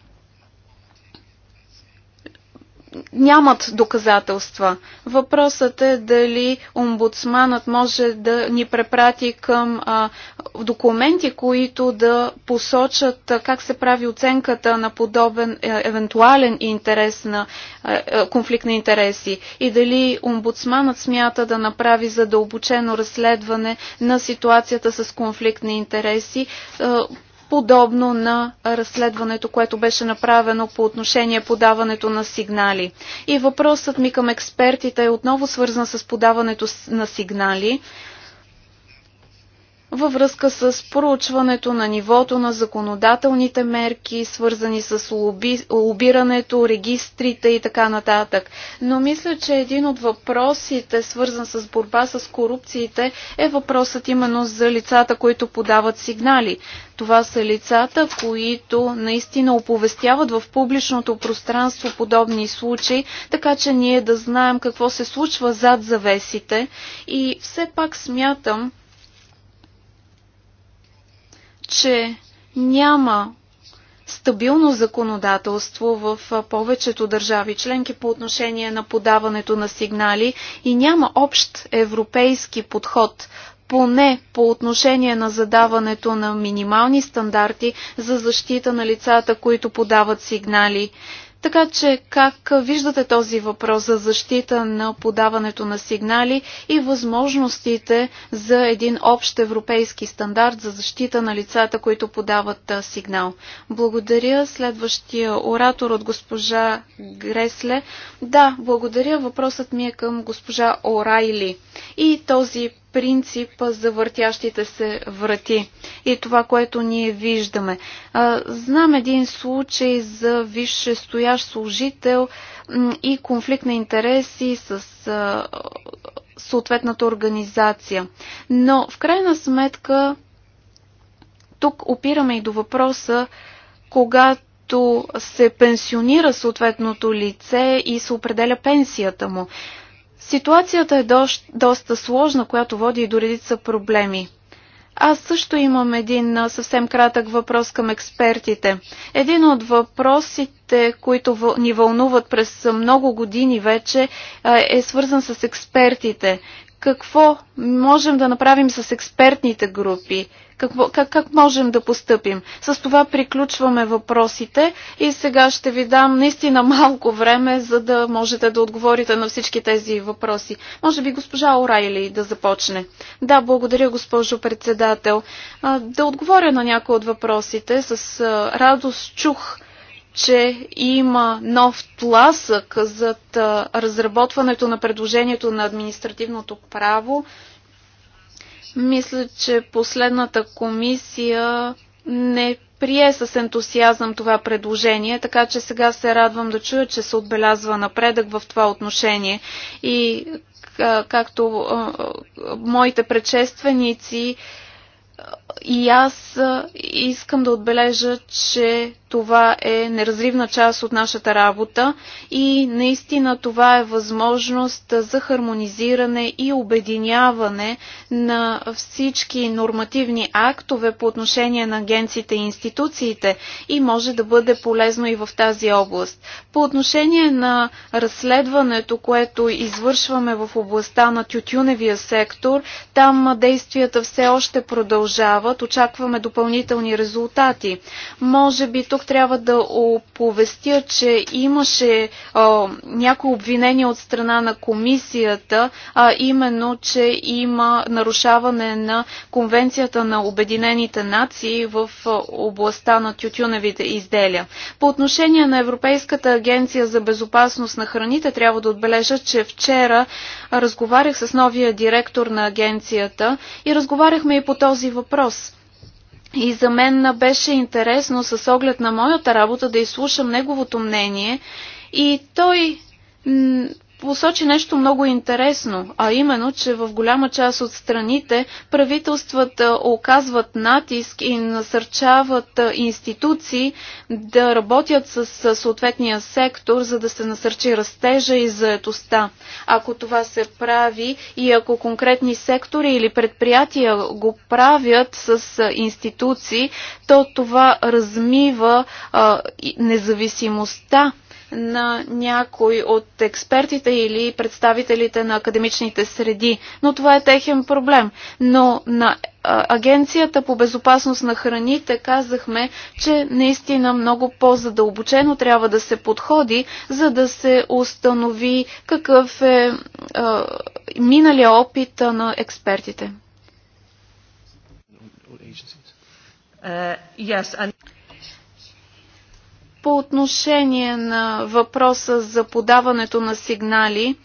нямат доказателства. Въпросът е дали омбудсманът може да ни препрати към а, документи, които да посочат а, как се прави оценката на подобен е, евентуален интерес на е, е конфликт на интереси и дали омбудсманът смята да направи задълбочено разследване на ситуацията с конфликт на интереси е, подобно на разследването, което беше направено по отношение подаването на сигнали. И въпросът ми към експертите е отново свързан с подаването на сигнали във връзка с проучването на нивото на законодателните мерки, свързани с лоби, лобирането, регистрите и така нататък. Но мисля, че един от въпросите, свързан с борба с корупциите, е въпросът именно за лицата, които подават сигнали. Това са лицата, които наистина оповестяват в публичното пространство подобни случаи, така че ние да знаем какво се случва зад завесите. И все пак смятам, че няма стабилно законодателство в повечето държави членки по отношение на подаването на сигнали и няма общ европейски подход поне по отношение на задаването на минимални стандарти за защита на лицата, които подават сигнали. Така че как виждате този въпрос за защита на подаването на сигнали и възможностите за един общ европейски стандарт за защита на лицата, които подават сигнал? Благодаря. Следващия оратор от госпожа Гресле. Да, благодаря. Въпросът ми е към госпожа Орайли. И този Принцип за въртящите се врати и това, което ние виждаме. Знам един случай за висше стоящ служител и конфликт на интереси с съответната организация. Но в крайна сметка тук опираме и до въпроса, когато се пенсионира съответното лице и се определя пенсията му. Ситуацията е до, доста сложна, която води и до редица проблеми. Аз също имам един съвсем кратък въпрос към експертите. Един от въпросите, които ни вълнуват през много години вече, е свързан с експертите какво можем да направим с експертните групи, какво, как, как можем да постъпим. С това приключваме въпросите и сега ще ви дам наистина малко време, за да можете да отговорите на всички тези въпроси. Може би госпожа Орайли да започне. Да, благодаря госпожо председател. Да отговоря на някои от въпросите. С радост чух че има нов тласък за разработването на предложението на административното право. Мисля, че последната комисия не прие с ентусиазъм това предложение, така че сега се радвам да чуя, че се отбелязва напредък в това отношение. И както моите предшественици и аз искам да отбележа, че това е неразривна част от нашата работа и наистина това е възможност за хармонизиране и обединяване на всички нормативни актове по отношение на агенциите и институциите и може да бъде полезно и в тази област. По отношение на разследването, което извършваме в областта на тютюневия сектор, там действията все още продължават дават, очакваме допълнителни резултати. Може би тук трябва да оповестя, че имаше някои обвинения от страна на комисията, а именно, че има нарушаване на Конвенцията на Обединените нации в областта на тютюневите изделия. По отношение на Европейската агенция за безопасност на храните трябва да отбележа, че вчера разговарях с новия директор на агенцията и разговаряхме и по този въпрос въпрос. И за мен беше интересно с оглед на моята работа да изслушам неговото мнение и той посочи нещо много интересно, а именно, че в голяма част от страните правителствата оказват натиск и насърчават институции да работят с съответния сектор, за да се насърчи растежа и заетостта. Ако това се прави и ако конкретни сектори или предприятия го правят с институции, то това размива а, независимостта на някой от експертите или представителите на академичните среди, но това е техен проблем. Но на Агенцията по безопасност на храните казахме, че наистина много по-задълбочено трябва да се подходи, за да се установи какъв е миналия опит на експертите. Uh, yes, and... По отношение на въпроса за подаването на сигнали,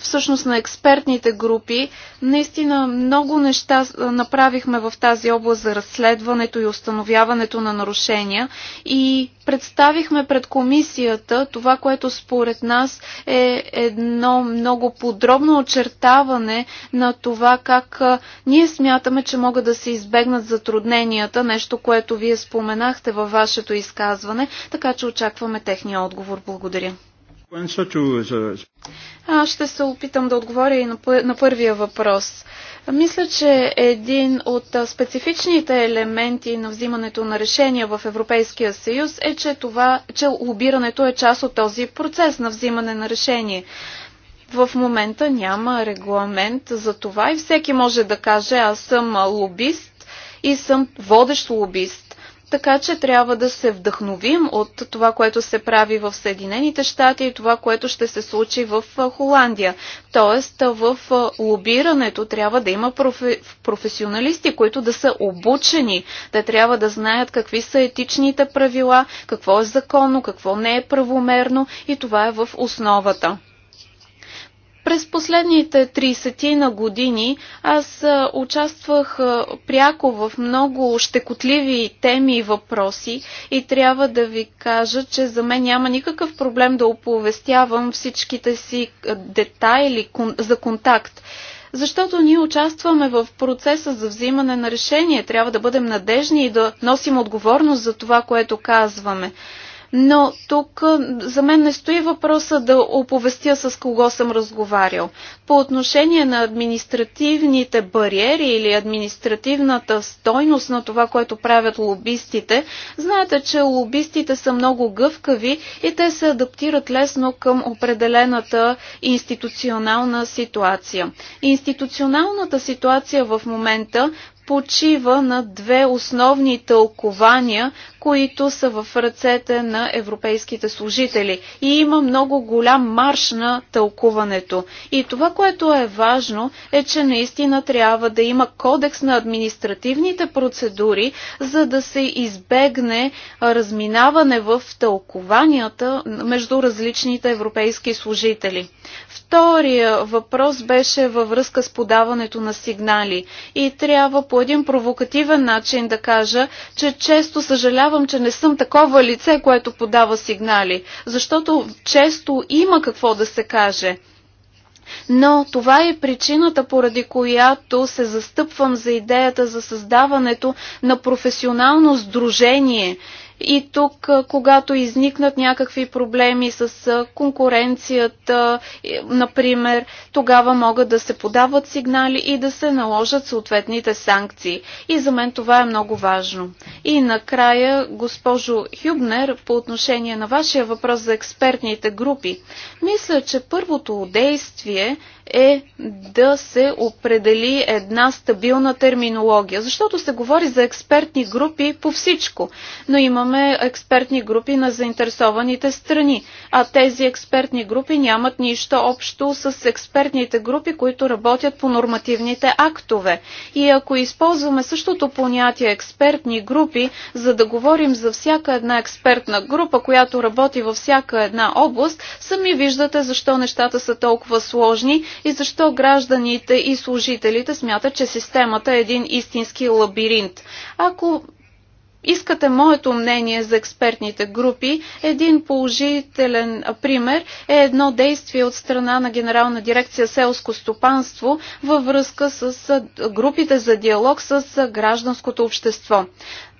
всъщност на експертните групи. Наистина много неща направихме в тази област за разследването и установяването на нарушения и представихме пред комисията това, което според нас е едно много подробно очертаване на това как ние смятаме, че могат да се избегнат затрудненията, нещо, което вие споменахте във вашето изказване, така че очакваме техния отговор. Благодаря. Uh, аз ще се опитам да отговоря и на първия въпрос. Мисля, че един от специфичните елементи на взимането на решения в Европейския съюз е, че, това, че лобирането е част от този процес на взимане на решение. В момента няма регламент за това и всеки може да каже аз съм лобист и съм водещ лобист така че трябва да се вдъхновим от това, което се прави в Съединените щати и това, което ще се случи в Холандия. Тоест в лобирането трябва да има профи... професионалисти, които да са обучени, да трябва да знаят какви са етичните правила, какво е законно, какво не е правомерно и това е в основата. През последните 30 на години аз участвах пряко в много щекотливи теми и въпроси и трябва да ви кажа, че за мен няма никакъв проблем да оповестявам всичките си детайли за контакт защото ние участваме в процеса за взимане на решение. Трябва да бъдем надежни и да носим отговорност за това, което казваме но тук за мен не стои въпроса да оповестя с кого съм разговарял. По отношение на административните бариери или административната стойност на това, което правят лобистите, знаете, че лобистите са много гъвкави и те се адаптират лесно към определената институционална ситуация. Институционалната ситуация в момента почива на две основни тълкования, които са в ръцете на европейските служители. И има много голям марш на тълкуването. И това, което е важно, е, че наистина трябва да има кодекс на административните процедури, за да се избегне разминаване в тълкованията между различните европейски служители. Втория въпрос беше във връзка с подаването на сигнали. И трябва по един провокативен начин да кажа, че често съжалявам, че не съм такова лице, което подава сигнали, защото често има какво да се каже. Но това е причината, поради която се застъпвам за идеята за създаването на професионално сдружение и тук, когато изникнат някакви проблеми с конкуренцията, например, тогава могат да се подават сигнали и да се наложат съответните санкции. И за мен това е много важно. И накрая, госпожо Хюбнер, по отношение на вашия въпрос за експертните групи, мисля, че първото действие е да се определи една стабилна терминология, защото се говори за експертни групи по всичко, но имаме експертни групи на заинтересованите страни, а тези експертни групи нямат нищо общо с експертните групи, които работят по нормативните актове. И ако използваме същото понятие експертни групи, за да говорим за всяка една експертна група, която работи във всяка една област, сами виждате защо нещата са толкова сложни и защо гражданите и служителите смятат, че системата е един истински лабиринт. Ако искате моето мнение за експертните групи, един положителен пример е едно действие от страна на Генерална дирекция селско стопанство във връзка с групите за диалог с гражданското общество.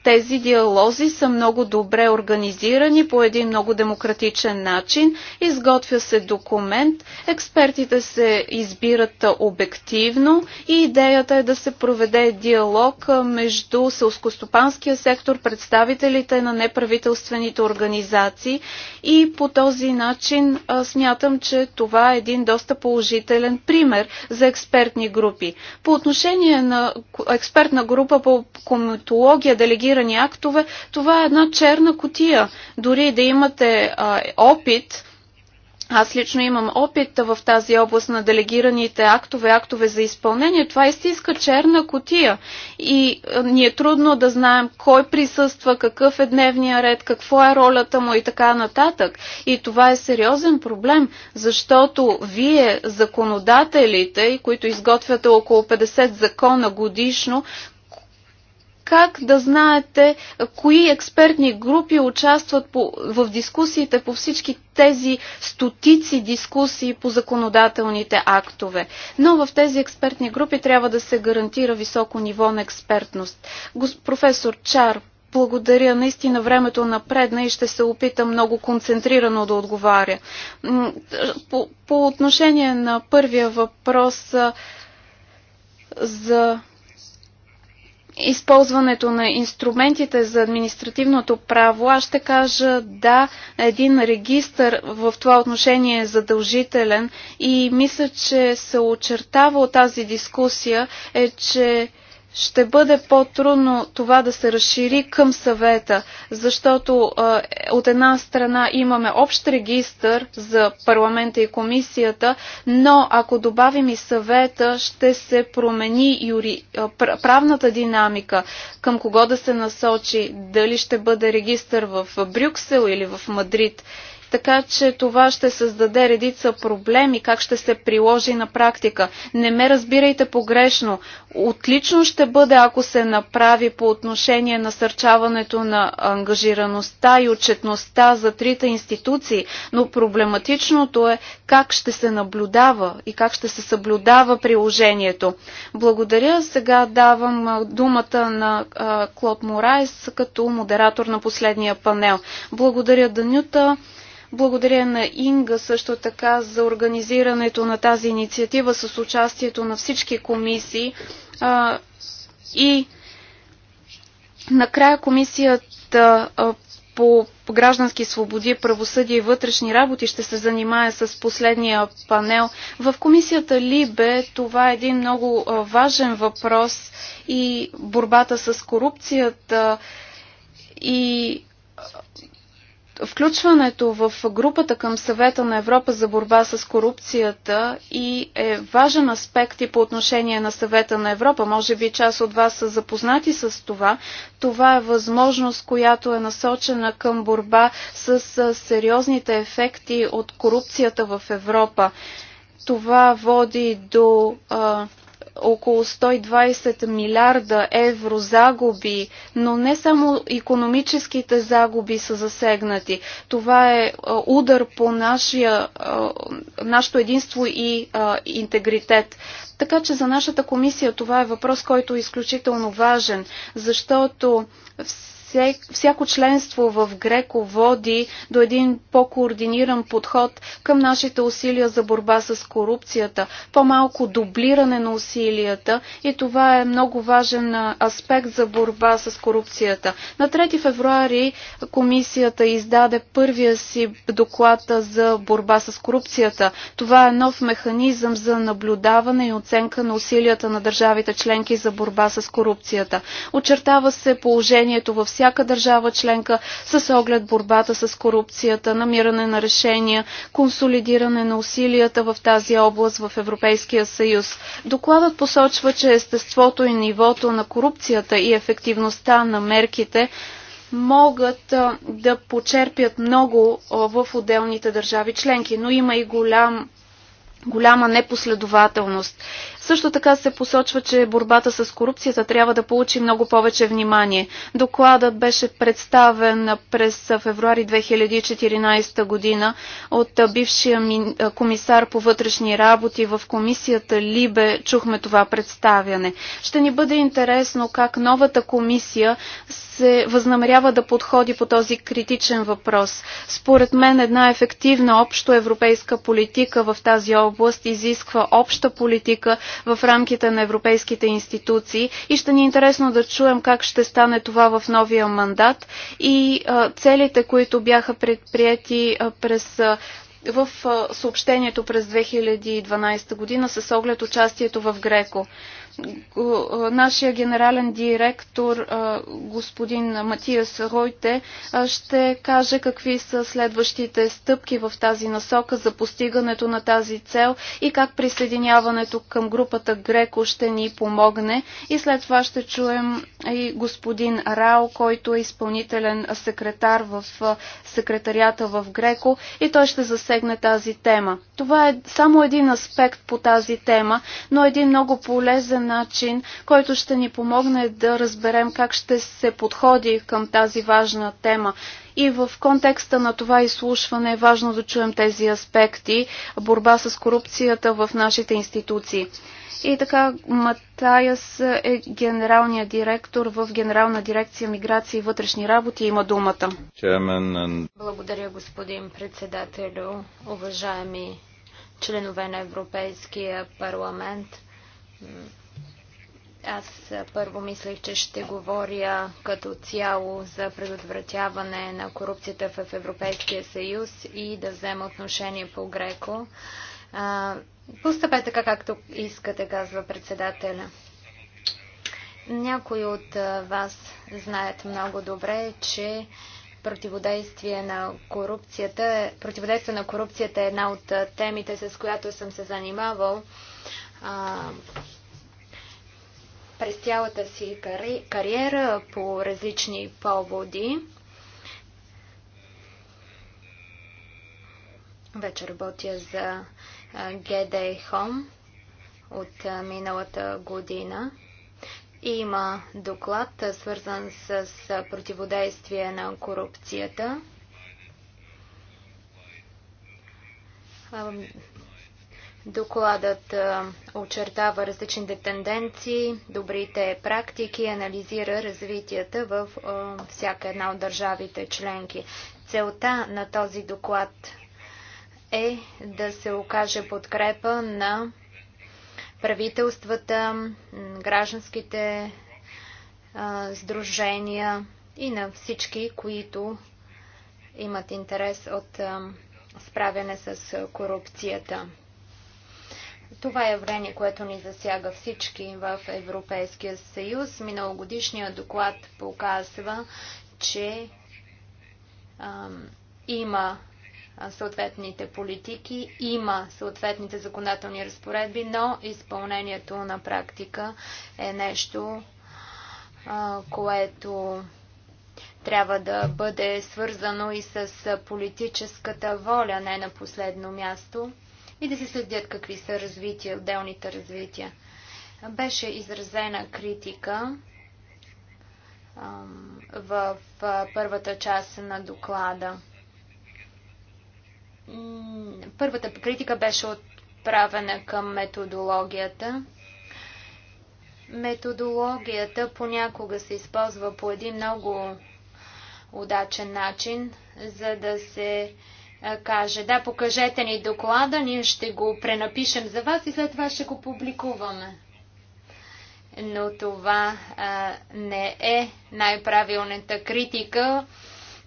Тези диалози са много добре организирани по един много демократичен начин. Изготвя се документ, експертите се избират обективно и идеята е да се проведе диалог между селскостопанския сектор, представителите на неправителствените организации и по този начин смятам, че това е един доста положителен пример за експертни групи. По отношение на експертна група по кометология, делегирана делегирани актове, това е една черна котия. Дори да имате а, опит, аз лично имам опит в тази област на делегираните актове, актове за изпълнение. Това е истинска черна котия и ни е трудно да знаем кой присъства, какъв е дневния ред, какво е ролята му и така нататък. И това е сериозен проблем, защото вие, законодателите, които изготвяте около 50 закона годишно, как да знаете кои експертни групи участват по, в дискусиите по всички тези стотици дискусии по законодателните актове. Но в тези експертни групи трябва да се гарантира високо ниво на експертност. Гос, професор Чар, благодаря. Наистина времето напредна и ще се опитам много концентрирано да отговаря. По, по отношение на първия въпрос за използването на инструментите за административното право, аз ще кажа да, един регистр в това отношение е задължителен и мисля, че се очертава от тази дискусия е, че ще бъде по-трудно това да се разшири към съвета, защото е, от една страна имаме общ регистр за парламента и комисията, но ако добавим и съвета, ще се промени юри, правната динамика към кого да се насочи, дали ще бъде регистр в Брюксел или в Мадрид. Така че това ще създаде редица проблеми, как ще се приложи на практика. Не ме разбирайте погрешно. Отлично ще бъде, ако се направи по отношение на сърчаването на ангажираността и отчетността за трите институции, но проблематичното е как ще се наблюдава и как ще се съблюдава приложението. Благодаря. Сега давам думата на Клод Морайс като модератор на последния панел. Благодаря, Данюта. Благодаря на Инга също така за организирането на тази инициатива с участието на всички комисии. А, и накрая комисията а, по граждански свободи, правосъдие и вътрешни работи ще се занимае с последния панел. В комисията Либе това е един много важен въпрос и борбата с корупцията и Включването в групата към съвета на Европа за борба с корупцията и е важен аспект и по отношение на съвета на Европа. Може би част от вас са запознати с това. Това е възможност, която е насочена към борба с сериозните ефекти от корупцията в Европа. Това води до а, около 120 милиарда евро загуби, но не само економическите загуби са засегнати. Това е, е удар по нашия, е, нашето единство и е, интегритет. Така че за нашата комисия това е въпрос, който е изключително важен, защото всяко членство в Греко води до един по-координиран подход към нашите усилия за борба с корупцията, по-малко дублиране на усилията и това е много важен аспект за борба с корупцията. На 3 февруари комисията издаде първия си доклад за борба с корупцията. Това е нов механизъм за наблюдаване и оценка на усилията на държавите членки за борба с корупцията. Очертава се положението в всяка държава членка с оглед борбата с корупцията, намиране на решения, консолидиране на усилията в тази област в Европейския съюз. Докладът посочва, че естеството и нивото на корупцията и ефективността на мерките могат да почерпят много в отделните държави членки, но има и голям голяма непоследователност. Също така се посочва, че борбата с корупцията трябва да получи много повече внимание. Докладът беше представен през февруари 2014 година от бившия комисар по вътрешни работи в комисията Либе. Чухме това представяне. Ще ни бъде интересно как новата комисия се възнамерява да подходи по този критичен въпрос. Според мен една ефективна общо европейска политика в тази област изисква обща политика в рамките на европейските институции и ще ни е интересно да чуем как ще стане това в новия мандат и целите, които бяха предприяти през в съобщението през 2012 година с оглед участието в Греко нашия генерален директор господин Матиас Ройте ще каже какви са следващите стъпки в тази насока за постигането на тази цел и как присъединяването към групата Греко ще ни помогне. И след това ще чуем и господин Рао, който е изпълнителен секретар в секретарията в Греко и той ще засегне тази тема. Това е само един аспект по тази тема, но един много полезен начин, който ще ни помогне да разберем как ще се подходи към тази важна тема. И в контекста на това изслушване е важно да чуем тези аспекти борба с корупцията в нашите институции. И така, Матаяс е генералният директор в Генерална дирекция миграция и вътрешни работи. Има думата. Благодаря, господин председателю, уважаеми членове на Европейския парламент, аз първо мислех, че ще говоря като цяло за предотвратяване на корупцията в Европейския съюз и да взема отношение по Греко. Постъпете така, както искате, казва председателя. Някои от вас знаят много добре, че противодействие на корупцията, противодействие на корупцията е една от темите, с която съм се занимавал през цялата си кари... кариера по различни поводи. Вече работя за GD Home от миналата година. Има доклад, свързан с противодействие на корупцията. Докладът очертава различните тенденции, добрите практики, анализира развитията в всяка една от държавите членки. Целта на този доклад е да се окаже подкрепа на правителствата, гражданските сдружения и на всички, които имат интерес от справяне с корупцията. Това е явление, което ни засяга всички в Европейския съюз. Миналогодишният доклад показва, че има съответните политики, има съответните законодателни разпоредби, но изпълнението на практика е нещо, а, което трябва да бъде свързано и с политическата воля, не на последно място и да се следят какви са развития, отделните развития. Беше изразена критика в първата част на доклада. Първата критика беше отправена към методологията. Методологията понякога се използва по един много удачен начин, за да се е, каже, да, покажете ни доклада, ние ще го пренапишем за вас и след това ще го публикуваме. Но това а, е, не е най-правилната критика,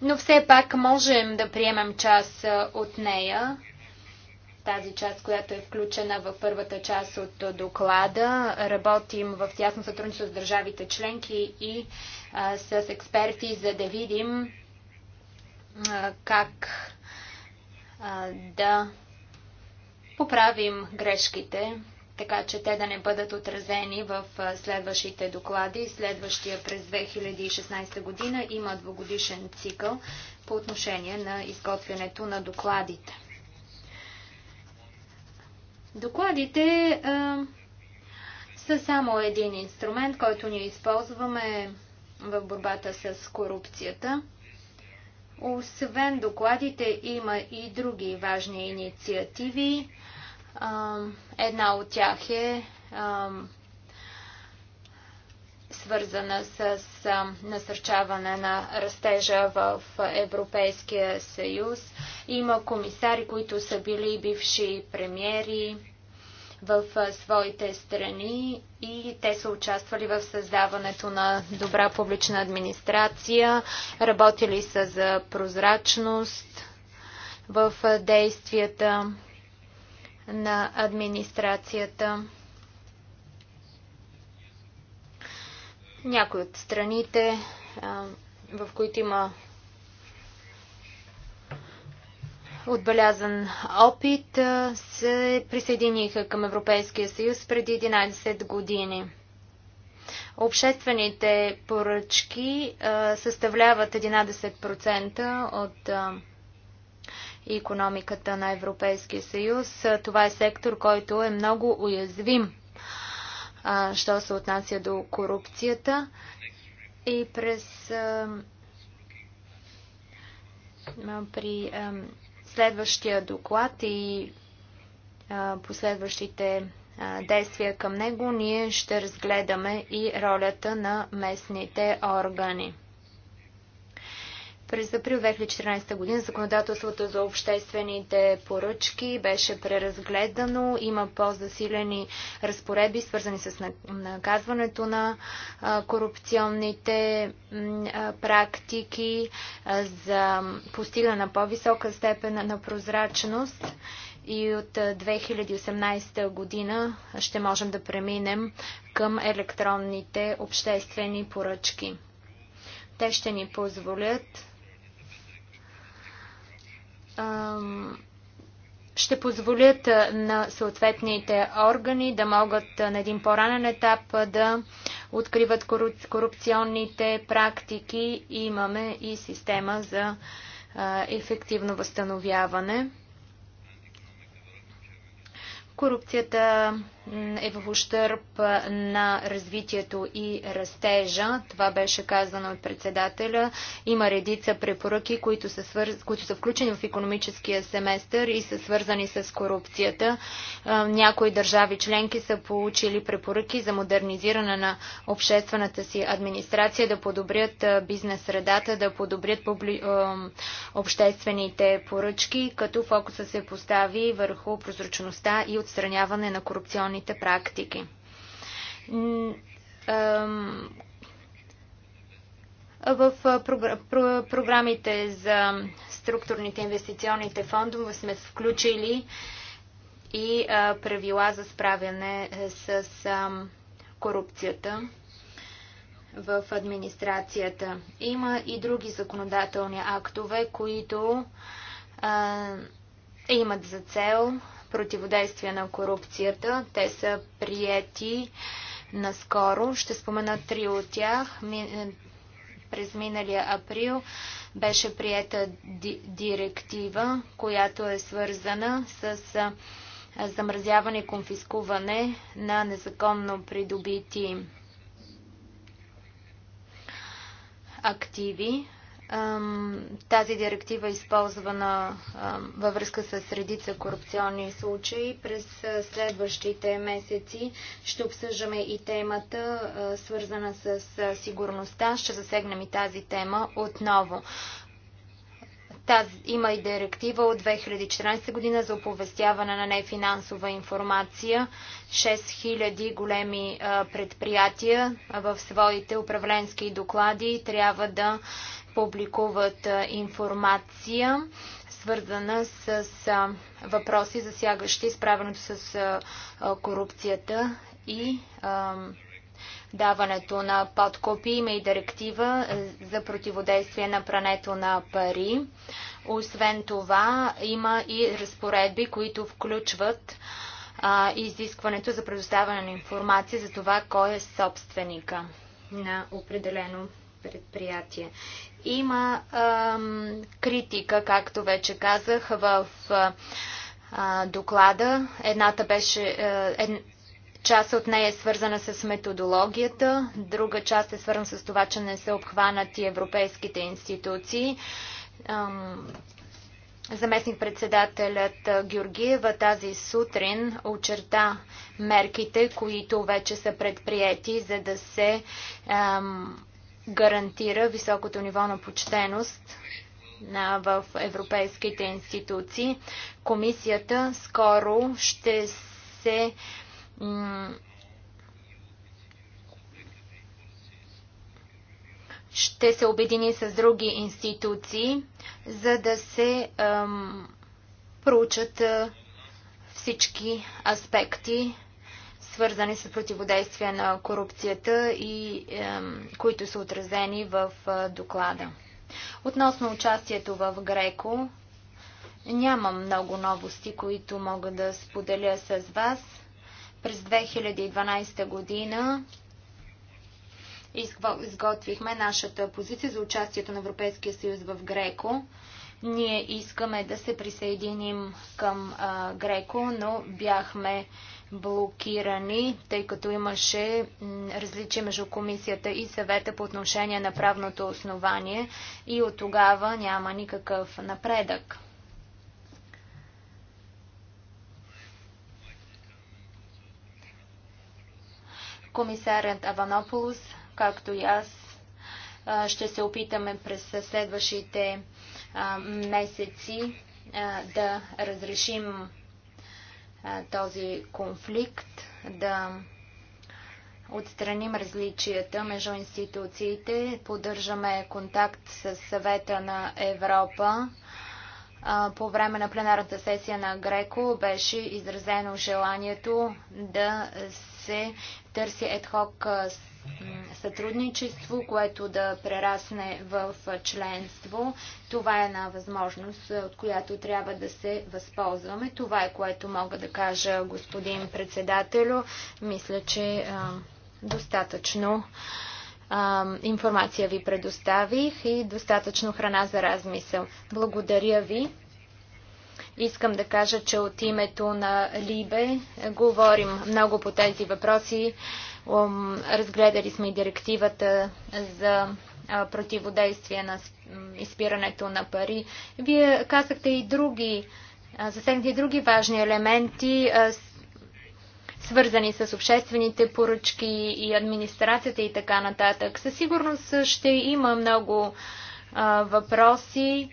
но все пак можем да приемем част е, от нея. Тази част, която е включена в първата част от доклада, работим в тясно сътрудничество с държавите членки и а, с експерти, за да видим а, как да поправим грешките, така че те да не бъдат отразени в следващите доклади. Следващия през 2016 година има двогодишен цикъл по отношение на изготвянето на докладите. Докладите са само един инструмент, който ние използваме в борбата с корупцията. Освен докладите има и други важни инициативи. Една от тях е свързана с насърчаване на растежа в Европейския съюз. Има комисари, които са били бивши премьери, в своите страни и те са участвали в създаването на добра публична администрация, работили са за прозрачност в действията на администрацията. Някои от страните, в които има отбелязан опит, се присъединиха към Европейския съюз преди 11 години. Обществените поръчки съставляват 11% от а, економиката на Европейския съюз. Това е сектор, който е много уязвим, а, що се отнася до корупцията. И през при Следващия доклад и последващите действия към него ние ще разгледаме и ролята на местните органи. През април 2014 година законодателството за обществените поръчки беше преразгледано. Има по-засилени разпоредби, свързани с наказването на корупционните практики за постигане на по-висока степен на прозрачност и от 2018 година ще можем да преминем към електронните обществени поръчки. Те ще ни позволят ще позволят на съответните органи да могат на един по-ранен етап да откриват корупционните практики. И имаме и система за ефективно възстановяване. Корупцията е в ущърп на развитието и растежа. Това беше казано от председателя. Има редица препоръки, които са, свърз... които са включени в економическия семестър и са свързани с корупцията. Някои държави членки са получили препоръки за модернизиране на обществената си администрация, да подобрят бизнес средата, да подобрят публи... обществените поръчки, като фокуса се постави върху прозрачността и отстраняване на корупционни нелоялните практики. В програмите за структурните инвестиционните фондове сме включили и правила за справяне е, с корупцията в администрацията. Има и други законодателни актове, които имат за цел противодействие на корупцията. Те са приети наскоро. Ще спомена три от тях. Е, през миналия април беше приета директива, която е свързана с е, замразяване и конфискуване на незаконно придобити активи. Тази директива е използвана във връзка с редица корупционни случаи. През следващите месеци ще обсъждаме и темата, свързана с сигурността. Ще засегнем и тази тема отново. Тази, има и директива от 2014 година за оповестяване на нефинансова информация. 6000 големи а, предприятия в своите управленски доклади трябва да публикуват а, информация, свързана с въпроси, засягащи справянето с корупцията и даването на подкопи. Има и директива е, за противодействие на прането на пари. Освен това, има и разпоредби, които включват а, изискването за предоставяне на информация за това кой е собственика на определено предприятие. Има ам, критика, както вече казах, в а, доклада. Едната беше, е, Част от нея е свързана с методологията, друга част е свързана с това, че не са обхванати европейските институции. Заместник-председателят Георгиева тази сутрин очерта мерките, които вече са предприяти, за да се ем, гарантира високото ниво на почтеност в европейските институции. Комисията скоро ще се ще се обедини с други институции, за да се ам, проучат всички аспекти, свързани с противодействие на корупцията и ам, които са отразени в а, доклада. Относно участието в Греко, няма много новости, които мога да споделя с вас. През 2012 година изготвихме нашата позиция за участието на Европейския съюз в Греко. Ние искаме да се присъединим към а, Греко, но бяхме блокирани, тъй като имаше различия между комисията и съвета по отношение на правното основание и от тогава няма никакъв напредък. Комисарят Аванополус, както и аз, ще се опитаме през следващите месеци да разрешим този конфликт, да отстраним различията между институциите, поддържаме контакт с съвета на Европа. По време на пленарната сесия на Греко беше изразено желанието да се търси едхок сътрудничество, което да прерасне в членство. Това е една възможност, от която трябва да се възползваме. Това е което мога да кажа, господин председателю. Мисля, че достатъчно информация ви предоставих и достатъчно храна за размисъл. Благодаря ви. Искам да кажа, че от името на Либе говорим много по тези въпроси. Разгледали сме и директивата за противодействие на изпирането на пари. Вие казахте и други, засегнахте и други важни елементи, свързани с обществените поръчки и администрацията и така нататък. Със сигурност ще има много въпроси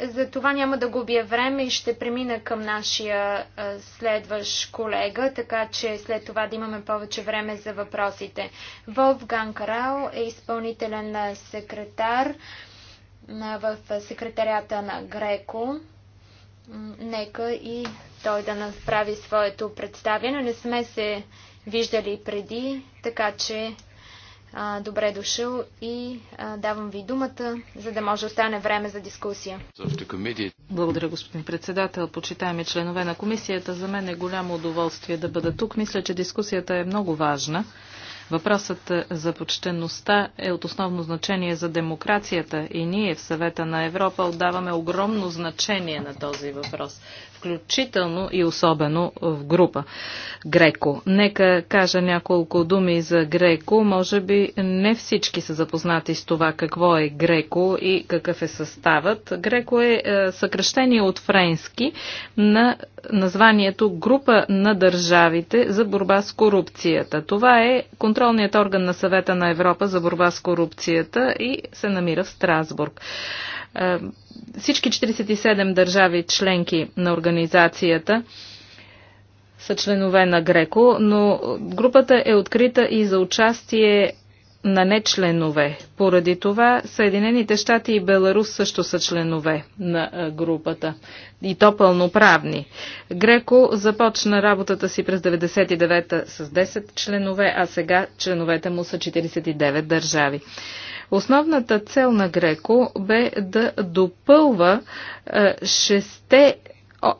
за това няма да губя време и ще премина към нашия следващ колега, така че след това да имаме повече време за въпросите. Волфган Карао е изпълнителен секретар в секретарята на Греко. Нека и той да направи своето представяне. Не сме се виждали преди, така че добре дошъл и давам ви думата, за да може остане време за дискусия. Благодаря, господин председател. Почитаеми членове на комисията, за мен е голямо удоволствие да бъда тук. Мисля, че дискусията е много важна. Въпросът за почтенността е от основно значение за демокрацията и ние в съвета на Европа отдаваме огромно значение на този въпрос включително и особено в група Греко. Нека кажа няколко думи за Греко. Може би не всички са запознати с това какво е Греко и какъв е съставът. Греко е, е съкръщение от френски на названието Група на държавите за борба с корупцията. Това е контролният орган на съвета на Европа за борба с корупцията и се намира в Страсбург. Е, всички 47 държави членки на организацията са членове на Греко, но групата е открита и за участие на нечленове. Поради това Съединените щати и Беларус също са членове на групата. И то пълноправни. Греко започна работата си през 99-та с 10 членове, а сега членовете му са 49 държави. Основната цел на Греко бе да допълва е, шесте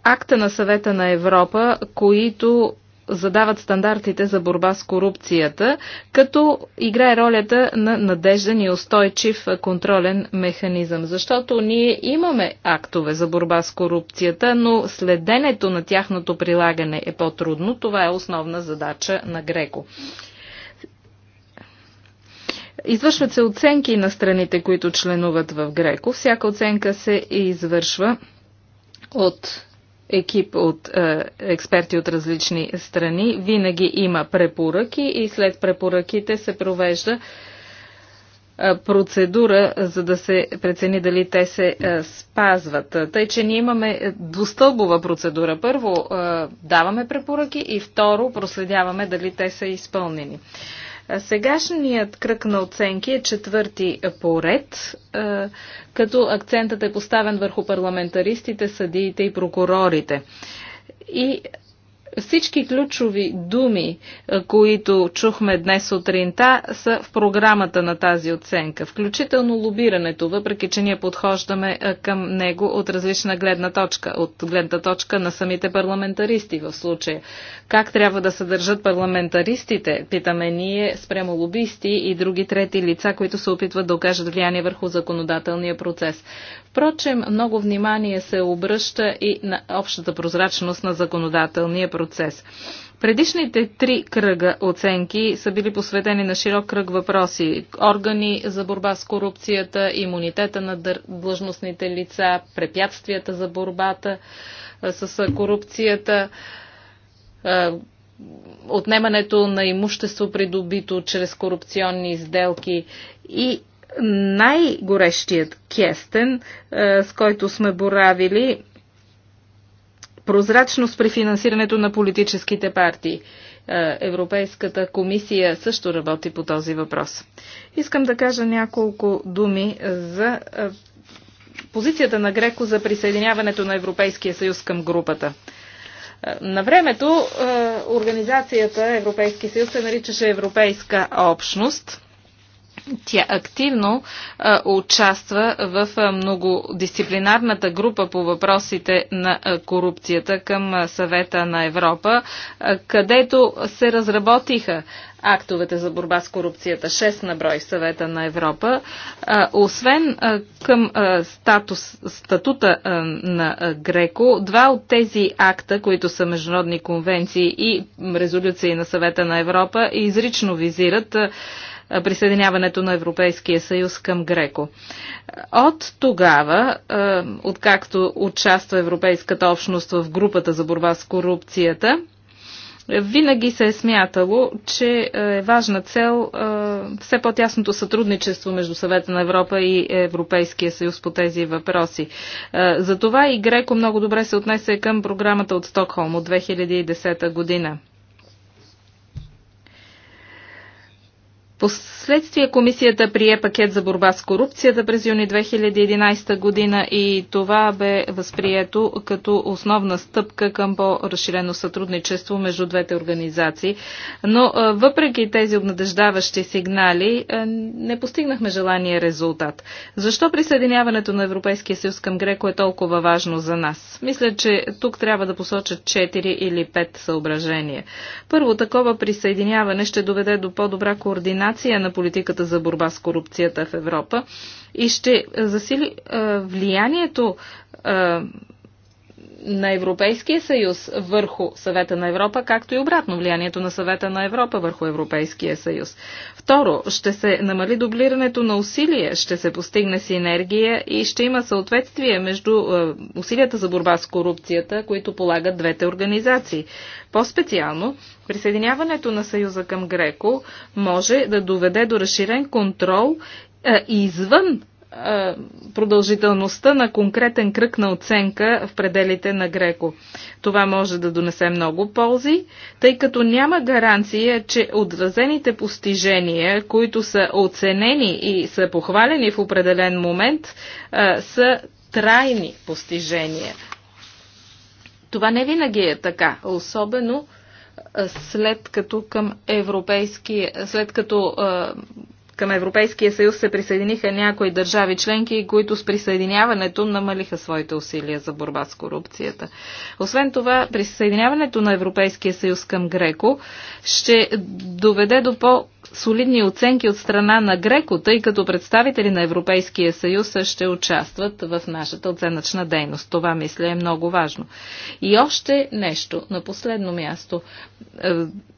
акта на съвета на Европа, които задават стандартите за борба с корупцията, като играе ролята на надежден и устойчив контролен механизъм. Защото ние имаме актове за борба с корупцията, но следенето на тяхното прилагане е по-трудно. Това е основна задача на Греко. Извършват се оценки на страните, които членуват в Греко. Всяка оценка се извършва от екип от е, експерти от различни страни. Винаги има препоръки и след препоръките се провежда е, процедура, за да се прецени дали те се е, спазват. Тъй, че ние имаме двустълбова процедура. Първо, е, даваме препоръки и второ, проследяваме дали те са изпълнени. Сегашният кръг на оценки е четвърти поред, като акцентът е поставен върху парламентаристите, съдиите и прокурорите. И всички ключови думи, е, които чухме днес сутринта, са в програмата на тази оценка, включително лобирането, въпреки че ние подхождаме е, към него от различна гледна точка, от гледна точка на самите парламентаристи в случая. Как трябва да се държат парламентаристите, питаме ние, спрямо лобисти и други трети лица, които се опитват да окажат влияние върху законодателния процес. Впрочем, много внимание се обръща и на общата прозрачност на законодателния процес процес. Предишните три кръга оценки са били посветени на широк кръг въпроси – органи за борба с корупцията, имунитета на длъжностните лица, препятствията за борбата с корупцията, отнемането на имущество придобито чрез корупционни сделки и най-горещият кестен, с който сме боравили, прозрачност при финансирането на политическите партии. Е, Европейската комисия също работи по този въпрос. Искам да кажа няколко думи за е, позицията на Греко за присъединяването на Европейския съюз към групата. Е, на времето организацията Европейски съюз се наричаше Европейска общност – тя активно а, участва в а, многодисциплинарната група по въпросите на а, корупцията към а, съвета на Европа, а, където се разработиха актовете за борба с корупцията, 6 на брой в съвета на Европа. А, освен а, към а, статус, статута а, на а, Греко, два от тези акта, които са международни конвенции и резолюции на съвета на Европа, изрично визират а, присъединяването на Европейския съюз към Греко. От тогава, откакто участва Европейската общност в групата за борба с корупцията, винаги се е смятало, че е важна цел все по-тясното сътрудничество между съвета на Европа и Европейския съюз по тези въпроси. Затова и Греко много добре се отнесе към програмата от Стокхолм от 2010 година. Последствие комисията прие пакет за борба с корупцията през юни 2011 година и това бе възприето като основна стъпка към по-разширено сътрудничество между двете организации. Но въпреки тези обнадеждаващи сигнали не постигнахме желания резултат. Защо присъединяването на Европейския съюз към Греко е толкова важно за нас? Мисля, че тук трябва да посочат 4 или 5 съображения. Първо, такова присъединяване ще доведе до по-добра координация координация на политиката за борба с корупцията в Европа и ще засили влиянието на Европейския съюз върху съвета на Европа, както и обратно влиянието на съвета на Европа върху Европейския съюз. Второ, ще се намали дублирането на усилия, ще се постигне синергия и ще има съответствие между е, усилията за борба с корупцията, които полагат двете организации. По-специално, присъединяването на Съюза към Греко може да доведе до разширен контрол е, извън продължителността на конкретен кръг на оценка в пределите на Греко. Това може да донесе много ползи, тъй като няма гаранция, че отразените постижения, които са оценени и са похвалени в определен момент, са трайни постижения. Това не винаги е така, особено след като към европейски, след като към Европейския съюз се присъединиха някои държави членки, които с присъединяването намалиха своите усилия за борба с корупцията. Освен това, присъединяването на Европейския съюз към Греко ще доведе до по- солидни оценки от страна на Греко, тъй като представители на Европейския съюз ще участват в нашата оценъчна дейност. Това, мисля, е много важно. И още нещо, на последно място. Е,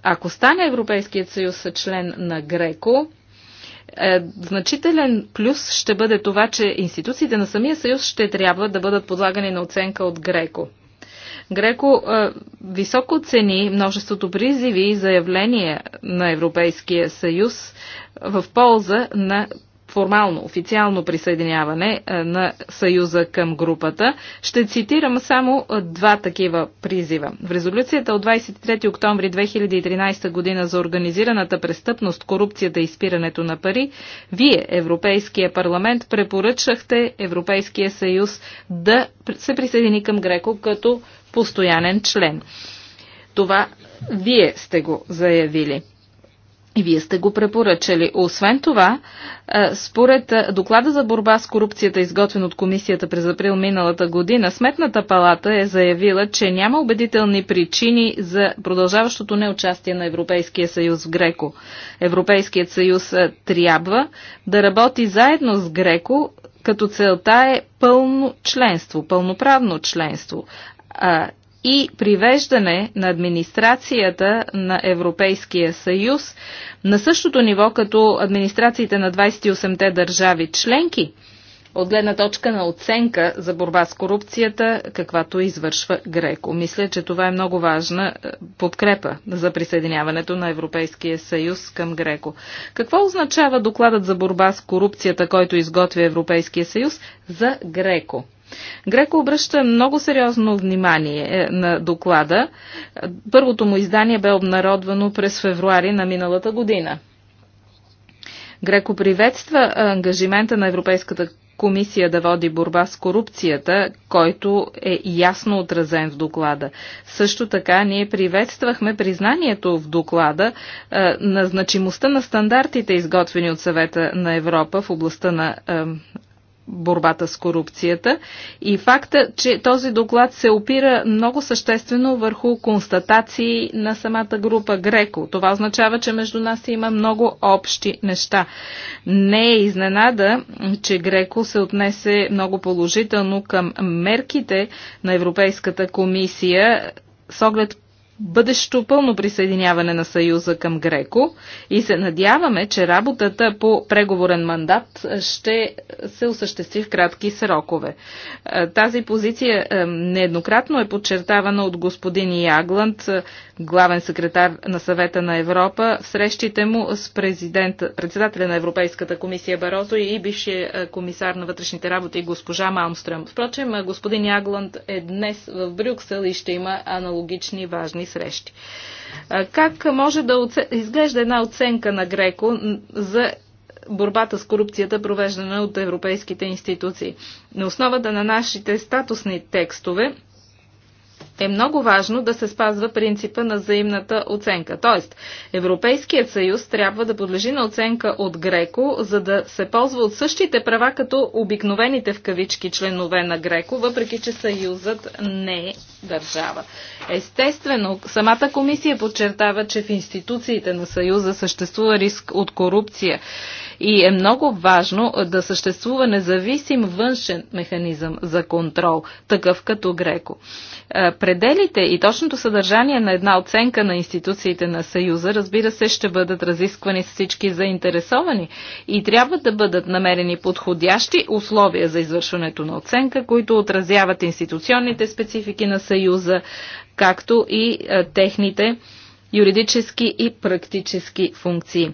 ако стане Европейският съюз член на Греко, е, значителен плюс ще бъде това, че институциите на самия съюз ще трябва да бъдат подлагани на оценка от Греко. Греко е, високо цени множеството призиви и заявления на Европейския съюз в полза на формално, официално присъединяване е, на Съюза към групата. Ще цитирам само е, два такива призива. В резолюцията от 23 октомври 2013 година за организираната престъпност, корупцията и спирането на пари, вие, Европейския парламент, препоръчахте Европейския съюз да се присъедини към Греко като постоянен член. Това вие сте го заявили. И вие сте го препоръчали. Освен това, според доклада за борба с корупцията, изготвен от комисията през април миналата година, Сметната палата е заявила, че няма убедителни причини за продължаващото неучастие на Европейския съюз в Греко. Европейският съюз трябва да работи заедно с Греко, като целта е пълно членство, пълноправно членство и привеждане на администрацията на Европейския съюз на същото ниво като администрациите на 28-те държави членки, от гледна точка на оценка за борба с корупцията, каквато извършва Греко. Мисля, че това е много важна е, подкрепа за присъединяването на Европейския съюз към Греко. Какво означава докладът за борба с корупцията, който изготвя Европейския съюз за Греко? Греко обръща много сериозно внимание е, на доклада. Първото му издание бе обнародвано през февруари на миналата година. Греко приветства е, ангажимента на Европейската комисия да води борба с корупцията, който е ясно отразен в доклада. Също така ние приветствахме признанието в доклада е, на значимостта на стандартите, изготвени от съвета на Европа в областта на е, борбата с корупцията и факта, че този доклад се опира много съществено върху констатации на самата група Греко. Това означава, че между нас има много общи неща. Не е изненада, че Греко се отнесе много положително към мерките на Европейската комисия с оглед бъдещо пълно присъединяване на Съюза към Греко и се надяваме, че работата по преговорен мандат ще се осъществи в кратки срокове. Тази позиция нееднократно е подчертавана от господин Ягланд, главен секретар на съвета на Европа, в срещите му с президент, председателя на Европейската комисия Барозо и бившия комисар на вътрешните работи госпожа Малмстрем. Впрочем, господин Ягланд е днес в Брюксел и ще има аналогични важни социални срещи. Как може да изглежда една оценка на Греко за борбата с корупцията, провеждана от европейските институции? На основата на нашите статусни текстове, е много важно да се спазва принципа на взаимната оценка. Тоест, Европейският съюз трябва да подлежи на оценка от Греко, за да се ползва от същите права като обикновените в кавички членове на Греко, въпреки че съюзът не е държава. Естествено, самата комисия подчертава, че в институциите на съюза съществува риск от корупция и е много важно да съществува независим външен механизъм за контрол, такъв като Греко. Е, пределите и точното съдържание на една оценка на институциите на Съюза, разбира се, ще бъдат разисквани с всички заинтересовани и трябва да бъдат намерени подходящи условия за извършването на оценка, които отразяват институционните специфики на Съюза, както и е, техните юридически и практически функции.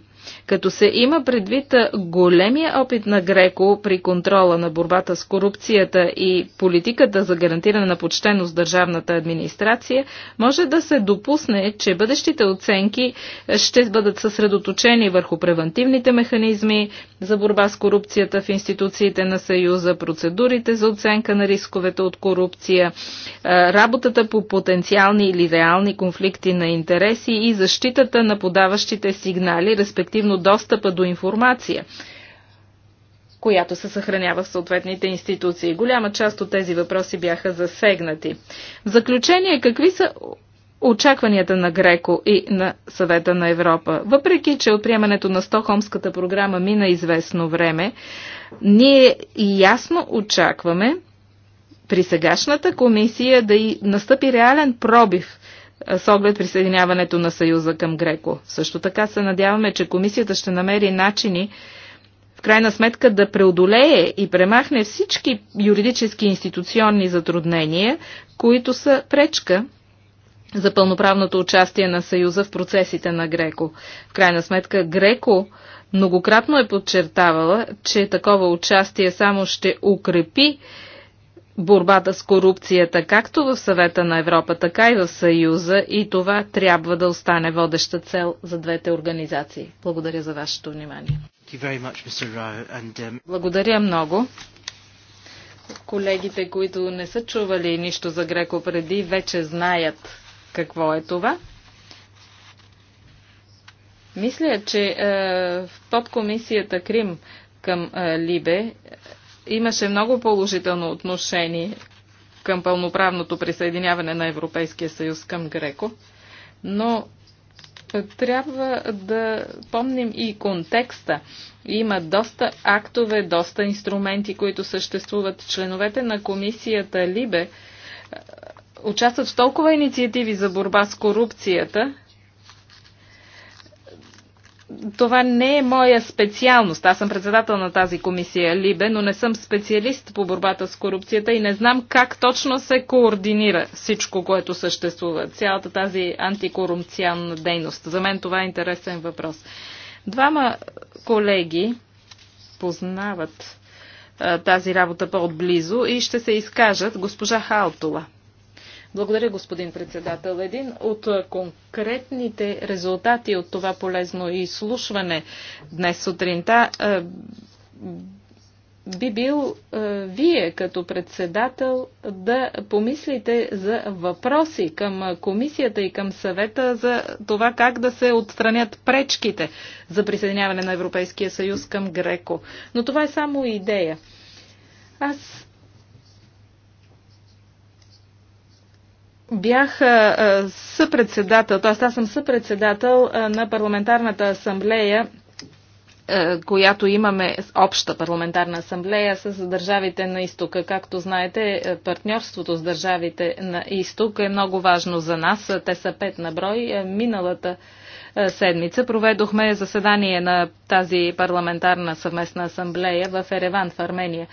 Като се има предвид големия опит на Греко при контрола на борбата с корупцията и политиката за гарантиране на почтеност държавната администрация, може да се допусне, че бъдещите оценки ще бъдат съсредоточени върху превентивните механизми за борба с корупцията в институциите на Съюза, процедурите за оценка на рисковете от корупция, работата по потенциални или реални конфликти на интереси и защитата на подаващите сигнали, респективно достъпа до информация която се съхранява в съответните институции. Голяма част от тези въпроси бяха засегнати. В заключение, какви са очакванията на Греко и на Съвета на Европа? Въпреки, че от приемането на Стохомската програма мина известно време, ние ясно очакваме при сегашната комисия да и настъпи реален пробив е, с оглед присъединяването на Съюза към Греко. Също така се надяваме, че комисията ще намери начини в крайна сметка да преодолее и премахне всички юридически институционни затруднения, които са пречка за пълноправното участие на Съюза в процесите на Греко. В крайна сметка Греко многократно е подчертавала, че такова участие само ще укрепи борбата с корупцията както в съвета на Европа, така и в Съюза и това трябва да остане водеща цел за двете организации. Благодаря за вашето внимание. Um, Благодаря много. Колегите, които не са чували нищо за Греко преди, вече знаят какво е това. Мисля, че е, в подкомисията Крим към е, Либе имаше много положително отношение към пълноправното присъединяване на Европейския съюз към Греко, но трябва да помним и контекста. Има доста актове, доста инструменти, които съществуват. Членовете на комисията Либе участват в толкова инициативи за борба с корупцията, това не е моя специалност. Аз съм председател на тази комисия Либе, но не съм специалист по борбата с корупцията и не знам как точно се координира всичко, което съществува. Цялата тази антикорупционна дейност. За мен това е интересен въпрос. Двама колеги познават а, тази работа по-отблизо и ще се изкажат госпожа Халтова. Благодаря, господин председател. Един от конкретните резултати от това полезно изслушване днес сутринта е, би бил е, вие като председател да помислите за въпроси към комисията и към съвета за това как да се отстранят пречките за присъединяване на Европейския съюз към Греко. Но това е само идея. Аз бях съпредседател, т.е. аз съм съпредседател на парламентарната асамблея която имаме обща парламентарна асамблея с държавите на изтока. Както знаете, е, партньорството с държавите на изток е много важно за нас. Те са пет на брой. Е, миналата е, седмица проведохме заседание на тази парламентарна съвместна асамблея в Ереван, в Армения.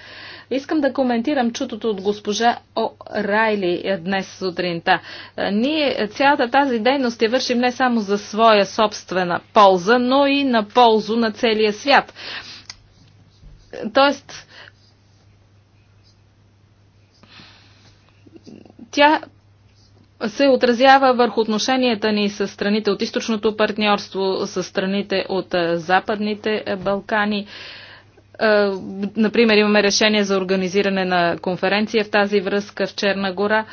Искам да коментирам чутото от госпожа О. Райли днес сутринта. Е, ние цялата тази дейност я вършим не само за своя собствена полза, но и на ползу на целия свят. Тоест, тя се отразява върху отношенията ни с страните от източното партньорство, с страните от е, западните е, Балкани. Е, например, имаме решение за организиране на конференция в тази връзка в Черна гора.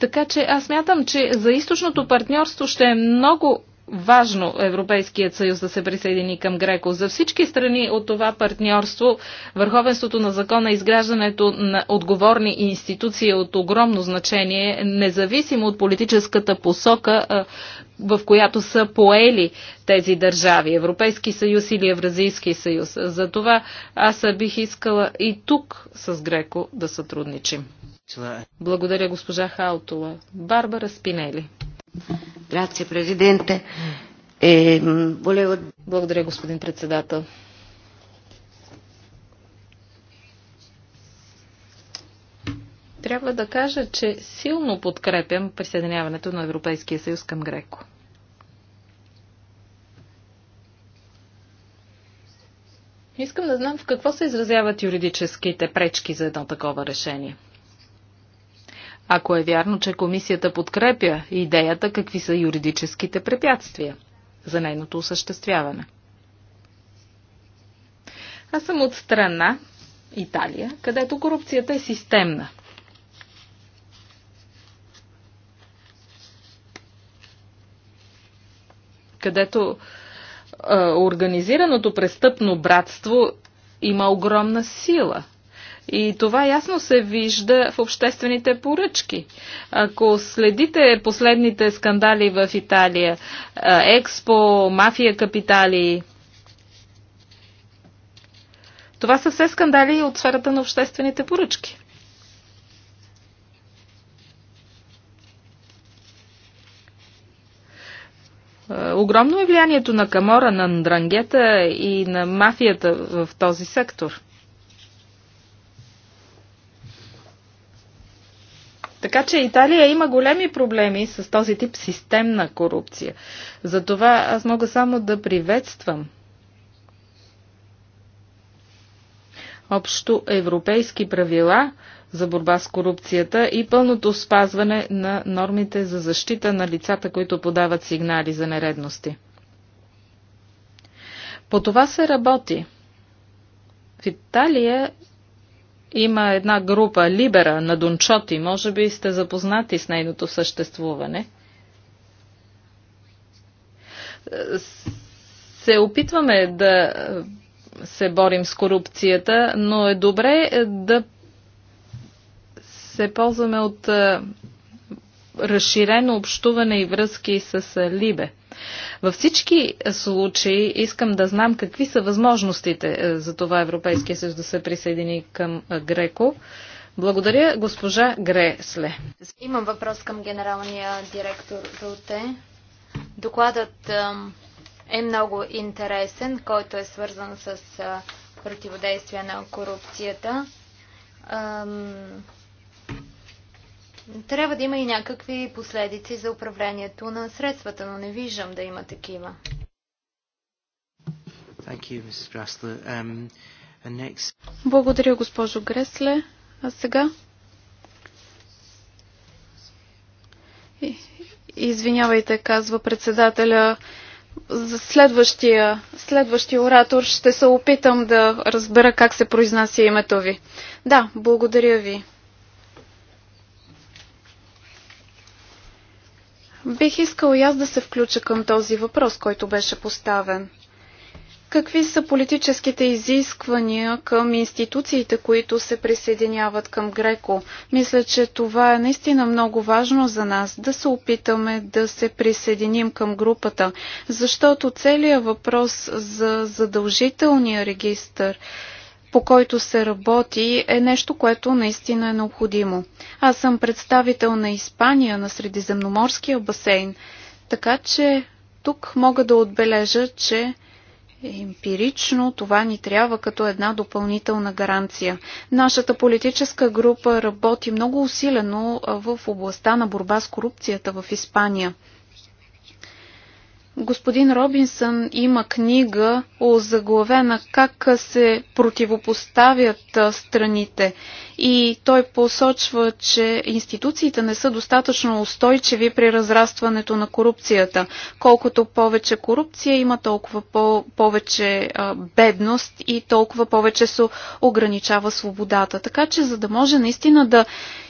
Така че аз мятам, че за източното партньорство ще е много важно Европейският съюз да се присъедини към Греко. За всички страни от това партньорство, върховенството на закона, изграждането на отговорни институции е от огромно значение, независимо от политическата посока, в която са поели тези държави, Европейски съюз или Евразийски съюз. За това аз бих искала и тук с Греко да сътрудничим. Благодаря, госпожа Хаутова. Барбара Спинели. Ehm, Благодаря, господин председател. Трябва да кажа, че силно подкрепям присъединяването на Европейския съюз към Греко. Искам да знам в какво се изразяват юридическите пречки за едно такова решение – ако е вярно, че комисията подкрепя идеята, какви са юридическите препятствия за нейното осъществяване. Аз съм от страна Италия, където корупцията е системна. Където е, организираното престъпно братство има огромна сила – и това ясно се вижда в обществените поръчки. Ако следите последните скандали в Италия, Експо, Мафия Капитали, това са все скандали от сферата на обществените поръчки. Огромно е влиянието на Камора, на Ндрангета и на мафията в този сектор. Така че Италия има големи проблеми с този тип системна корупция. Затова аз мога само да приветствам общо европейски правила за борба с корупцията и пълното спазване на нормите за защита на лицата, които подават сигнали за нередности. По това се работи. В Италия има една група Либера на Дунчоти. Може би сте запознати с нейното съществуване. Се опитваме да се борим с корупцията, но е добре да се ползваме от разширено общуване и връзки с Либе. Във всички случаи искам да знам какви са възможностите за това Европейския съюз да се присъедини към Греко. Благодаря, госпожа Гресле. Имам въпрос към генералния директор Руте. Докладът е много интересен, който е свързан с противодействие на корупцията. Трябва да има и някакви последици за управлението на средствата, но не виждам да има такива. Um, благодаря, госпожо Гресле. А сега? Извинявайте, казва председателя. За следващия, следващия оратор ще се опитам да разбера как се произнася името ви. Да, благодаря ви. Бих искал и аз да се включа към този въпрос, който беше поставен. Какви са политическите изисквания към институциите, които се присъединяват към Греко? Мисля, че това е наистина много важно за нас да се опитаме да се присъединим към групата, защото целият въпрос за задължителния регистр по който се работи, е нещо, което наистина е необходимо. Аз съм представител на Испания, на Средиземноморския басейн, така че тук мога да отбележа, че емпирично това ни трябва като една допълнителна гаранция. Нашата политическа група работи много усилено в областта на борба с корупцията в Испания – Господин Робинсън има книга о заглавена как се противопоставят страните и той посочва, че институциите не са достатъчно устойчиви при разрастването на корупцията. Колкото повече корупция има, толкова по- повече бедност и толкова повече се ограничава свободата. Така че, за да може наистина да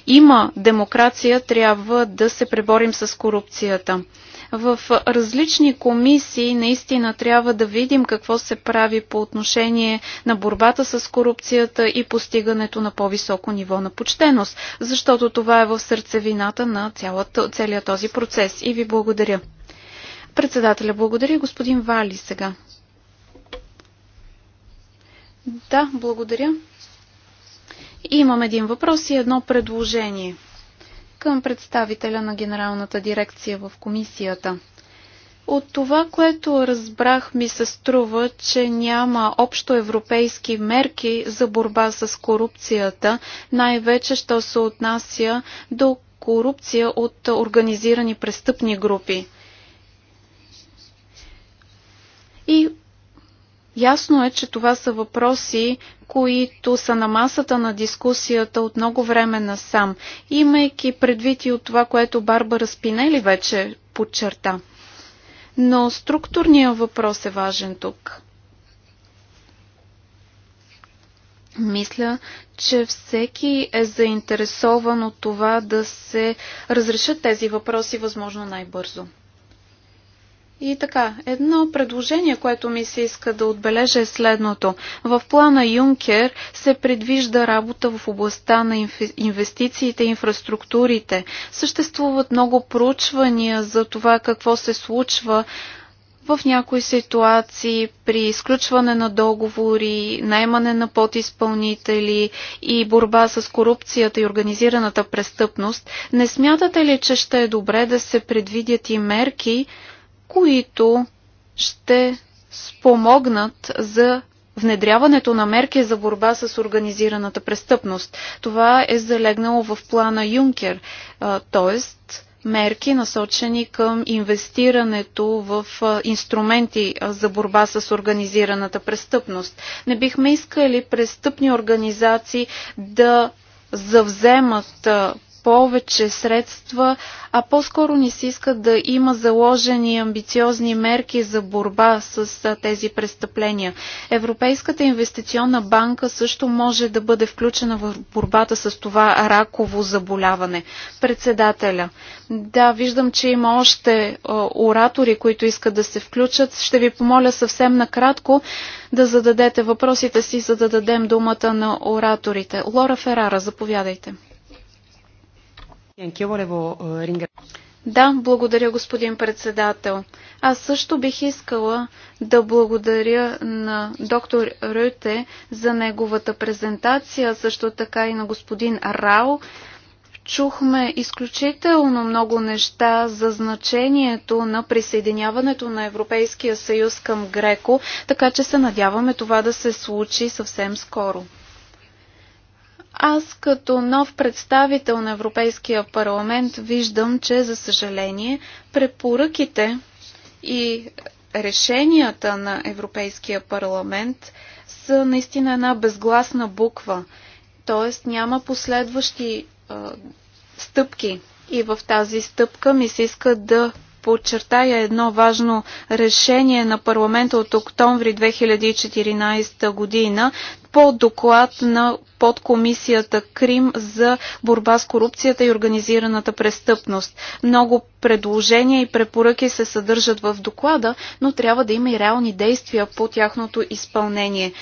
има демокрация, трябва да се преборим с корупцията. В различни комисии наистина трябва да видим какво се прави по отношение на борбата с корупцията и постигането на по-високо ниво на почтеност, защото това е в сърцевината на цялата, целият този процес. И ви благодаря. Председателя, благодаря господин Вали сега. Да, благодаря. Имам един въпрос и едно предложение – към представителя на генералната дирекция в комисията. От това, което разбрах, ми се струва, че няма общо европейски мерки за борба с корупцията, най-вече, що се отнася до корупция от организирани престъпни групи. И ясно е, че това са въпроси, които са на масата на дискусията от много време насам, имайки предвид и от това, което Барбара Спинели вече подчерта. Но структурният въпрос е важен тук. Мисля, че всеки е заинтересован от това да се разрешат тези въпроси възможно най-бързо. И така, едно предложение, което ми се иска да отбележа е следното. В плана Юнкер се предвижда работа в областта на инвестициите и инфраструктурите. Съществуват много проучвания за това какво се случва в някои ситуации при изключване на договори, наймане на подизпълнители и борба с корупцията и организираната престъпност, не смятате ли, че ще е добре да се предвидят и мерки, които ще спомогнат за внедряването на мерки за борба с организираната престъпност. Това е залегнало в плана Юнкер, т.е. мерки насочени към инвестирането в инструменти за борба с организираната престъпност. Не бихме искали престъпни организации да завземат повече средства, а по-скоро ни се иска да има заложени амбициозни мерки за борба с тези престъпления. Европейската инвестиционна банка също може да бъде включена в борбата с това раково заболяване. Председателя. Да, виждам, че има още оратори, които искат да се включат. Ще ви помоля съвсем накратко да зададете въпросите си, за да дадем думата на ораторите. Лора Ферара, заповядайте. Eh, да, благодаря, господин председател. Аз също бих искала да благодаря на доктор Рюте за неговата презентация, също така и на господин Рао. Чухме изключително много неща за значението на присъединяването на Европейския съюз към Греко, така че се надяваме това да се случи съвсем скоро. Аз като нов представител на Европейския парламент виждам, че за съжаление препоръките и решенията на Европейския парламент са наистина една безгласна буква. Т.е. няма последващи е, стъпки. И в тази стъпка ми се иска да подчертая едно важно решение на парламента от октомври 2014 година по доклад на подкомисията Крим за борба с корупцията и организираната престъпност. Много предложения и препоръки се съдържат в доклада, но трябва да има и реални действия по тяхното изпълнение.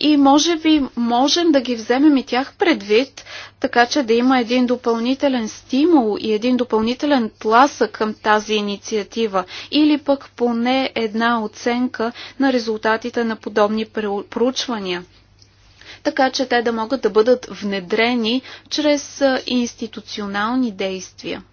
И може би можем да ги вземем и тях предвид, така че да има един допълнителен стимул и един допълнителен тласък към тази инициатива или пък поне една оценка на резултатите на подобни проучвания така че те да могат да бъдат внедрени чрез институционални действия.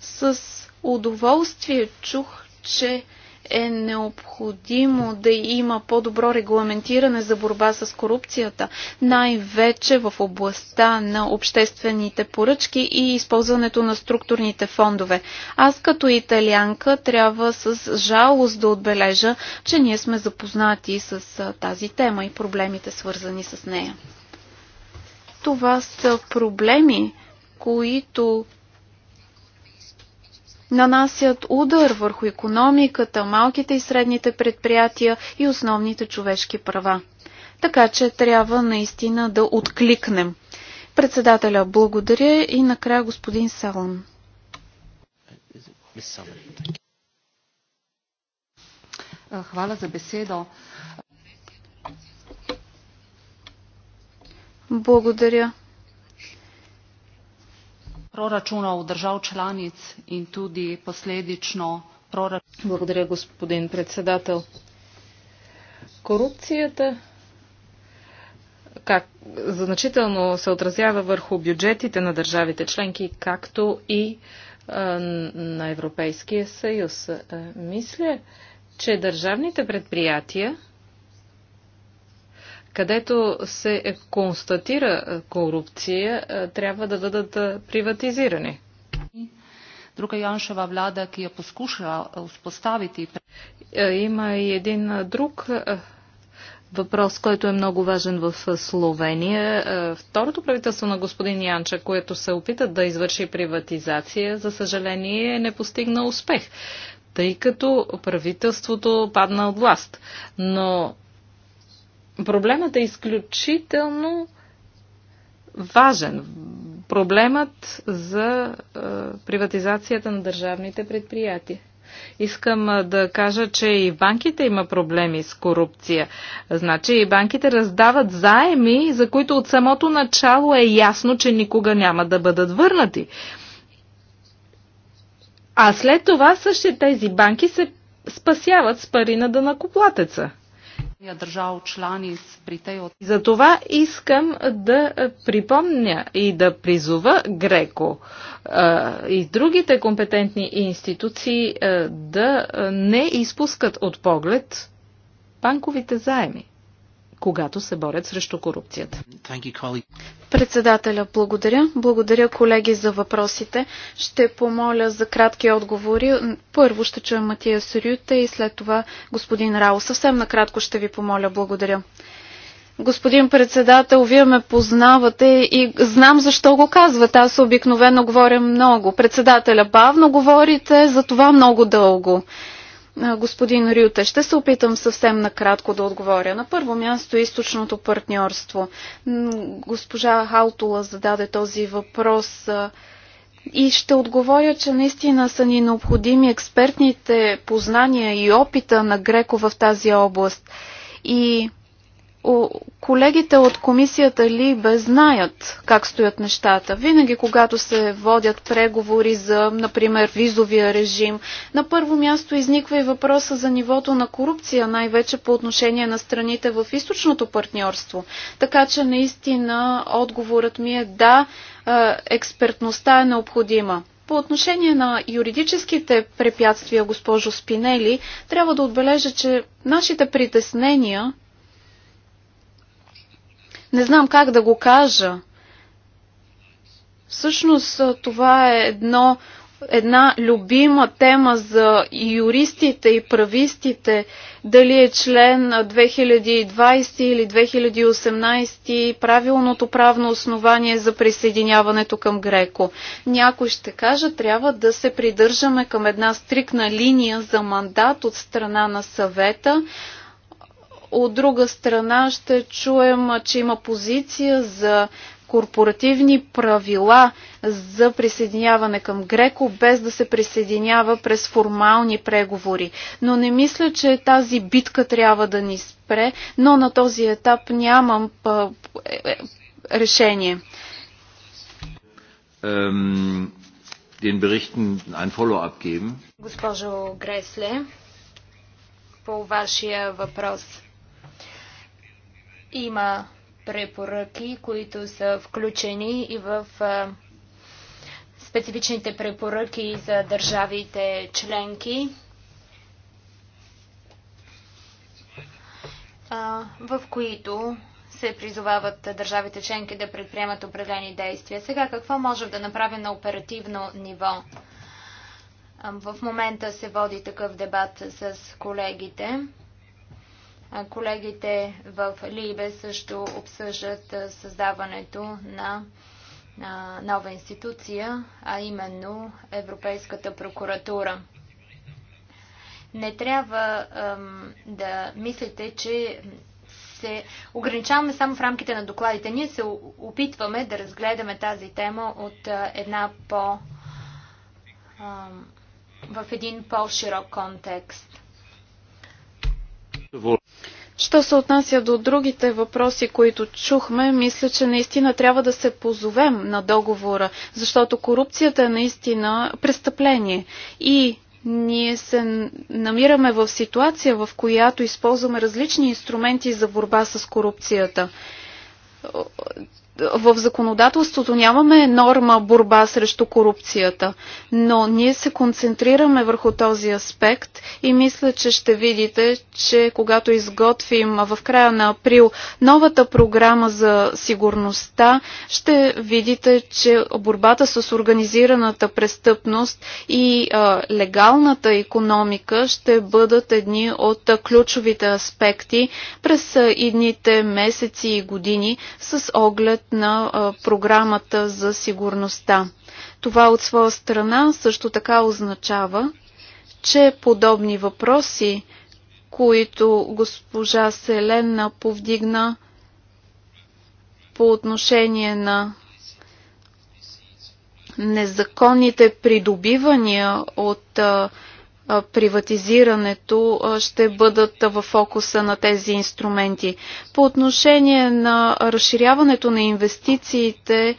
С удоволствие чух, че е необходимо да има по-добро регламентиране за борба с корупцията, най-вече в областта на обществените поръчки и използването на структурните фондове. Аз като италианка трябва с жалост да отбележа, че ние сме запознати с тази тема и проблемите свързани с нея. Това са проблеми, които нанасят удар върху економиката, малките и средните предприятия и основните човешки права. Така че трябва наистина да откликнем. Председателя, благодаря и накрая господин Салан. Хвала за besedo. Благодаря proračunov držav članic in tudi posledično прораčун. Благодаря, господин председател. Корупцията как, значително се отразява върху бюджетите на държавите членки, както и е, на Европейския съюз. Е, мисля, че държавните предприятия където се констатира корупция, трябва да бъдат приватизирани. Друга Яншева влада, ки я поскуша успоставити. Има и един друг въпрос, който е много важен в Словения. Второто правителство на господин Янча, което се опита да извърши приватизация, за съжаление не постигна успех, тъй като правителството падна от власт. Но проблемът е изключително важен. Проблемът за е, приватизацията на държавните предприятия. Искам е, да кажа, че и банките има проблеми с корупция. Значи и банките раздават заеми, за които от самото начало е ясно, че никога няма да бъдат върнати. А след това същите тези банки се спасяват с пари на дънакоплатеца държав члениц при тей от... За това искам да припомня и да призова Греко и другите компетентни институции да не изпускат от поглед банковите заеми когато се борят срещу корупцията. Председателя, благодаря. Благодаря, колеги, за въпросите. Ще помоля за кратки отговори. Първо ще чуем Матия Сюрюта и след това господин Рао. Съвсем накратко ще ви помоля. Благодаря. Господин председател, вие ме познавате и знам защо го казвате. Аз обикновено говоря много. Председателя, бавно говорите, за това много дълго господин Рюте. Ще се опитам съвсем накратко да отговоря. На първо място източното партньорство. Госпожа Халтула зададе този въпрос. И ще отговоря, че наистина са ни необходими експертните познания и опита на Греко в тази област. И Колегите от комисията Либе знаят как стоят нещата. Винаги, когато се водят преговори за, например, визовия режим, на първо място изниква и въпроса за нивото на корупция, най-вече по отношение на страните в източното партньорство. Така че наистина отговорът ми е да, е, експертността е необходима. По отношение на юридическите препятствия, госпожо Спинели, трябва да отбележа, че нашите притеснения не знам как да го кажа. Всъщност това е едно, една любима тема за юристите и правистите, дали е член 2020 или 2018 правилното правно основание за присъединяването към Греко. Някой ще каже, трябва да се придържаме към една стрикна линия за мандат от страна на съвета, от друга страна ще чуем, че има позиция за корпоративни правила за присъединяване към Греко, без да се присъединява през формални преговори. Но не мисля, че тази битка трябва да ни спре, но на този етап нямам е, е, решение. Госпожо Гресле, по вашия въпрос. Има препоръки, които са включени и в специфичните препоръки за държавите членки. в които се призовават държавите членки да предприемат определени действия. Сега какво можем да направим на оперативно ниво? В момента се води такъв дебат с колегите. Колегите в Либе също обсъждат създаването на нова институция, а именно Европейската прокуратура. Не трябва да мислите, че се ограничаваме само в рамките на докладите. Ние се опитваме да разгледаме тази тема от една по. в един по-широк контекст. Що се отнася до другите въпроси, които чухме, мисля, че наистина трябва да се позовем на договора, защото корупцията е наистина престъпление. И ние се намираме в ситуация, в която използваме различни инструменти за борба с корупцията в законодателството нямаме норма борба срещу корупцията, но ние се концентрираме върху този аспект и мисля, че ще видите, че когато изготвим в края на април новата програма за сигурността, ще видите, че борбата с организираната престъпност и а, легалната економика ще бъдат едни от ключовите аспекти през идните месеци и години с оглед обхват на програмата за сигурността. Това от своя страна също така означава, че подобни въпроси, които госпожа Селена повдигна по отношение на незаконните придобивания от приватизирането ще бъдат в фокуса на тези инструменти. По отношение на разширяването на инвестициите,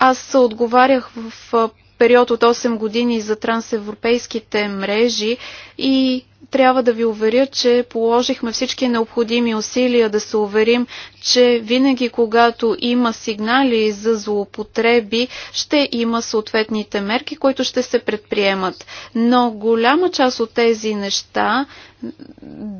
аз отговарях в период от 8 години за трансевропейските мрежи и трябва да ви уверя, че положихме всички необходими усилия да се уверим, че винаги когато има сигнали за злоупотреби, ще има съответните мерки, които ще се предприемат. Но голяма част от тези неща,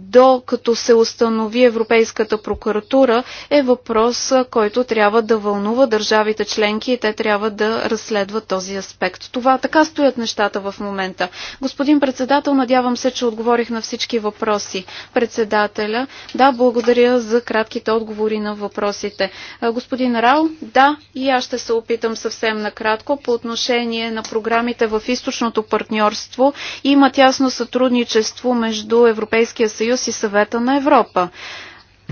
докато се установи Европейската прокуратура, е въпрос, който трябва да вълнува държавите членки и те трябва да разследват този аспект. Това така стоят нещата в момента. Господин председател, надявам се, че отговор отговорих на всички въпроси. Председателя, да, благодаря за кратките отговори на въпросите. Господин Рао, да, и аз ще се опитам съвсем накратко по отношение на програмите в източното партньорство. Има тясно сътрудничество между Европейския съюз и съвета на Европа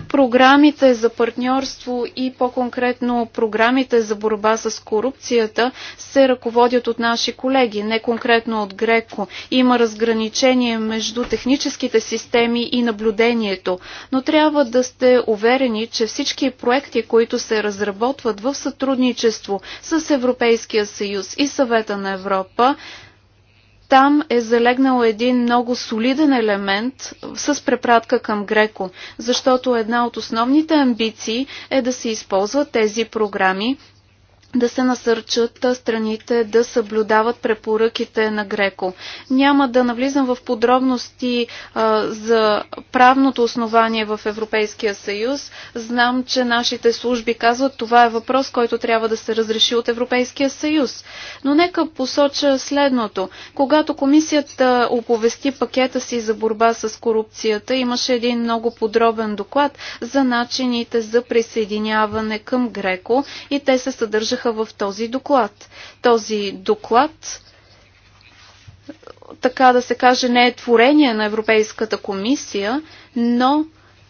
програмите за партньорство и по-конкретно програмите за борба с корупцията се ръководят от наши колеги, не конкретно от Греко. Има разграничение между техническите системи и наблюдението, но трябва да сте уверени, че всички проекти, които се разработват в сътрудничество с Европейския съюз и съвета на Европа, там е залегнал един много солиден елемент с препратка към Греко, защото една от основните амбиции е да се използват тези програми да се насърчат страните да съблюдават препоръките на Греко. Няма да навлизам в подробности а, за правното основание в Европейския съюз. Знам, че нашите служби казват, това е въпрос, който трябва да се разреши от Европейския съюз. Но нека посоча следното. Когато комисията оповести пакета си за борба с корупцията, имаше един много подробен доклад за начините за присъединяване към Греко и те се съдържаха бяха в този доклад. Този доклад така да се каже, не е творение на Европейската комисия, но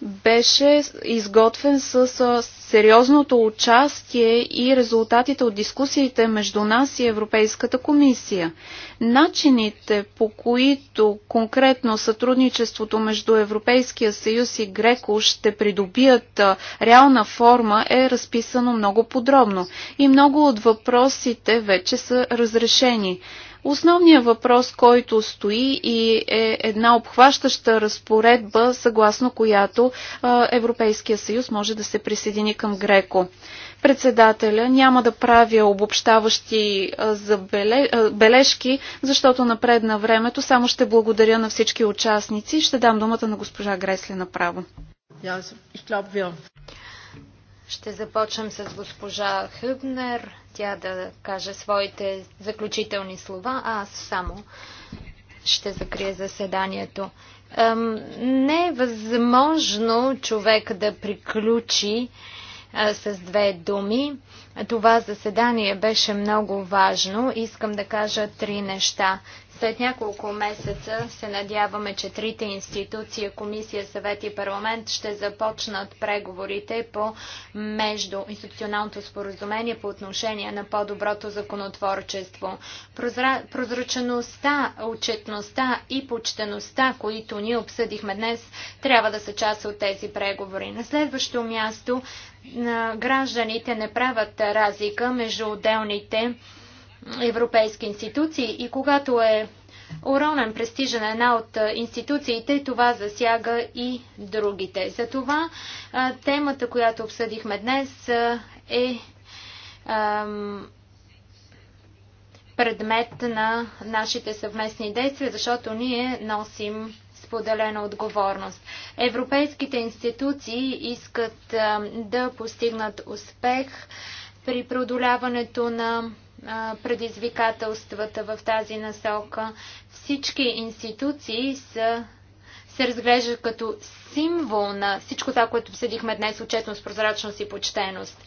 беше изготвен с сериозното участие и резултатите от дискусиите между нас и Европейската комисия. Начините, по които конкретно сътрудничеството между Европейския съюз и Греко ще придобият реална форма е разписано много подробно и много от въпросите вече са разрешени. Основният въпрос, който стои и е една обхващаща разпоредба, съгласно която Европейския съюз може да се присъедини към Греко. Председателя няма да правя обобщаващи бележки, защото напред на времето само ще благодаря на всички участници и ще дам думата на госпожа Гресли направо. Ще започнем с госпожа Хъбнер, тя да каже своите заключителни слова, а аз само ще закрия заседанието. Не е възможно човек да приключи с две думи. Това заседание беше много важно. Искам да кажа три неща. След няколко месеца се надяваме, че трите институции, Комисия, Съвет и Парламент ще започнат преговорите по междуинституционалното споразумение по отношение на по-доброто законотворчество. Прозра... Прозрачеността, отчетността и почтеността, които ние обсъдихме днес, трябва да са част от тези преговори. На следващо място гражданите не правят разлика между отделните европейски институции и когато е уронен престижа на една от институциите, това засяга и другите. Затова темата, която обсъдихме днес е предмет на нашите съвместни действия, защото ние носим споделена отговорност. Европейските институции искат да постигнат успех при продоляването на предизвикателствата в тази насока. Всички институции са се разглеждат като символ на всичко това, което обсъдихме днес, отчетност, прозрачност и почтеност.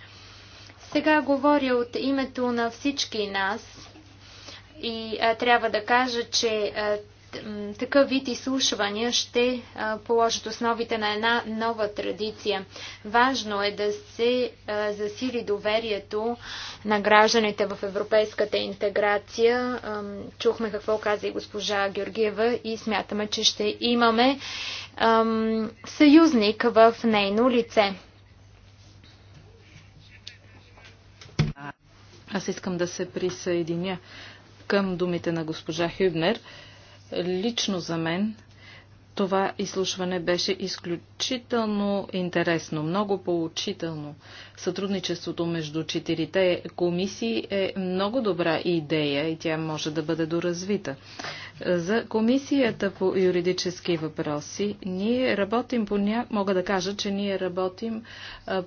Сега говоря от името на всички нас и а, трябва да кажа, че а, такъв вид изслушвания ще положат основите на една нова традиция. Важно е да се засили доверието на гражданите в европейската интеграция. Чухме какво каза и госпожа Георгиева и смятаме, че ще имаме съюзник в нейно лице. Аз искам да се присъединя към думите на госпожа Хюбнер. Лично за мен това изслушване беше изключително интересно, много поучително. Сътрудничеството между четирите комисии е много добра идея и тя може да бъде доразвита. За комисията по юридически въпроси ние работим по ня... мога да кажа, че ние работим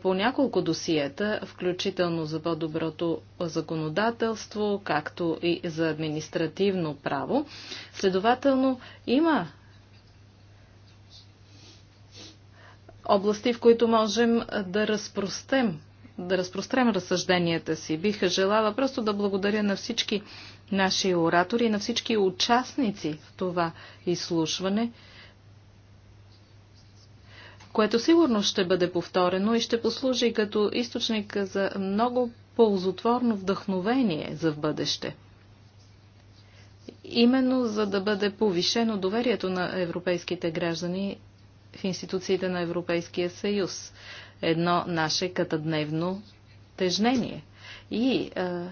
по няколко досиета, включително за по-доброто законодателство, както и за административно право. Следователно има области, в които можем да разпростем да разпрострем разсъжденията си. Бих желала просто да благодаря на всички наши оратори и на всички участници в това изслушване, което сигурно ще бъде повторено и ще послужи като източник за много ползотворно вдъхновение за в бъдеще. Именно за да бъде повишено доверието на европейските граждани в институциите на Европейския съюз. Едно наше катадневно тежнение. И а,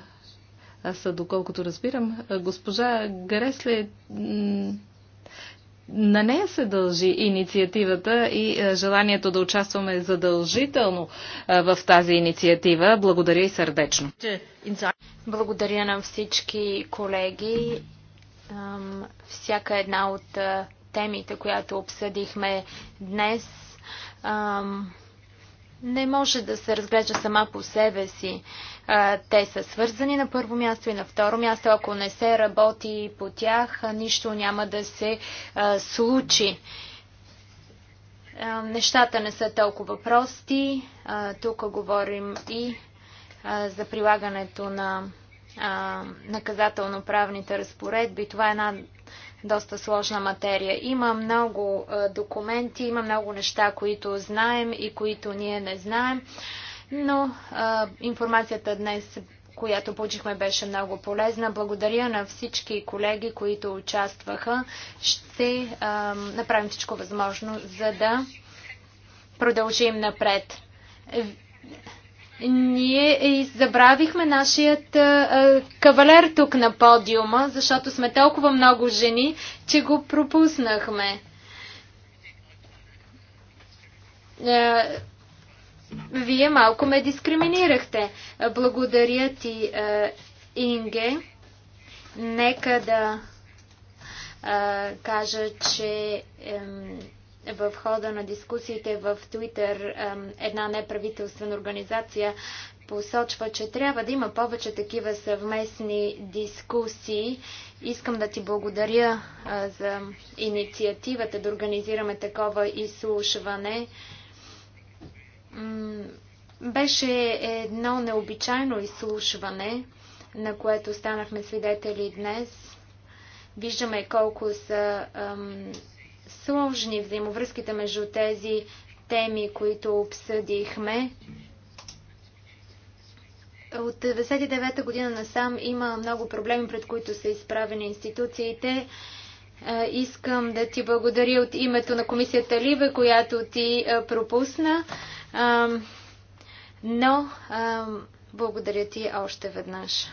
аз, доколкото разбирам, госпожа Гресле на нея се дължи инициативата и желанието да участваме задължително в тази инициатива. Благодаря и сърдечно. Благодаря на всички колеги. Всяка една от темите, която обсъдихме днес, не може да се разглежда сама по себе си. Те са свързани на първо място и на второ място. Ако не се работи по тях, нищо няма да се случи. Нещата не са толкова прости. Тук говорим и за прилагането на наказателно-правните разпоредби. Това е една доста сложна материя. Има много е, документи, има много неща, които знаем и които ние не знаем, но е, информацията днес, която получихме, беше много полезна. Благодаря на всички колеги, които участваха. Ще е, направим всичко възможно, за да продължим напред. Ние забравихме нашият а, кавалер тук на подиума, защото сме толкова много жени, че го пропуснахме. А, вие малко ме дискриминирахте. Благодаря ти, а, Инге. Нека да а, кажа, че в хода на дискусиите в Твитър една неправителствена организация посочва, че трябва да има повече такива съвместни дискусии. Искам да ти благодаря за инициативата да организираме такова изслушване. Беше едно необичайно изслушване, на което станахме свидетели днес. Виждаме колко са сложни взаимовръзките между тези теми, които обсъдихме. От 1999 година насам има много проблеми, пред които са изправени институциите. Е, искам да ти благодаря от името на комисията Либе, която ти е, пропусна. Но благодаря ти още веднъж.